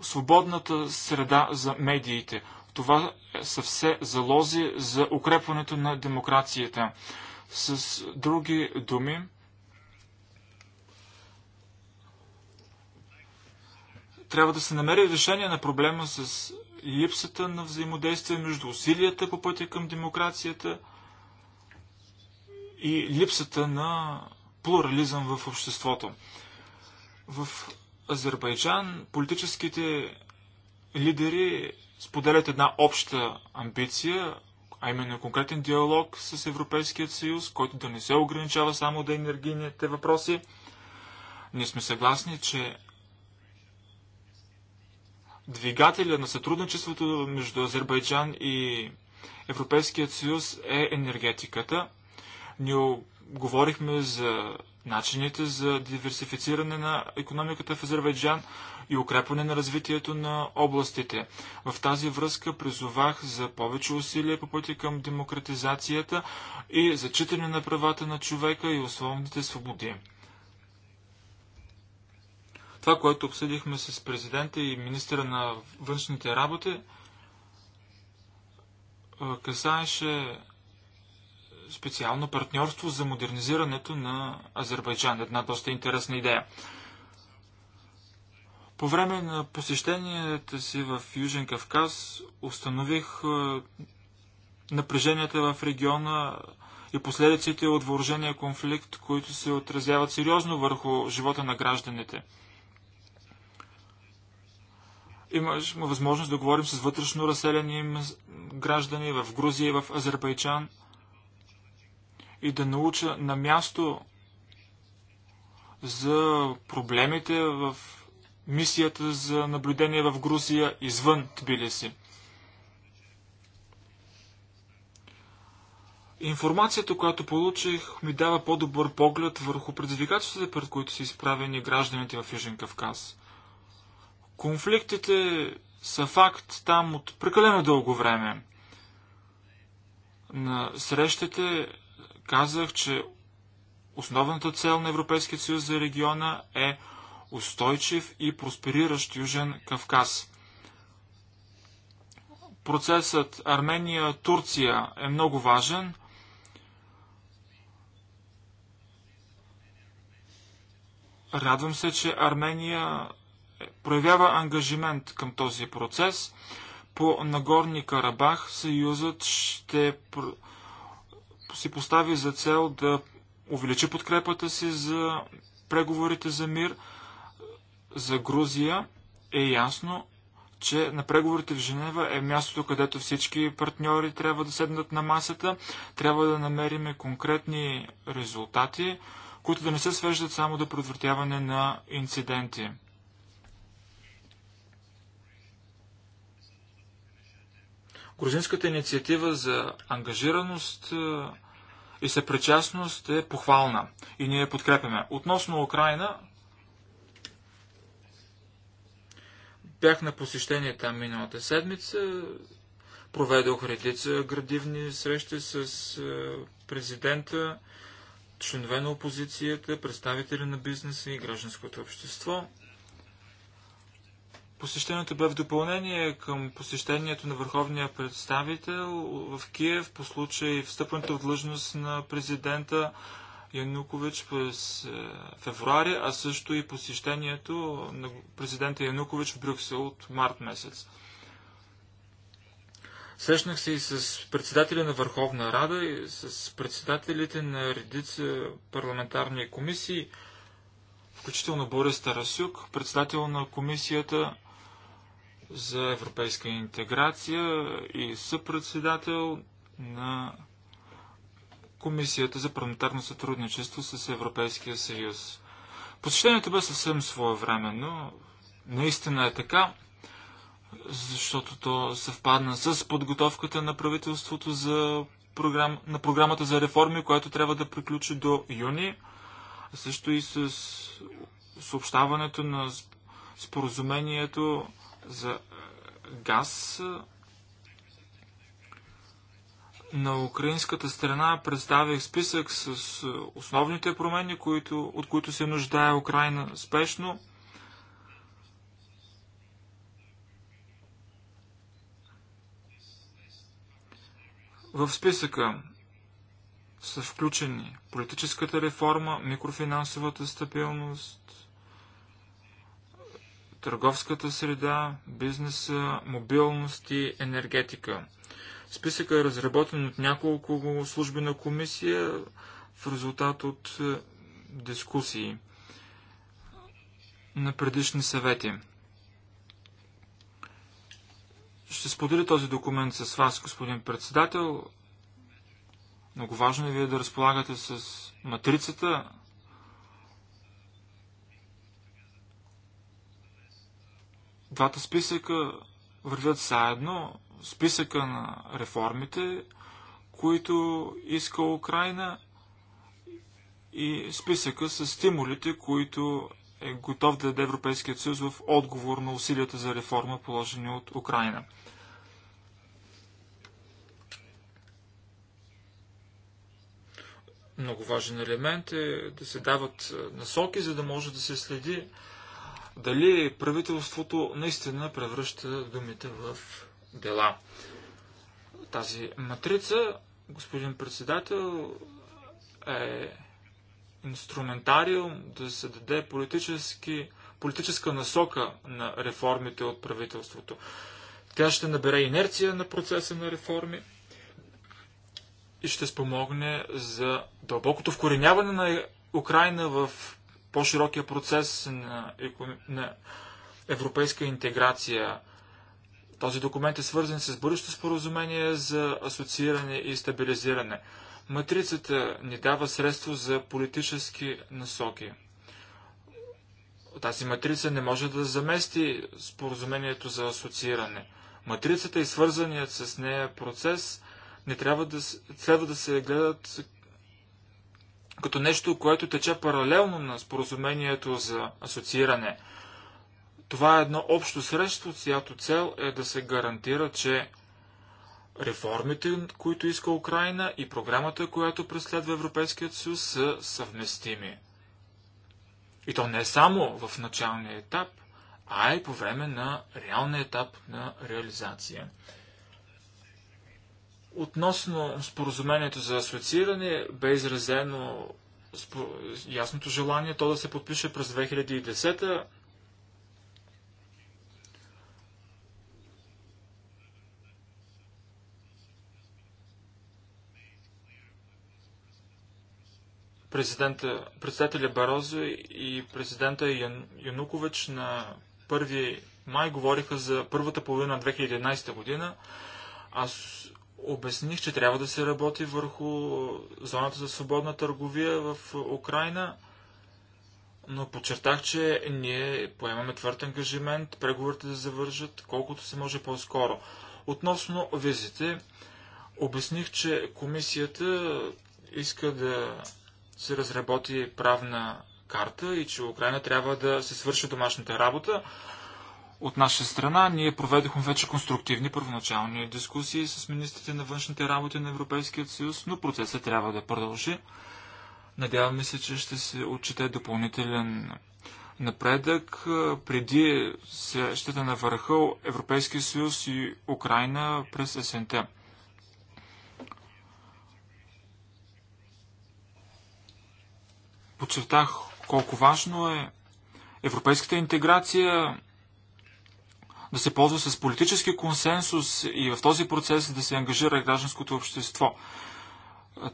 свободната среда за медиите. Това са все залози за укрепването на демокрацията. С други думи, трябва да се намери решение на проблема с липсата на взаимодействие между усилията по пътя към демокрацията – и липсата на плурализъм в обществото. В Азербайджан политическите лидери споделят една обща амбиция, а именно конкретен диалог с Европейският съюз, който да не се ограничава само до да енергийните въпроси. Ние сме съгласни, че двигателя на сътрудничеството между Азербайджан и Европейският съюз е енергетиката – ние говорихме за начините за диверсифициране на економиката в Азербайджан и укрепване на развитието на областите. В тази връзка призовах за повече усилия по пътя към демократизацията и зачитане на правата на човека и основните свободи. Това, което обсъдихме с президента и министра на външните работи, касаеше специално партньорство за модернизирането на Азербайджан. Една доста интересна идея. По време на посещенията си в Южен Кавказ установих е, напреженията в региона и последиците от въоръжения конфликт, които се отразяват сериозно върху живота на гражданите. Имаш възможност да говорим с вътрешно разселени граждани в Грузия и в Азербайджан – и да науча на място за проблемите в мисията за наблюдение в Грузия извън Тбилиси. Информацията, която получих, ми дава по-добър поглед върху предизвикателствата, пред които са изправени гражданите в Южен Кавказ. Конфликтите са факт там от прекалено дълго време. На срещите казах, че основната цел на Европейския съюз за региона е устойчив и проспериращ Южен Кавказ. Процесът Армения-Турция е много важен. Радвам се, че Армения проявява ангажимент към този процес. По Нагорни Карабах Съюзът ще си постави за цел да увеличи подкрепата си за преговорите за мир. За Грузия е ясно, че на преговорите в Женева е мястото, където всички партньори трябва да седнат на масата. Трябва да намериме конкретни резултати, които да не се свеждат само до предотвратяване на инциденти. Грузинската инициатива за ангажираност и съпричастност е похвална и ние я подкрепяме. Относно Украина, бях на посещение там миналата седмица, проведох редица градивни срещи с е, президента, членове на опозицията, представители на бизнеса и гражданското общество – Посещението бе в допълнение към посещението на върховния представител в Киев по случай встъпването в длъжност на президента Янукович през е, февруари, а също и посещението на президента Янукович в Брюксел от март месец. Срещнах се и с председателя на Върховна Рада и с председателите на редица парламентарни комисии, включително Борис Тарасюк, председател на комисията за европейска интеграция и съпредседател на Комисията за парламентарно сътрудничество с Европейския съюз. Посещението бе съвсем своевременно. Наистина е така, защото то съвпадна с подготовката на правителството за програм... на програмата за реформи, която трябва да приключи до юни, също и с съобщаването на споразумението за е, газ е, на украинската страна представих списък с е, основните промени, които, от които се нуждае Украина спешно. В списъка са включени политическата реформа, микрофинансовата стабилност, търговската среда, бизнеса, мобилност и енергетика. Списъкът е разработен от няколко служби на комисия в резултат от е, дискусии на предишни съвети. Ще споделя този документ с вас, господин председател. Много важно е вие да разполагате с матрицата Двата списъка вървят заедно. Списъка на реформите, които иска Украина и списъка с стимулите, които е готов да даде Европейският съюз в отговор на усилията за реформа, положени от Украина. Много важен елемент е да се дават насоки, за да може да се следи дали правителството наистина превръща думите в дела. Тази матрица, господин председател, е инструментариум да се даде политически, политическа насока на реформите от правителството. Тя ще набере инерция на процеса на реформи и ще спомогне за дълбокото вкореняване на Украина в по-широкия процес на, на европейска интеграция. Този документ е свързан с бъдещо споразумение за асоцииране и стабилизиране. Матрицата ни дава средство за политически насоки. Тази матрица не може да замести споразумението за асоцииране. Матрицата и е свързаният с нея процес не трябва да, следва да се гледат като нещо, което тече паралелно на споразумението за асоцииране. Това е едно общо средство, чиято цел е да се гарантира, че реформите, които иска Украина и програмата, която преследва Европейският съюз, са съвместими. И то не само в началния етап, а и по време на реалния етап на реализация. Относно споразумението за асоцииране бе изразено ясното желание то да се подпише през 2010 -та. президента, председателя Барозо и президента Ян, Янукович на 1 май говориха за първата половина 2011 година. Аз Обясних, че трябва да се работи върху зоната за свободна търговия в Украина, но подчертах, че ние поемаме твърд ангажимент преговорите да завържат колкото се може по-скоро. Относно визите, обясних, че комисията иска да се разработи правна карта и че Украина трябва да се свърши домашната работа. От наша страна ние проведохме вече конструктивни първоначални дискусии с министрите на външните работи на Европейския съюз, но процесът трябва да продължи. Надяваме се, че ще се отчете допълнителен напредък. Преди срещата на върха Европейския съюз и Украина през СНТ. Подчертах колко важно е европейската интеграция да се ползва с политически консенсус и в този процес да се ангажира гражданското общество.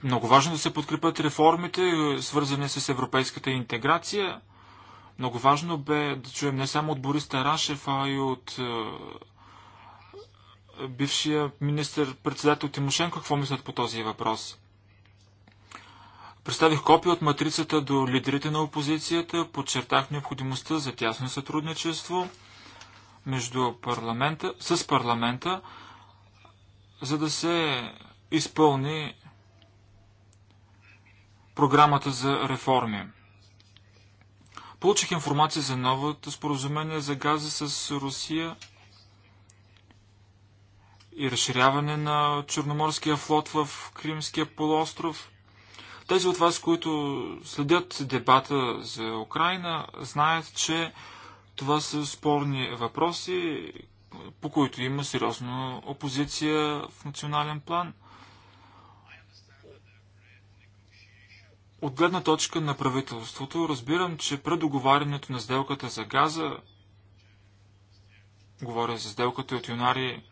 Много важно да се подкрепят реформите, свързани с европейската интеграция. Много важно бе да чуем не само от Борис Тарашев, а и от е, бившия министр-председател Тимошенко, какво мислят по този въпрос. Представих копия от матрицата до лидерите на опозицията, подчертах необходимостта за тясно сътрудничество – между парламента, с парламента, за да се изпълни програмата за реформи. Получих информация за новото споразумение за газа с Русия и разширяване на Черноморския флот в Кримския полуостров. Тези от вас, които следят дебата за Украина, знаят, че това са спорни въпроси, по които има сериозна опозиция в национален план. От гледна точка на правителството, разбирам, че предоговарянето на сделката за газа, говоря за сделката от юнари,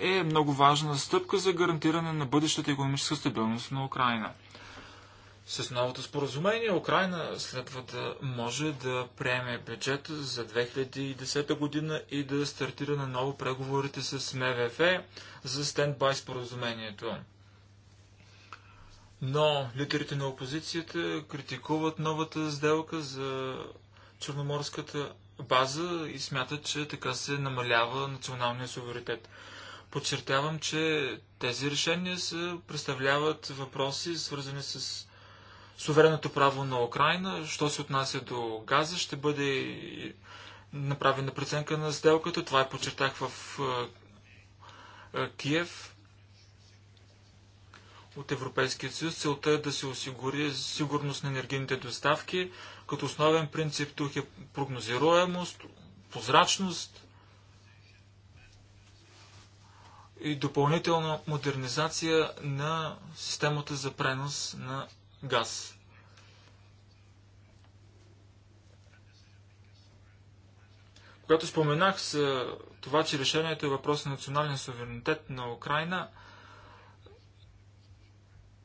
е много важна стъпка за гарантиране на бъдещата економическа стабилност на Украина. С новото споразумение Украина следва да може да приеме бюджет за 2010 година и да стартира на ново преговорите с МВФ за стендбай споразумението. Но лидерите на опозицията критикуват новата сделка за Черноморската база и смятат, че така се намалява националния суверенитет. Подчертявам, че тези решения се представляват въпроси, свързани с суверенното право на Украина. Що се отнася до газа, ще бъде направена преценка на сделката. Това е подчертах в е, е, Киев от Европейския съюз. Целта е да се осигури сигурност на енергийните доставки. Като основен принцип тук е прогнозируемост, прозрачност и допълнителна модернизация на системата за пренос на газ. Когато споменах за това, че решението е въпрос на национален суверенитет на Украина,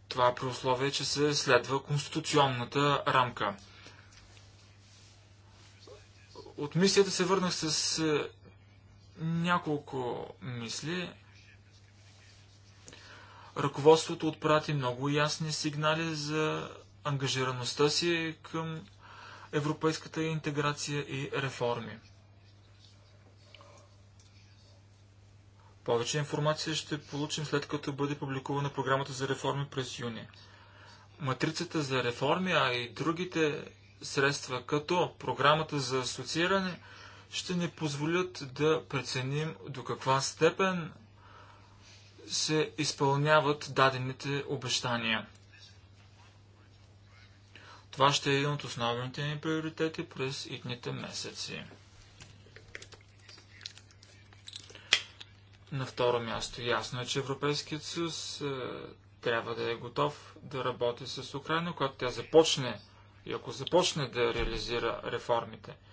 това е при че се следва конституционната рамка. От мисията се върнах с е, няколко мисли. Ръководството отпрати много ясни сигнали за ангажираността си към европейската интеграция и реформи. Повече информация ще получим след като бъде публикувана програмата за реформи през юни. Матрицата за реформи, а и другите средства, като програмата за асоцииране, ще ни позволят да преценим до каква степен се изпълняват дадените обещания. Това ще е един от основните ни приоритети през идните месеци. На второ място, ясно е, че Европейският съюз е, трябва да е готов да работи с Украина, когато тя започне и ако започне да реализира реформите –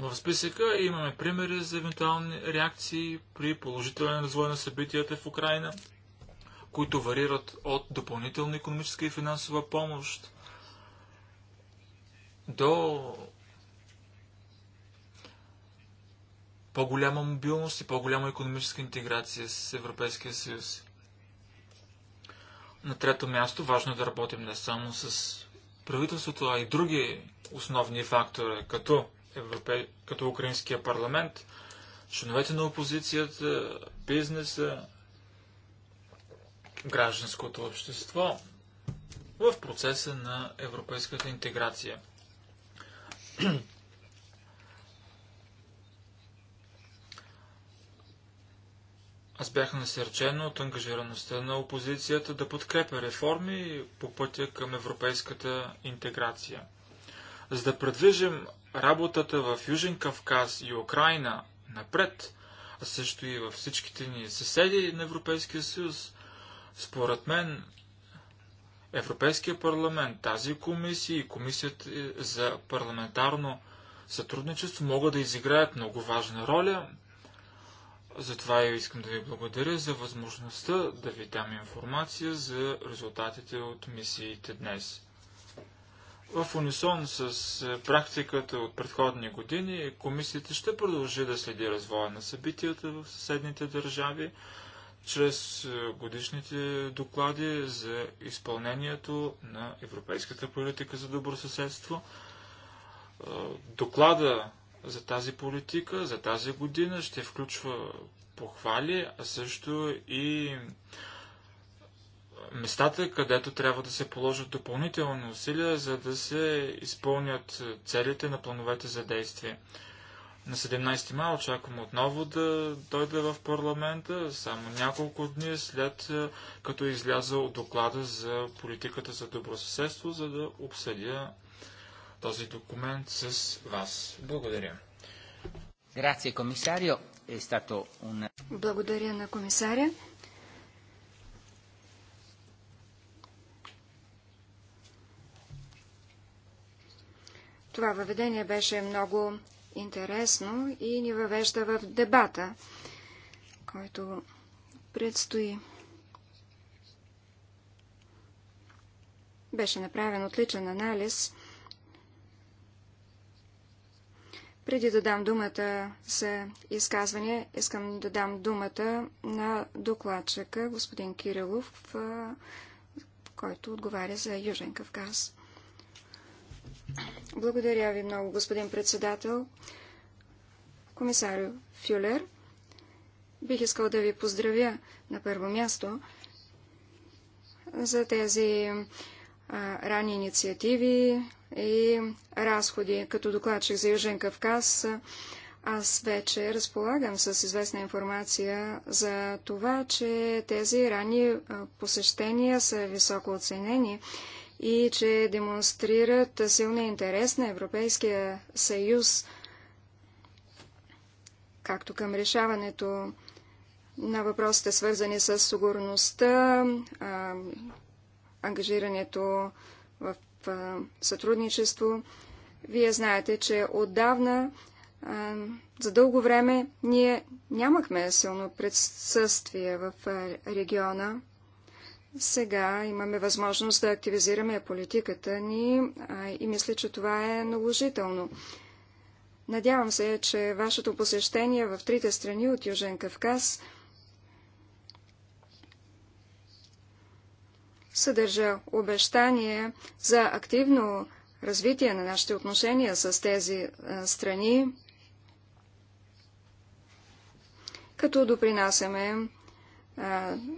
в списъка имаме примери за евентуални реакции при положителен развой на събитията в Украина, които варират от допълнителна економическа и финансова помощ до по-голяма мобилност и по-голяма економическа интеграция с Европейския съюз. На трето място важно е да работим не само с правителството, а и други основни фактори, като Европе... като Украинския парламент, членовете на опозицията, бизнеса, гражданското общество в процеса на европейската интеграция. Аз бях насърчен от ангажираността на опозицията да подкрепя реформи по пътя към европейската интеграция. За да предвижим работата в Южен Кавказ и Украина напред, а също и във всичките ни съседи на Европейския съюз, според мен Европейския парламент, тази комисия и комисията е, за парламентарно сътрудничество могат да изиграят много важна роля. Затова и искам да ви благодаря за възможността да ви дам информация за резултатите от мисиите днес. В унисон с е, практиката от предходни години, комисията ще продължи да следи развоя на събитията в съседните държави, чрез е, годишните доклади за изпълнението на европейската политика за добро съседство. Е, доклада за тази политика, за тази година ще включва похвали, а също и местата, където трябва да се положат допълнителни усилия, за да се изпълнят целите на плановете за действие. На 17 мая очаквам отново да дойда в парламента, само няколко дни след е, като е изляза от доклада за политиката за добросъседство, за да обсъдя този документ с вас. Благодаря. Е Благодаря на комисаря. Това въведение беше много интересно и ни въвежда в дебата, който предстои. Беше направен отличен анализ. Преди да дам думата за изказване, искам да дам думата на докладчика, господин Кирилов, който отговаря за Южен Кавказ. Благодаря ви много, господин председател. комисар Фюлер, бих искал да ви поздравя на първо място за тези ранни инициативи и разходи. Като докладчик за Южен Кавказ, аз вече разполагам с известна информация за това, че тези ранни посещения са високо оценени и че демонстрират силния интерес на Европейския съюз както към решаването на въпросите, свързани с сигурността, ангажирането в сътрудничество. Вие знаете, че отдавна, за дълго време, ние нямахме силно присъствие в региона. Сега имаме възможност да активизираме политиката ни и мисля, че това е наложително. Надявам се, че вашето посещение в трите страни от Южен Кавказ съдържа обещание за активно развитие на нашите отношения с тези страни, като допринасяме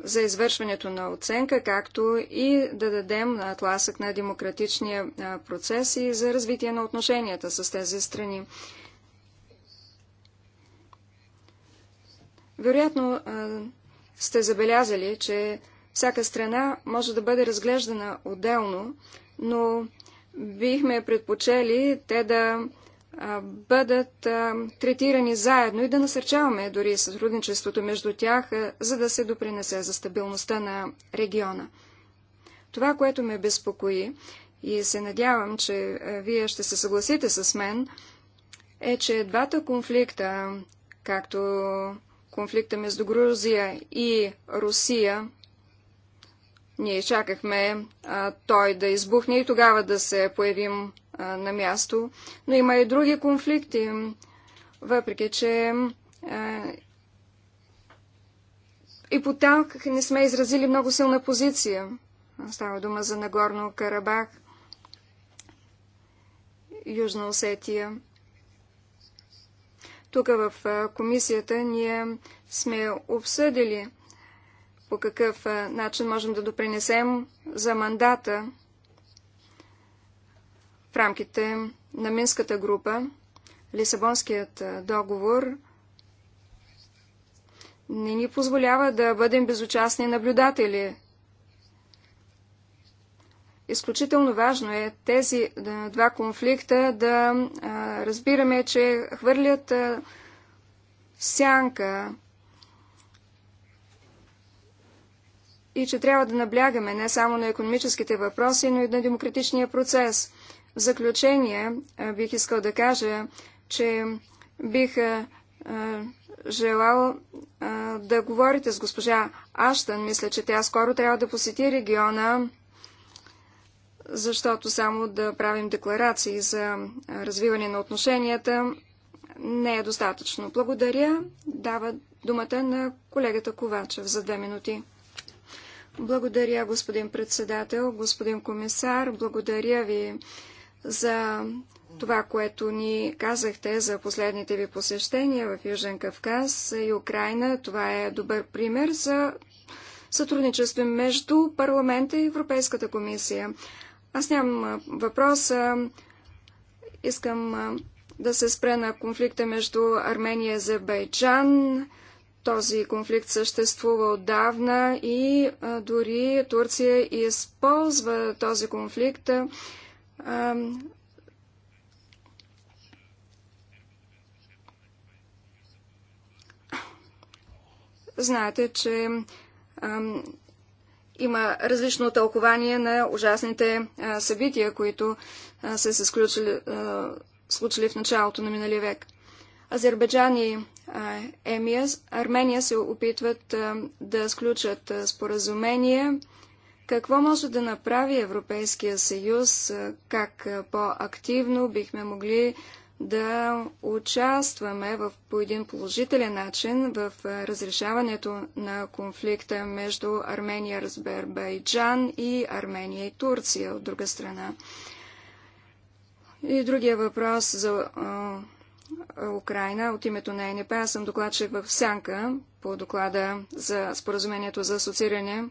за извършването на оценка, както и да дадем тласък на демократичния процес и за развитие на отношенията с тези страни. Вероятно сте забелязали, че всяка страна може да бъде разглеждана отделно, но бихме предпочели те да бъдат третирани заедно и да насърчаваме дори сътрудничеството между тях, за да се допринесе за стабилността на региона. Това, което ме безпокои и се надявам, че вие ще се съгласите с мен, е, че двата конфликта, както конфликта между Грузия и Русия, ние чакахме а, той да избухне и тогава да се появим на място, но има и други конфликти, въпреки че и по тях не сме изразили много силна позиция. Става дума за Нагорно Карабах, Южна Осетия. Тук в комисията ние сме обсъдили по какъв начин можем да допринесем за мандата в рамките на Минската група. Лисабонският договор не ни позволява да бъдем безучастни наблюдатели. Изключително важно е тези два конфликта да разбираме, че хвърлят сянка и че трябва да наблягаме не само на економическите въпроси, но и на демократичния процес. В заключение бих искал да кажа, че бих желал да говорите с госпожа Аштън. Мисля, че тя скоро трябва да посети региона, защото само да правим декларации за развиване на отношенията не е достатъчно. Благодаря. Дава думата на колегата Ковачев за две минути. Благодаря, господин председател, господин комисар. Благодаря ви за това, което ни казахте за последните ви посещения в Южен Кавказ и Украина. Това е добър пример за сътрудничество между парламента и Европейската комисия. Аз нямам въпрос. Искам да се спре на конфликта между Армения и Азербайджан. Този конфликт съществува отдавна и дори Турция използва този конфликт Знаете, че ам, има различно тълкование на ужасните а, събития, които а, са се сключили, а, случили в началото на миналия век. Азербайджан и а, Емия, Армения се опитват а, да сключат а, споразумение какво може да направи Европейския съюз? Как по-активно бихме могли да участваме в, по един положителен начин в разрешаването на конфликта между Армения, Азербайджан и Армения и Турция от друга страна. И другия въпрос за а, Украина от името на ЕНП. Аз съм докладчик в Сянка по доклада за споразумението за асоцииране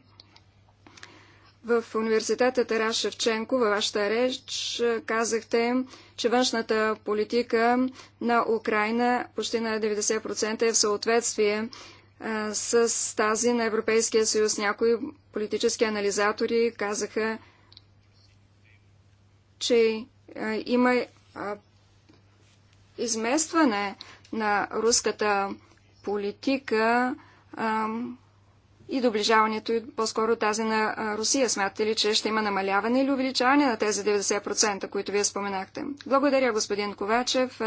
в университета Тарас Шевченко във вашата реч казахте, че външната политика на Украина почти на 90% е в съответствие а, с тази на Европейския съюз. Някои политически анализатори казаха, че а, има а, изместване на руската политика А, и доближаването и по-скоро тази на Русия. Смятате ли, че ще има намаляване или увеличаване на тези 90%, които вие споменахте? Благодаря, господин Ковачев.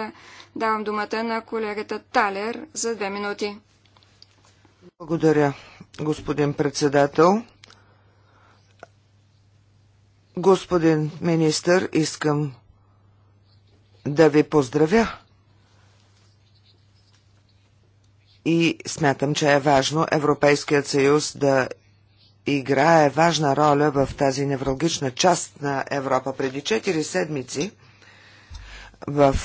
Давам думата на колегата Талер за две минути. Благодаря, господин председател. Господин министър, искам да ви поздравя и смятам, че е важно Европейският съюз да играе важна роля в тази неврологична част на Европа. Преди 4 седмици в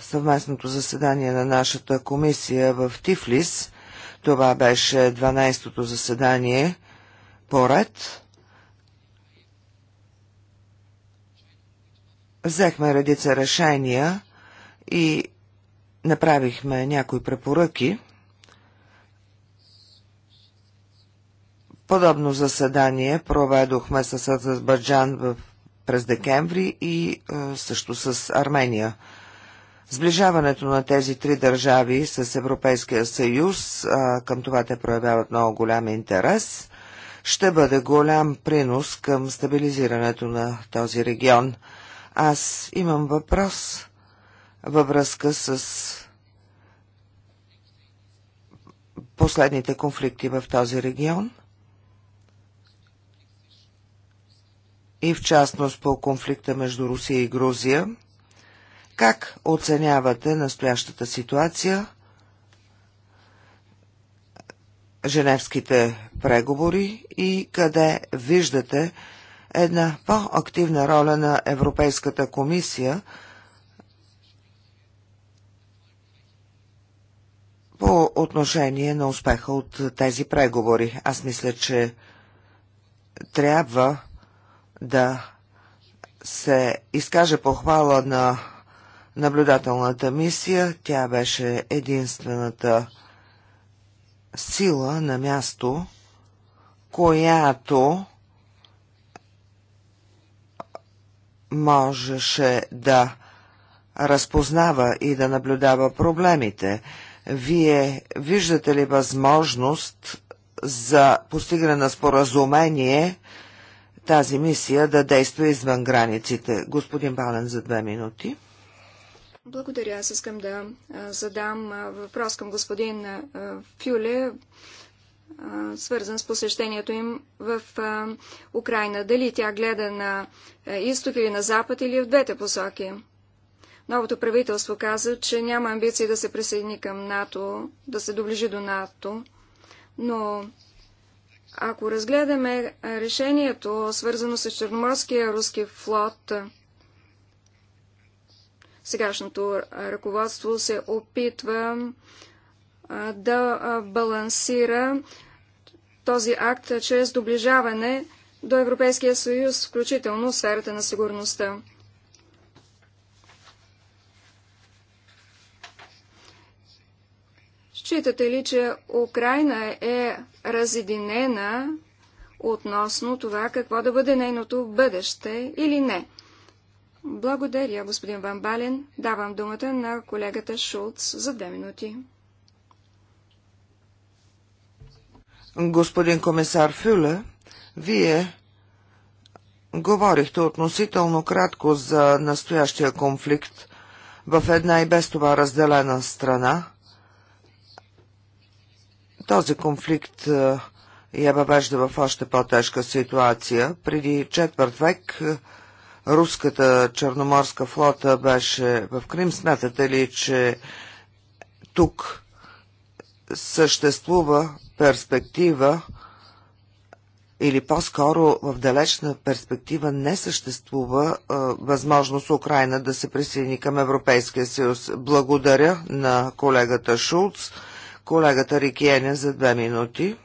съвместното заседание на нашата комисия в Тифлис, това беше 12-то заседание поред, взехме редица решения и направихме някои препоръки – Подобно заседание проведохме с Азербайджан през декември и също с Армения. Сближаването на тези три държави с Европейския съюз, към това те проявяват много голям интерес, ще бъде голям принос към стабилизирането на този регион. Аз имам въпрос във връзка с последните конфликти в този регион. и в частност по конфликта между Русия и Грузия. Как оценявате настоящата ситуация, женевските преговори и къде виждате една по-активна роля на Европейската комисия по отношение на успеха от тези преговори? Аз мисля, че трябва да се изкаже похвала на наблюдателната мисия. Тя беше единствената сила на място, която можеше да разпознава и да наблюдава проблемите. Вие виждате ли възможност за постигане на споразумение тази мисия да действа извън границите. Господин Бален за две минути. Благодаря. Аз искам да задам въпрос към господин Фюле, свързан с посещението им в Украина. Дали тя гледа на изток или на запад или в двете посоки? Новото правителство каза, че няма амбиции да се присъедини към НАТО, да се доближи до НАТО, но ако разгледаме решението, свързано с Черноморския руски флот, сегашното ръководство се опитва да балансира този акт чрез доближаване до Европейския съюз, включително в сферата на сигурността. Считате ли, че Украина е разединена относно това какво да бъде нейното бъдеще или не? Благодаря, господин Ван Бален. Давам думата на колегата Шулц за две минути. Господин комисар Фюле, вие говорихте относително кратко за настоящия конфликт в една и без това разделена страна – този конфликт е, я въвежда в още по-тежка ситуация. Преди четвърт век е, руската черноморска флота беше в Крим. Смятате ли, че тук съществува перспектива или по-скоро в далечна перспектива не съществува а, е, възможност Украина да се присъедини към Европейския съюз. Благодаря на колегата Шулц. Колегата Рикиене за две минути.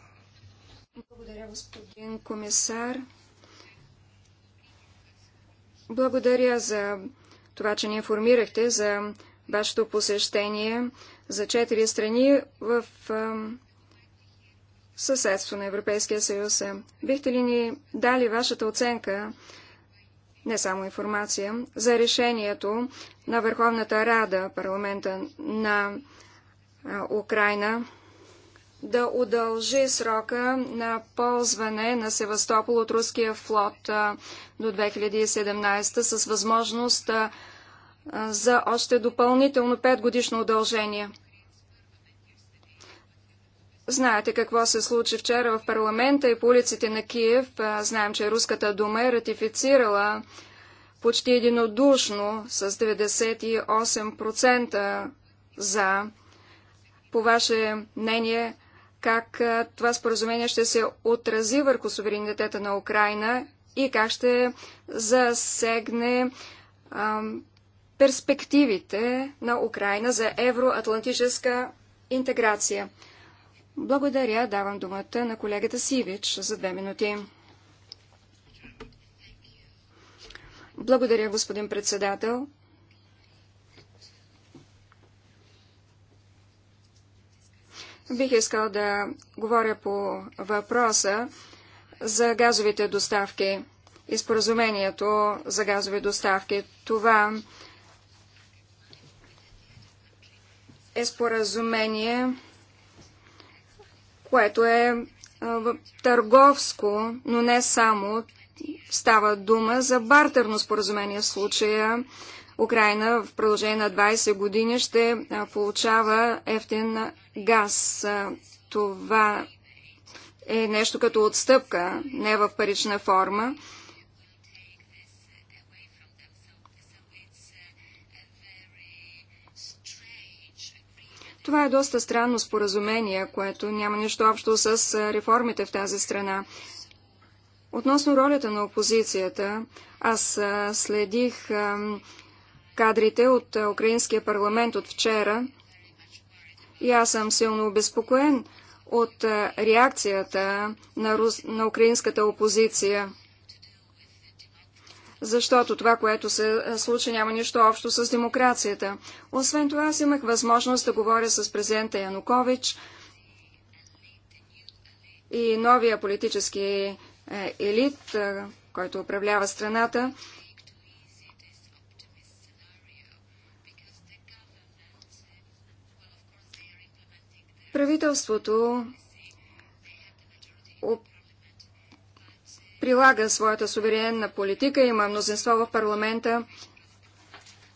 Благодаря, господин комисар. Благодаря за това, че ни информирахте за вашето посещение за четири страни в съседство на Европейския съюз. Бихте ли ни дали вашата оценка, не само информация, за решението на Върховната Рада, парламента на Украина да удължи срока на ползване на Севастопол от руския флот до 2017 с възможност за още допълнително 5 годишно удължение. Знаете какво се случи вчера в парламента и по улиците на Киев. Знаем, че Руската дума е ратифицирала почти единодушно с 98% за по ваше мнение, как това споразумение ще се отрази върху суверенитета на Украина и как ще засегне перспективите на Украина за евроатлантическа интеграция. Благодаря. Давам думата на колегата Сивич за две минути. Благодаря, господин председател. Бих искал да говоря по въпроса за газовите доставки и споразумението за газови доставки. Това е споразумение, което е търговско, но не само. Става дума за бартерно споразумение в случая Украина в продължение на 20 години ще получава ефтин газ. Това е нещо като отстъпка, не в парична форма. Това е доста странно споразумение, което няма нищо общо с реформите в тази страна. Относно ролята на опозицията, аз следих кадрите от е, Украинския парламент от вчера. И аз съм силно обезпокоен от е, реакцията на, рус... на украинската опозиция, защото това, което се е, случи, няма нищо общо с демокрацията. Освен това, аз имах възможност да говоря с президента Янукович и новия политически елит, който управлява страната. Правителството прилага своята суверенна политика, има мнозинство в парламента,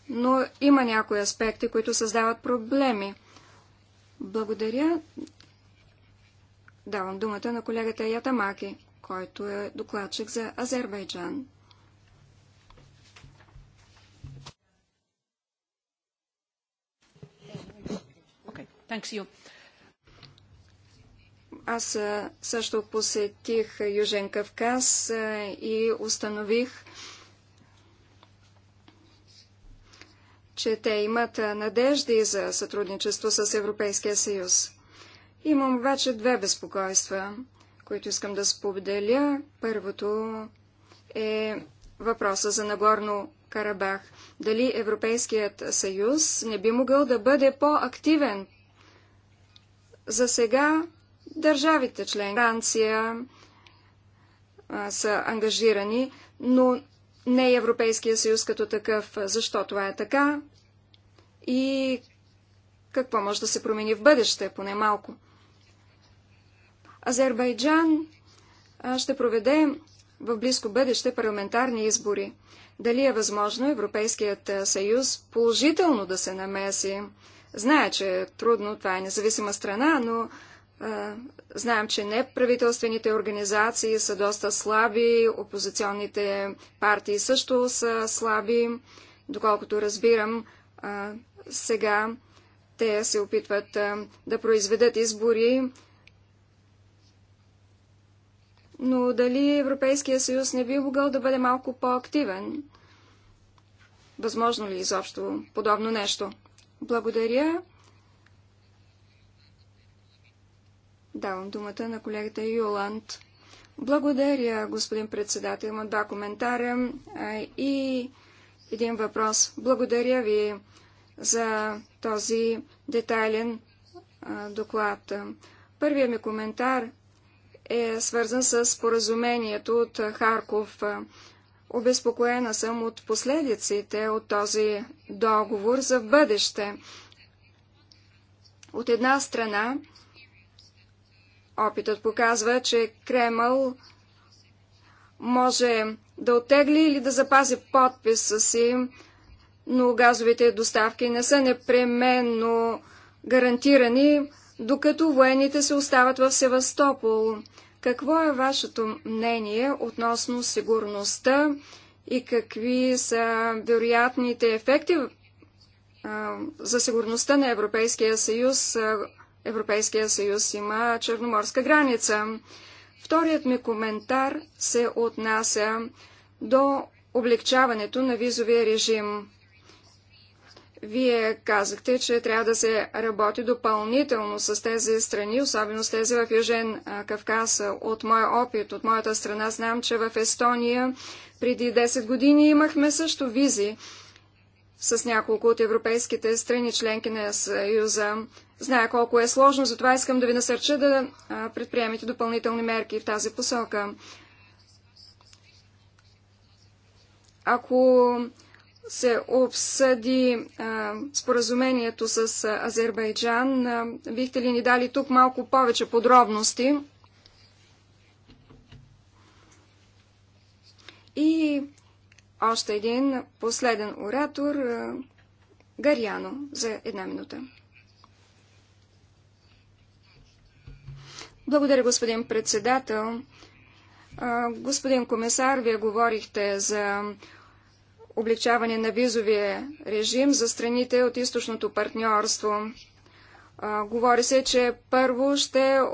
но има някои аспекти, които създават проблеми. Благодаря. Давам думата на колегата Ятамаки, който е докладчик за Азербайджан. Okay. Аз също посетих Южен Кавказ и установих, че те имат надежди за сътрудничество с Европейския съюз. Имам обаче две безпокойства, които искам да споделя. Първото е въпроса за Нагорно Карабах. Дали Европейският съюз не би могъл да бъде по-активен? За сега Държавите член Франция са ангажирани, но не Европейския съюз като такъв. Защо това е така? И какво може да се промени в бъдеще, поне малко. Азербайджан ще проведе в близко бъдеще парламентарни избори. Дали е възможно Европейският съюз положително да се намеси? Зная, че е трудно, това е независима страна, но Знаем, че неправителствените организации са доста слаби, опозиционните партии също са слаби. Доколкото разбирам, сега те се опитват да произведат избори. Но дали Европейския съюз не би могъл да бъде малко по-активен? Възможно ли изобщо подобно нещо? Благодаря. Давам думата на колегата Юланд. Благодаря, господин председател. Има два коментаря и един въпрос. Благодаря ви за този детайлен доклад. Първият ми коментар е свързан с поразумението от Харков. Обезпокоена съм от последиците от този договор за бъдеще. От една страна Опитът показва, че Кремъл може да отегли или да запази подписа си, но газовите доставки не са непременно гарантирани, докато военните се остават в Севастопол. Какво е вашето мнение относно сигурността и какви са вероятните ефекти а, за сигурността на Европейския съюз а, Европейския съюз има черноморска граница. Вторият ми коментар се отнася до облегчаването на визовия режим. Вие казахте, че трябва да се работи допълнително с тези страни, особено с тези в Южен Кавказ. От моя опит, от моята страна, знам, че в Естония преди 10 години имахме също визи с няколко от европейските страни, членки на Съюза. Зная колко е сложно, затова искам да ви насърча да предприемете допълнителни мерки в тази посока. Ако се обсъди споразумението с Азербайджан, бихте ли ни дали тук малко повече подробности? И още един последен оратор, Гаряно, за една минута. Благодаря, господин председател. Господин комисар, вие говорихте за облегчаване на визовия режим за страните от източното партньорство. А, говори се, че първо ще а,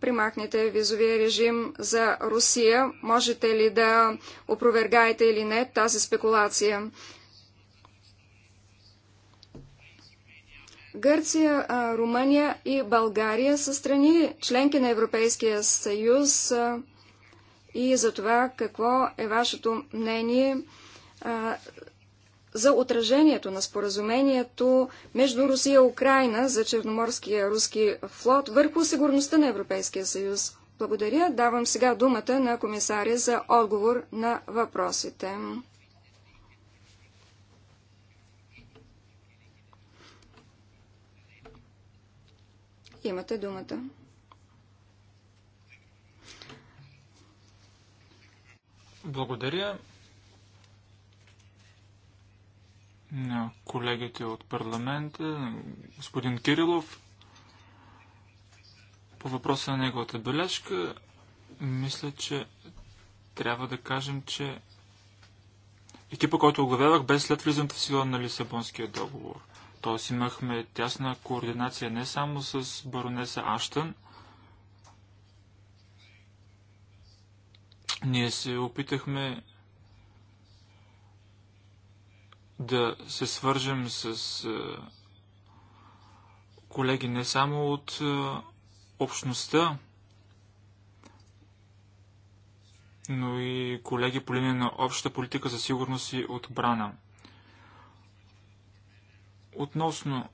примахнете визовия режим за Русия. Можете ли да опровергаете или не тази спекулация? Гърция, Румъния и България са страни членки на Европейския съюз и за това какво е вашето мнение за отражението на споразумението между Русия и Украина за Черноморския руски флот върху сигурността на Европейския съюз. Благодаря. Давам сега думата на комисаря за отговор на въпросите. Имате думата. Благодаря. на колегите от парламента, господин Кирилов. По въпроса на неговата бележка, мисля, че трябва да кажем, че екипа, който оглавявах, бе след влизането в сила на Лисабонския договор. Тоест имахме тясна координация не само с баронеса Аштън, ние се опитахме да се свържем с е, колеги не само от е, общността, но и колеги по линия на общата политика за сигурност и отбрана. Относно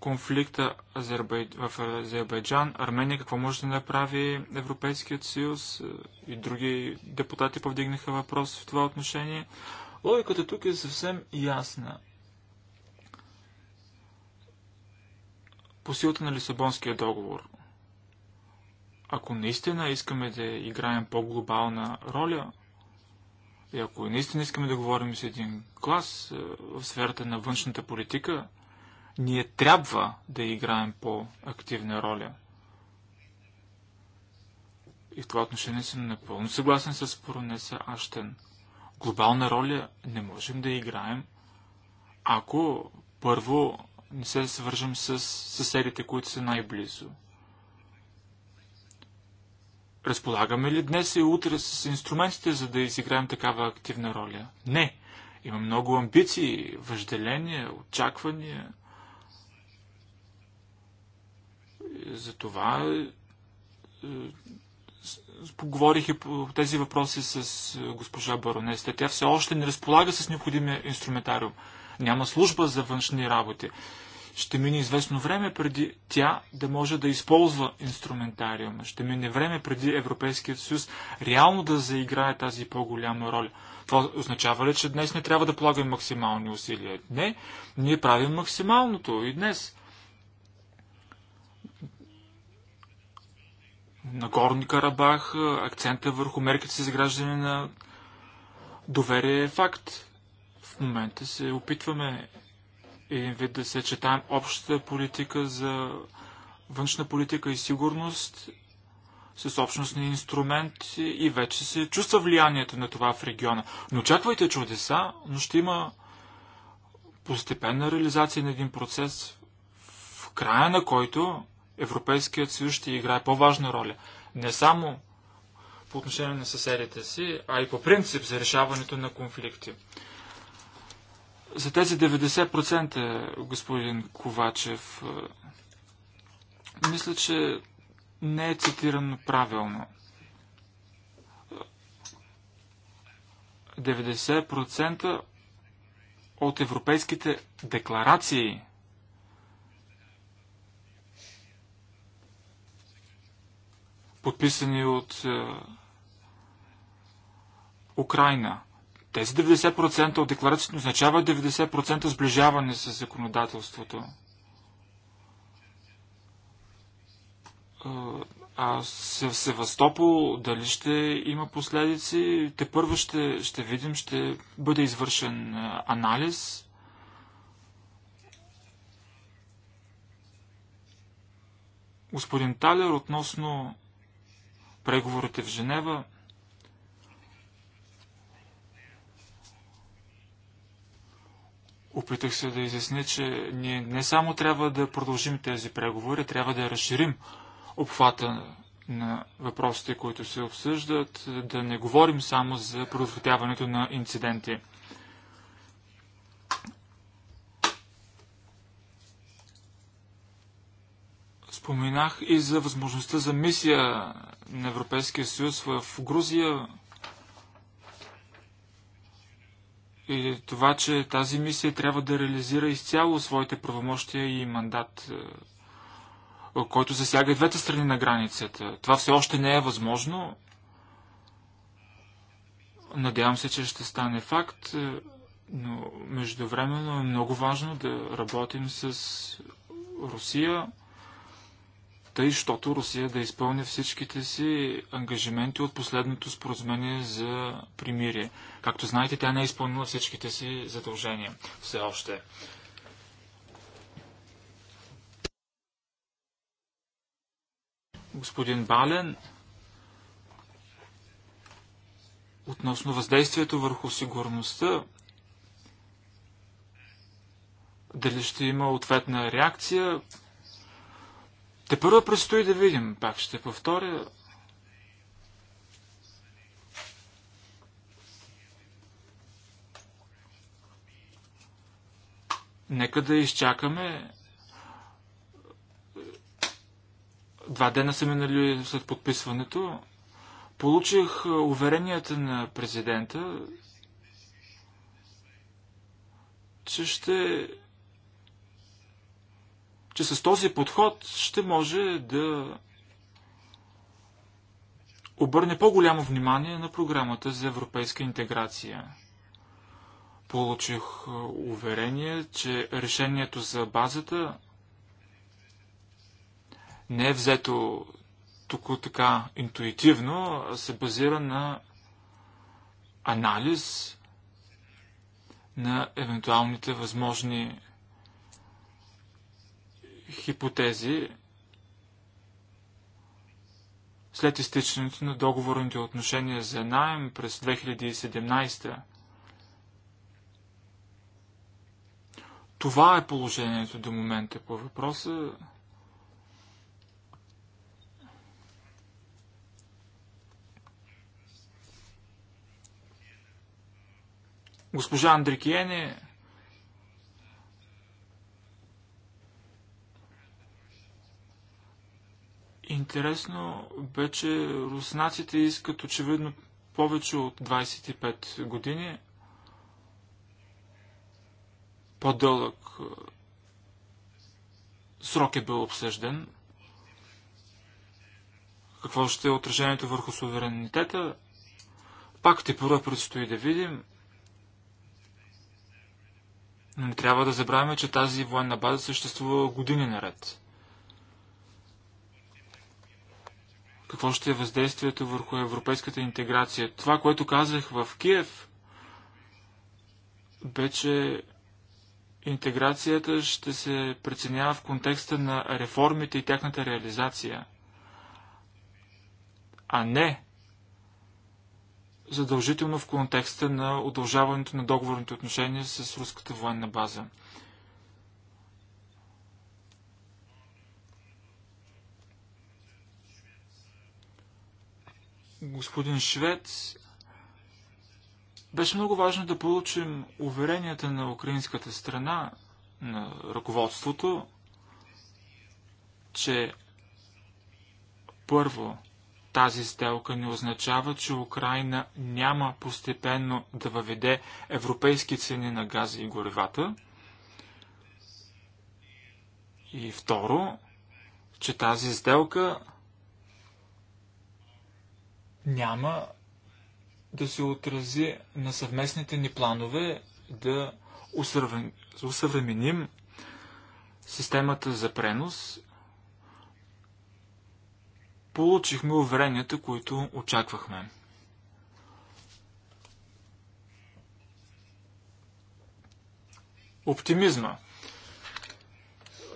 конфликта в Азербайджан, Армения, какво може да направи Европейският съюз е, и други депутати повдигнаха въпрос в това отношение. Логиката тук е съвсем ясна. По силата на Лисабонския договор. Ако наистина искаме да играем по-глобална роля, и ако наистина искаме да говорим с един клас е, в сферата на външната политика, ние трябва да играем по-активна роля. И в това отношение съм напълно съгласен с Поронеса Аштен – глобална роля не можем да играем, ако първо не се свържем с съседите, които са най-близо. Разполагаме ли днес и утре с инструментите, за да изиграем такава активна роля? Не. Има много амбиции, въжделения, очаквания. Затова е, поговорих и по тези въпроси с е, госпожа Баронеста. Тя все още не разполага с необходимия инструментариум. Няма служба за външни работи. Ще мине известно време преди тя да може да използва инструментариума. Ще мине време преди Европейският съюз реално да заиграе тази по-голяма роля. Това означава ли, че днес не трябва да полагаме максимални усилия? Не, ние правим максималното и днес. Нагорни Карабах, акцента върху мерките за изграждане на доверие е факт. В момента се опитваме един вид да се четаем общата политика за външна политика и сигурност с общностни инструмент и вече се чувства влиянието на това в региона. Но очаквайте чудеса, но ще има постепенна реализация на един процес, в края на който Европейският съюз ще играе по-важна роля. Не само по отношение на съседите си, а и по принцип за решаването на конфликти. За тези 90%, господин Ковачев, е, мисля, че не е цитирано правилно. 90% от европейските декларации – подписани от е, Украина. Тези 90% от декларацията означава 90% сближаване с законодателството. Е, а Севастопол дали ще има последици, те първо ще, ще видим, ще бъде извършен е, анализ. Господин Талер относно преговорите в Женева. Опитах се да изясня, че ние не само трябва да продължим тези преговори, трябва да разширим обхвата на въпросите, които се обсъждат, да не говорим само за предотвратяването на инциденти. Споменах и за възможността за мисия на Европейския съюз в Грузия. И това, че тази мисия трябва да реализира изцяло своите правомощия и мандат, е, който засяга и двете страни на границата. Това все още не е възможно. Надявам се, че ще стане факт, е, но междувременно е много важно да работим с Русия тъй, щото Русия да изпълни всичките си ангажименти от последното споразумение за примирие. Както знаете, тя не е изпълнила всичките си задължения все още. Господин Бален, относно въздействието върху сигурността, дали ще има ответна реакция, те първо предстои да видим, пак ще повторя. Нека да изчакаме. Два дена са минали след подписването. Получих уверенията на президента, че ще че с този подход ще може да обърне по-голямо внимание на програмата за европейска интеграция. Получих е, уверение, че решението за базата не е взето тук така интуитивно, а се базира на анализ на евентуалните възможни хипотези след изтичането на договорните отношения за найем през 2017. Това е положението до момента по въпроса. Госпожа Андрикиене Интересно бе, че руснаците искат очевидно повече от 25 години, по-дълъг срок е бил обсъждан. Какво ще е отражението върху суверенитета? Пак те първо предстои да видим. Но не трябва да забравяме, че тази военна база съществува години наред. какво ще е въздействието върху европейската интеграция. Това, което казах в Киев, бе, че интеграцията ще се преценява в контекста на реформите и тяхната реализация, а не задължително в контекста на удължаването на договорните отношения с руската военна база. господин Швед, беше много важно да получим уверенията на украинската страна, на ръководството, че първо тази сделка не означава, че Украина няма постепенно да въведе европейски цени на газа и горевата. И второ, че тази сделка няма да се отрази на съвместните ни планове да усъвременим системата за пренос. Получихме уверенията, които очаквахме. Оптимизма.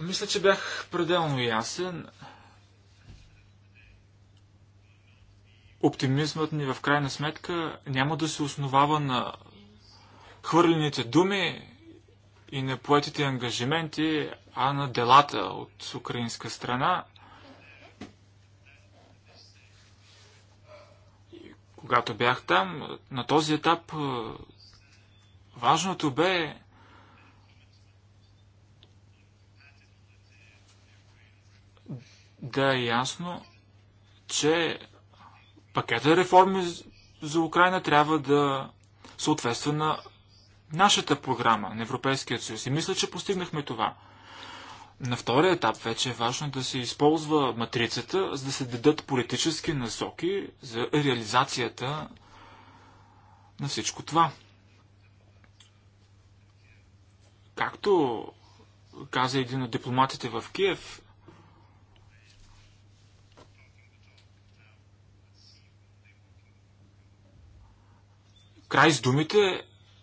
Мисля, че бях пределно ясен. оптимизмът ни в крайна сметка няма да се основава на хвърлените думи и на поетите ангажименти, а на делата от украинска страна. И когато бях там, на този етап е, важното бе да е ясно, че пакета реформи за Украина трябва да съответства на нашата програма на Европейския съюз. И мисля, че постигнахме това. На втория етап вече е важно да се използва матрицата, за да се дадат политически насоки за реализацията на всичко това. Както каза един от дипломатите в Киев, край с думите,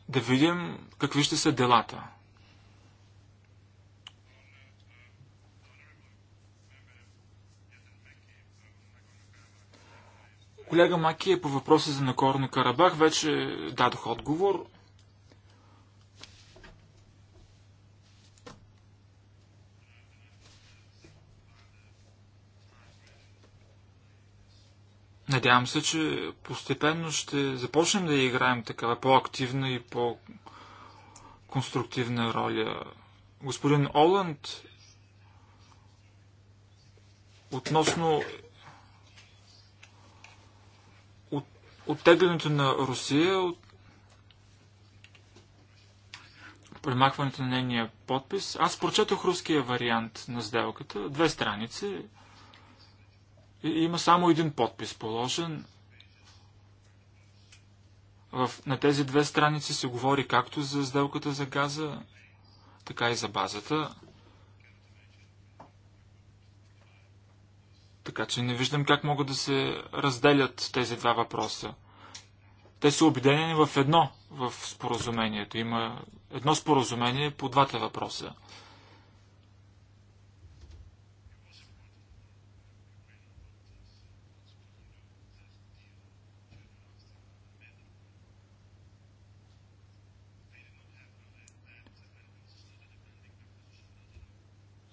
да видим какви ще са делата. Колега Маки, е по въпроса за Накорно Карабах вече дадох отговор. Надявам се, че постепенно ще започнем да играем такава по-активна и по-конструктивна роля. Господин Оланд, относно оттеглянето на Русия, от, премахването на нейния подпис, аз прочетох руския вариант на сделката, две страници, и има само един подпис положен. В, на тези две страници се говори както за сделката за газа, така и за базата. Така че не виждам как могат да се разделят тези два въпроса. Те са обединени в едно в споразумението. Има едно споразумение по двата въпроса.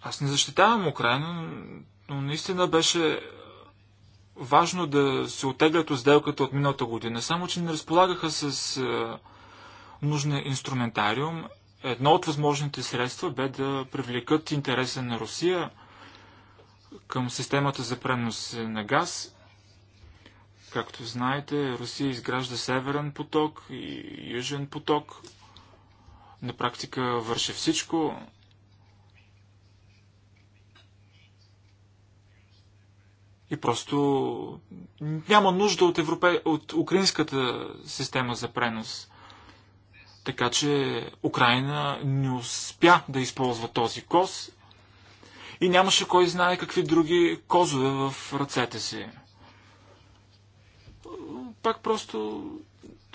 Аз не защитавам Украина, но наистина беше важно да се отеглят от сделката от миналата година. Само, че не разполагаха с е, нужния инструментариум. Едно от възможните средства бе да привлекат интереса на Русия към системата за пренос на газ. Както знаете, Русия изгражда Северен поток и Южен поток. На практика върши всичко, И просто няма нужда от, европе... от украинската система за пренос. Така че Украина не успя да използва този коз и нямаше кой знае какви други козове в ръцете си. Пак просто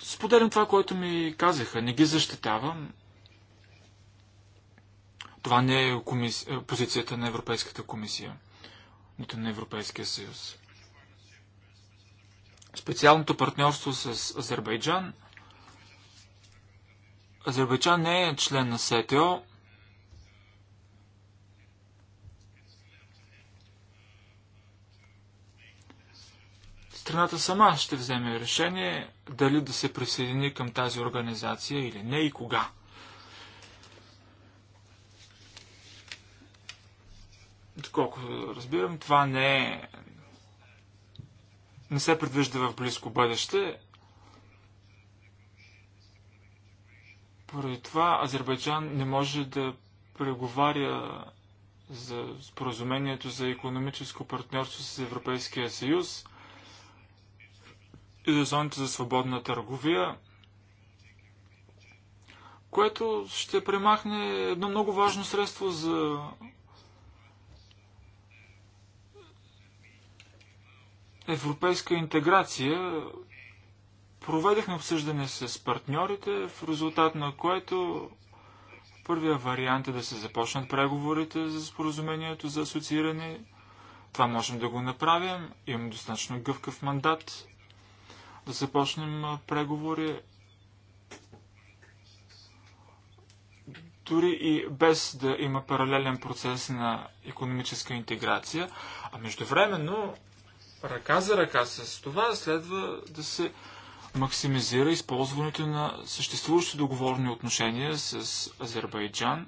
споделям това, което ми казаха. Не ги защитавам. Това не е комис... позицията на Европейската комисия нито на Европейския съюз. Специалното партньорство с Азербайджан. Азербайджан не е член на СТО, страната сама ще вземе решение дали да се присъедини към тази организация или не и кога. Доколкото разбирам, това не е... не се предвижда в близко бъдеще. Поради това Азербайджан не може да преговаря за споразумението за економическо партньорство с Европейския съюз и за зоните за свободна търговия, което ще премахне едно много важно средство за европейска интеграция Проведехме обсъждане с партньорите, в резултат на което първия вариант е да се започнат преговорите за споразумението за асоцииране. Това можем да го направим. Имам достатъчно гъвкав мандат да започнем преговори. Дори и без да има паралелен процес на економическа интеграция. А междувременно ръка за ръка с това следва да се максимизира използването на съществуващи договорни отношения с Азербайджан,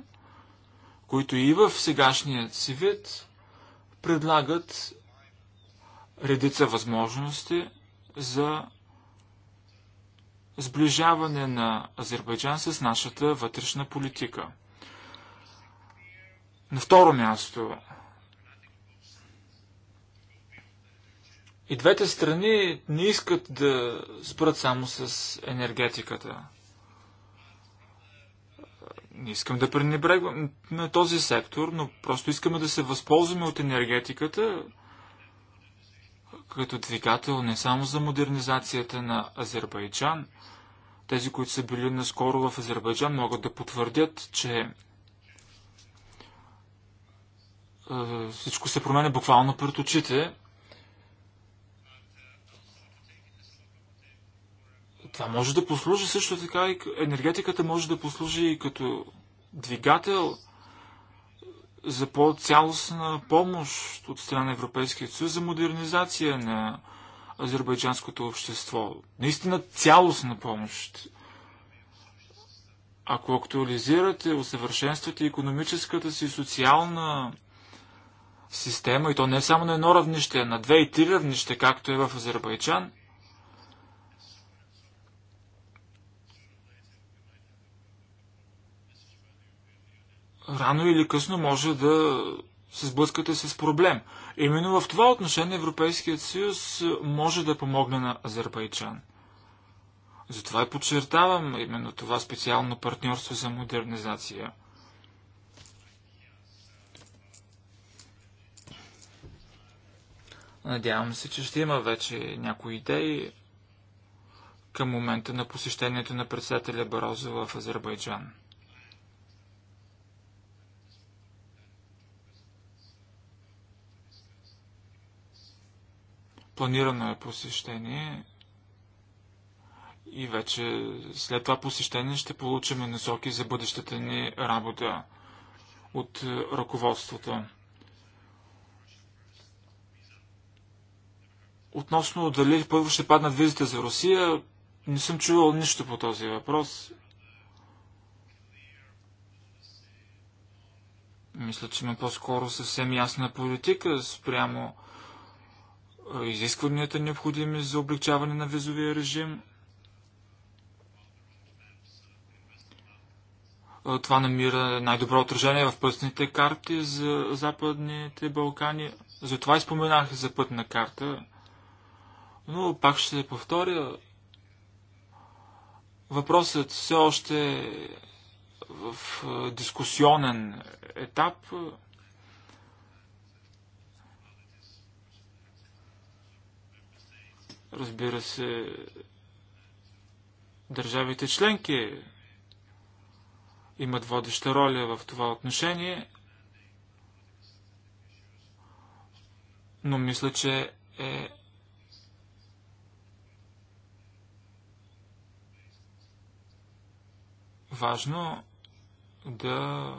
които и в сегашния си вид предлагат редица възможности за сближаване на Азербайджан с нашата вътрешна политика. На второ място, И двете страни не искат да спрат само с енергетиката. Не искам да пренебрегвам на този сектор, но просто искаме да се възползваме от енергетиката като двигател не само за модернизацията на Азербайджан. Тези, които са били наскоро в Азербайджан, могат да потвърдят, че е, всичко се променя буквално пред очите. Това може да послужи също така и енергетиката може да послужи и като двигател за по-цялостна помощ от страна на Европейския съюз за модернизация на азербайджанското общество. Наистина цялостна помощ. Ако актуализирате, усъвършенствате економическата си социална система, и то не само на едно равнище, а на две и три равнище, както е в Азербайджан, рано или късно може да се сблъскате с проблем. Именно в това отношение Европейският съюз може да помогне на Азербайджан. Затова и подчертавам именно това специално партньорство за модернизация. Надявам се, че ще има вече някои идеи към момента на посещението на председателя Барозо в Азербайджан. планирано е посещение и вече след това посещение ще получим насоки за бъдещата ни работа от е, ръководството. Относно дали първо ще паднат визите за Русия, не съм чувал нищо по този въпрос. Мисля, че има по-скоро съвсем ясна политика спрямо изискванията необходими за облегчаване на визовия режим. Това намира най-добро отражение в пътните карти за Западните Балкани. Затова изпоменах за пътна карта. Но пак ще се повторя. Въпросът все още е в дискусионен етап. Разбира се, държавите членки имат водеща роля в това отношение, но мисля, че е важно да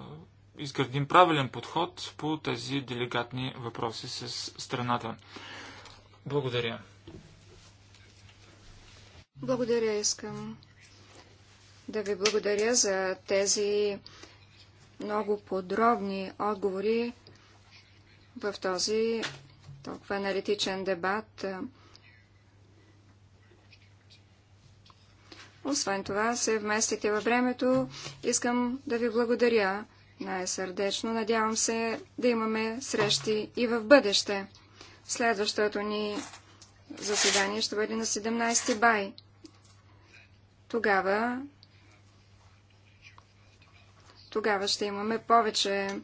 изградим правилен подход по тези делегатни въпроси с страната. Благодаря. Благодаря, искам да ви благодаря за тези много подробни отговори в този толкова аналитичен дебат. Освен това, се вместите във времето. Искам да ви благодаря най-сърдечно. Надявам се да имаме срещи и в бъдеще. Следващото ни заседание ще бъде на 17 бай тогава тогава ще имаме повече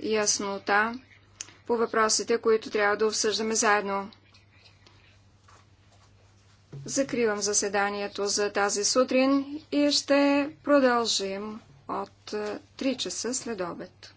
яснота по въпросите, които трябва да обсъждаме заедно. Закривам заседанието за тази сутрин и ще продължим от 3 часа след обед.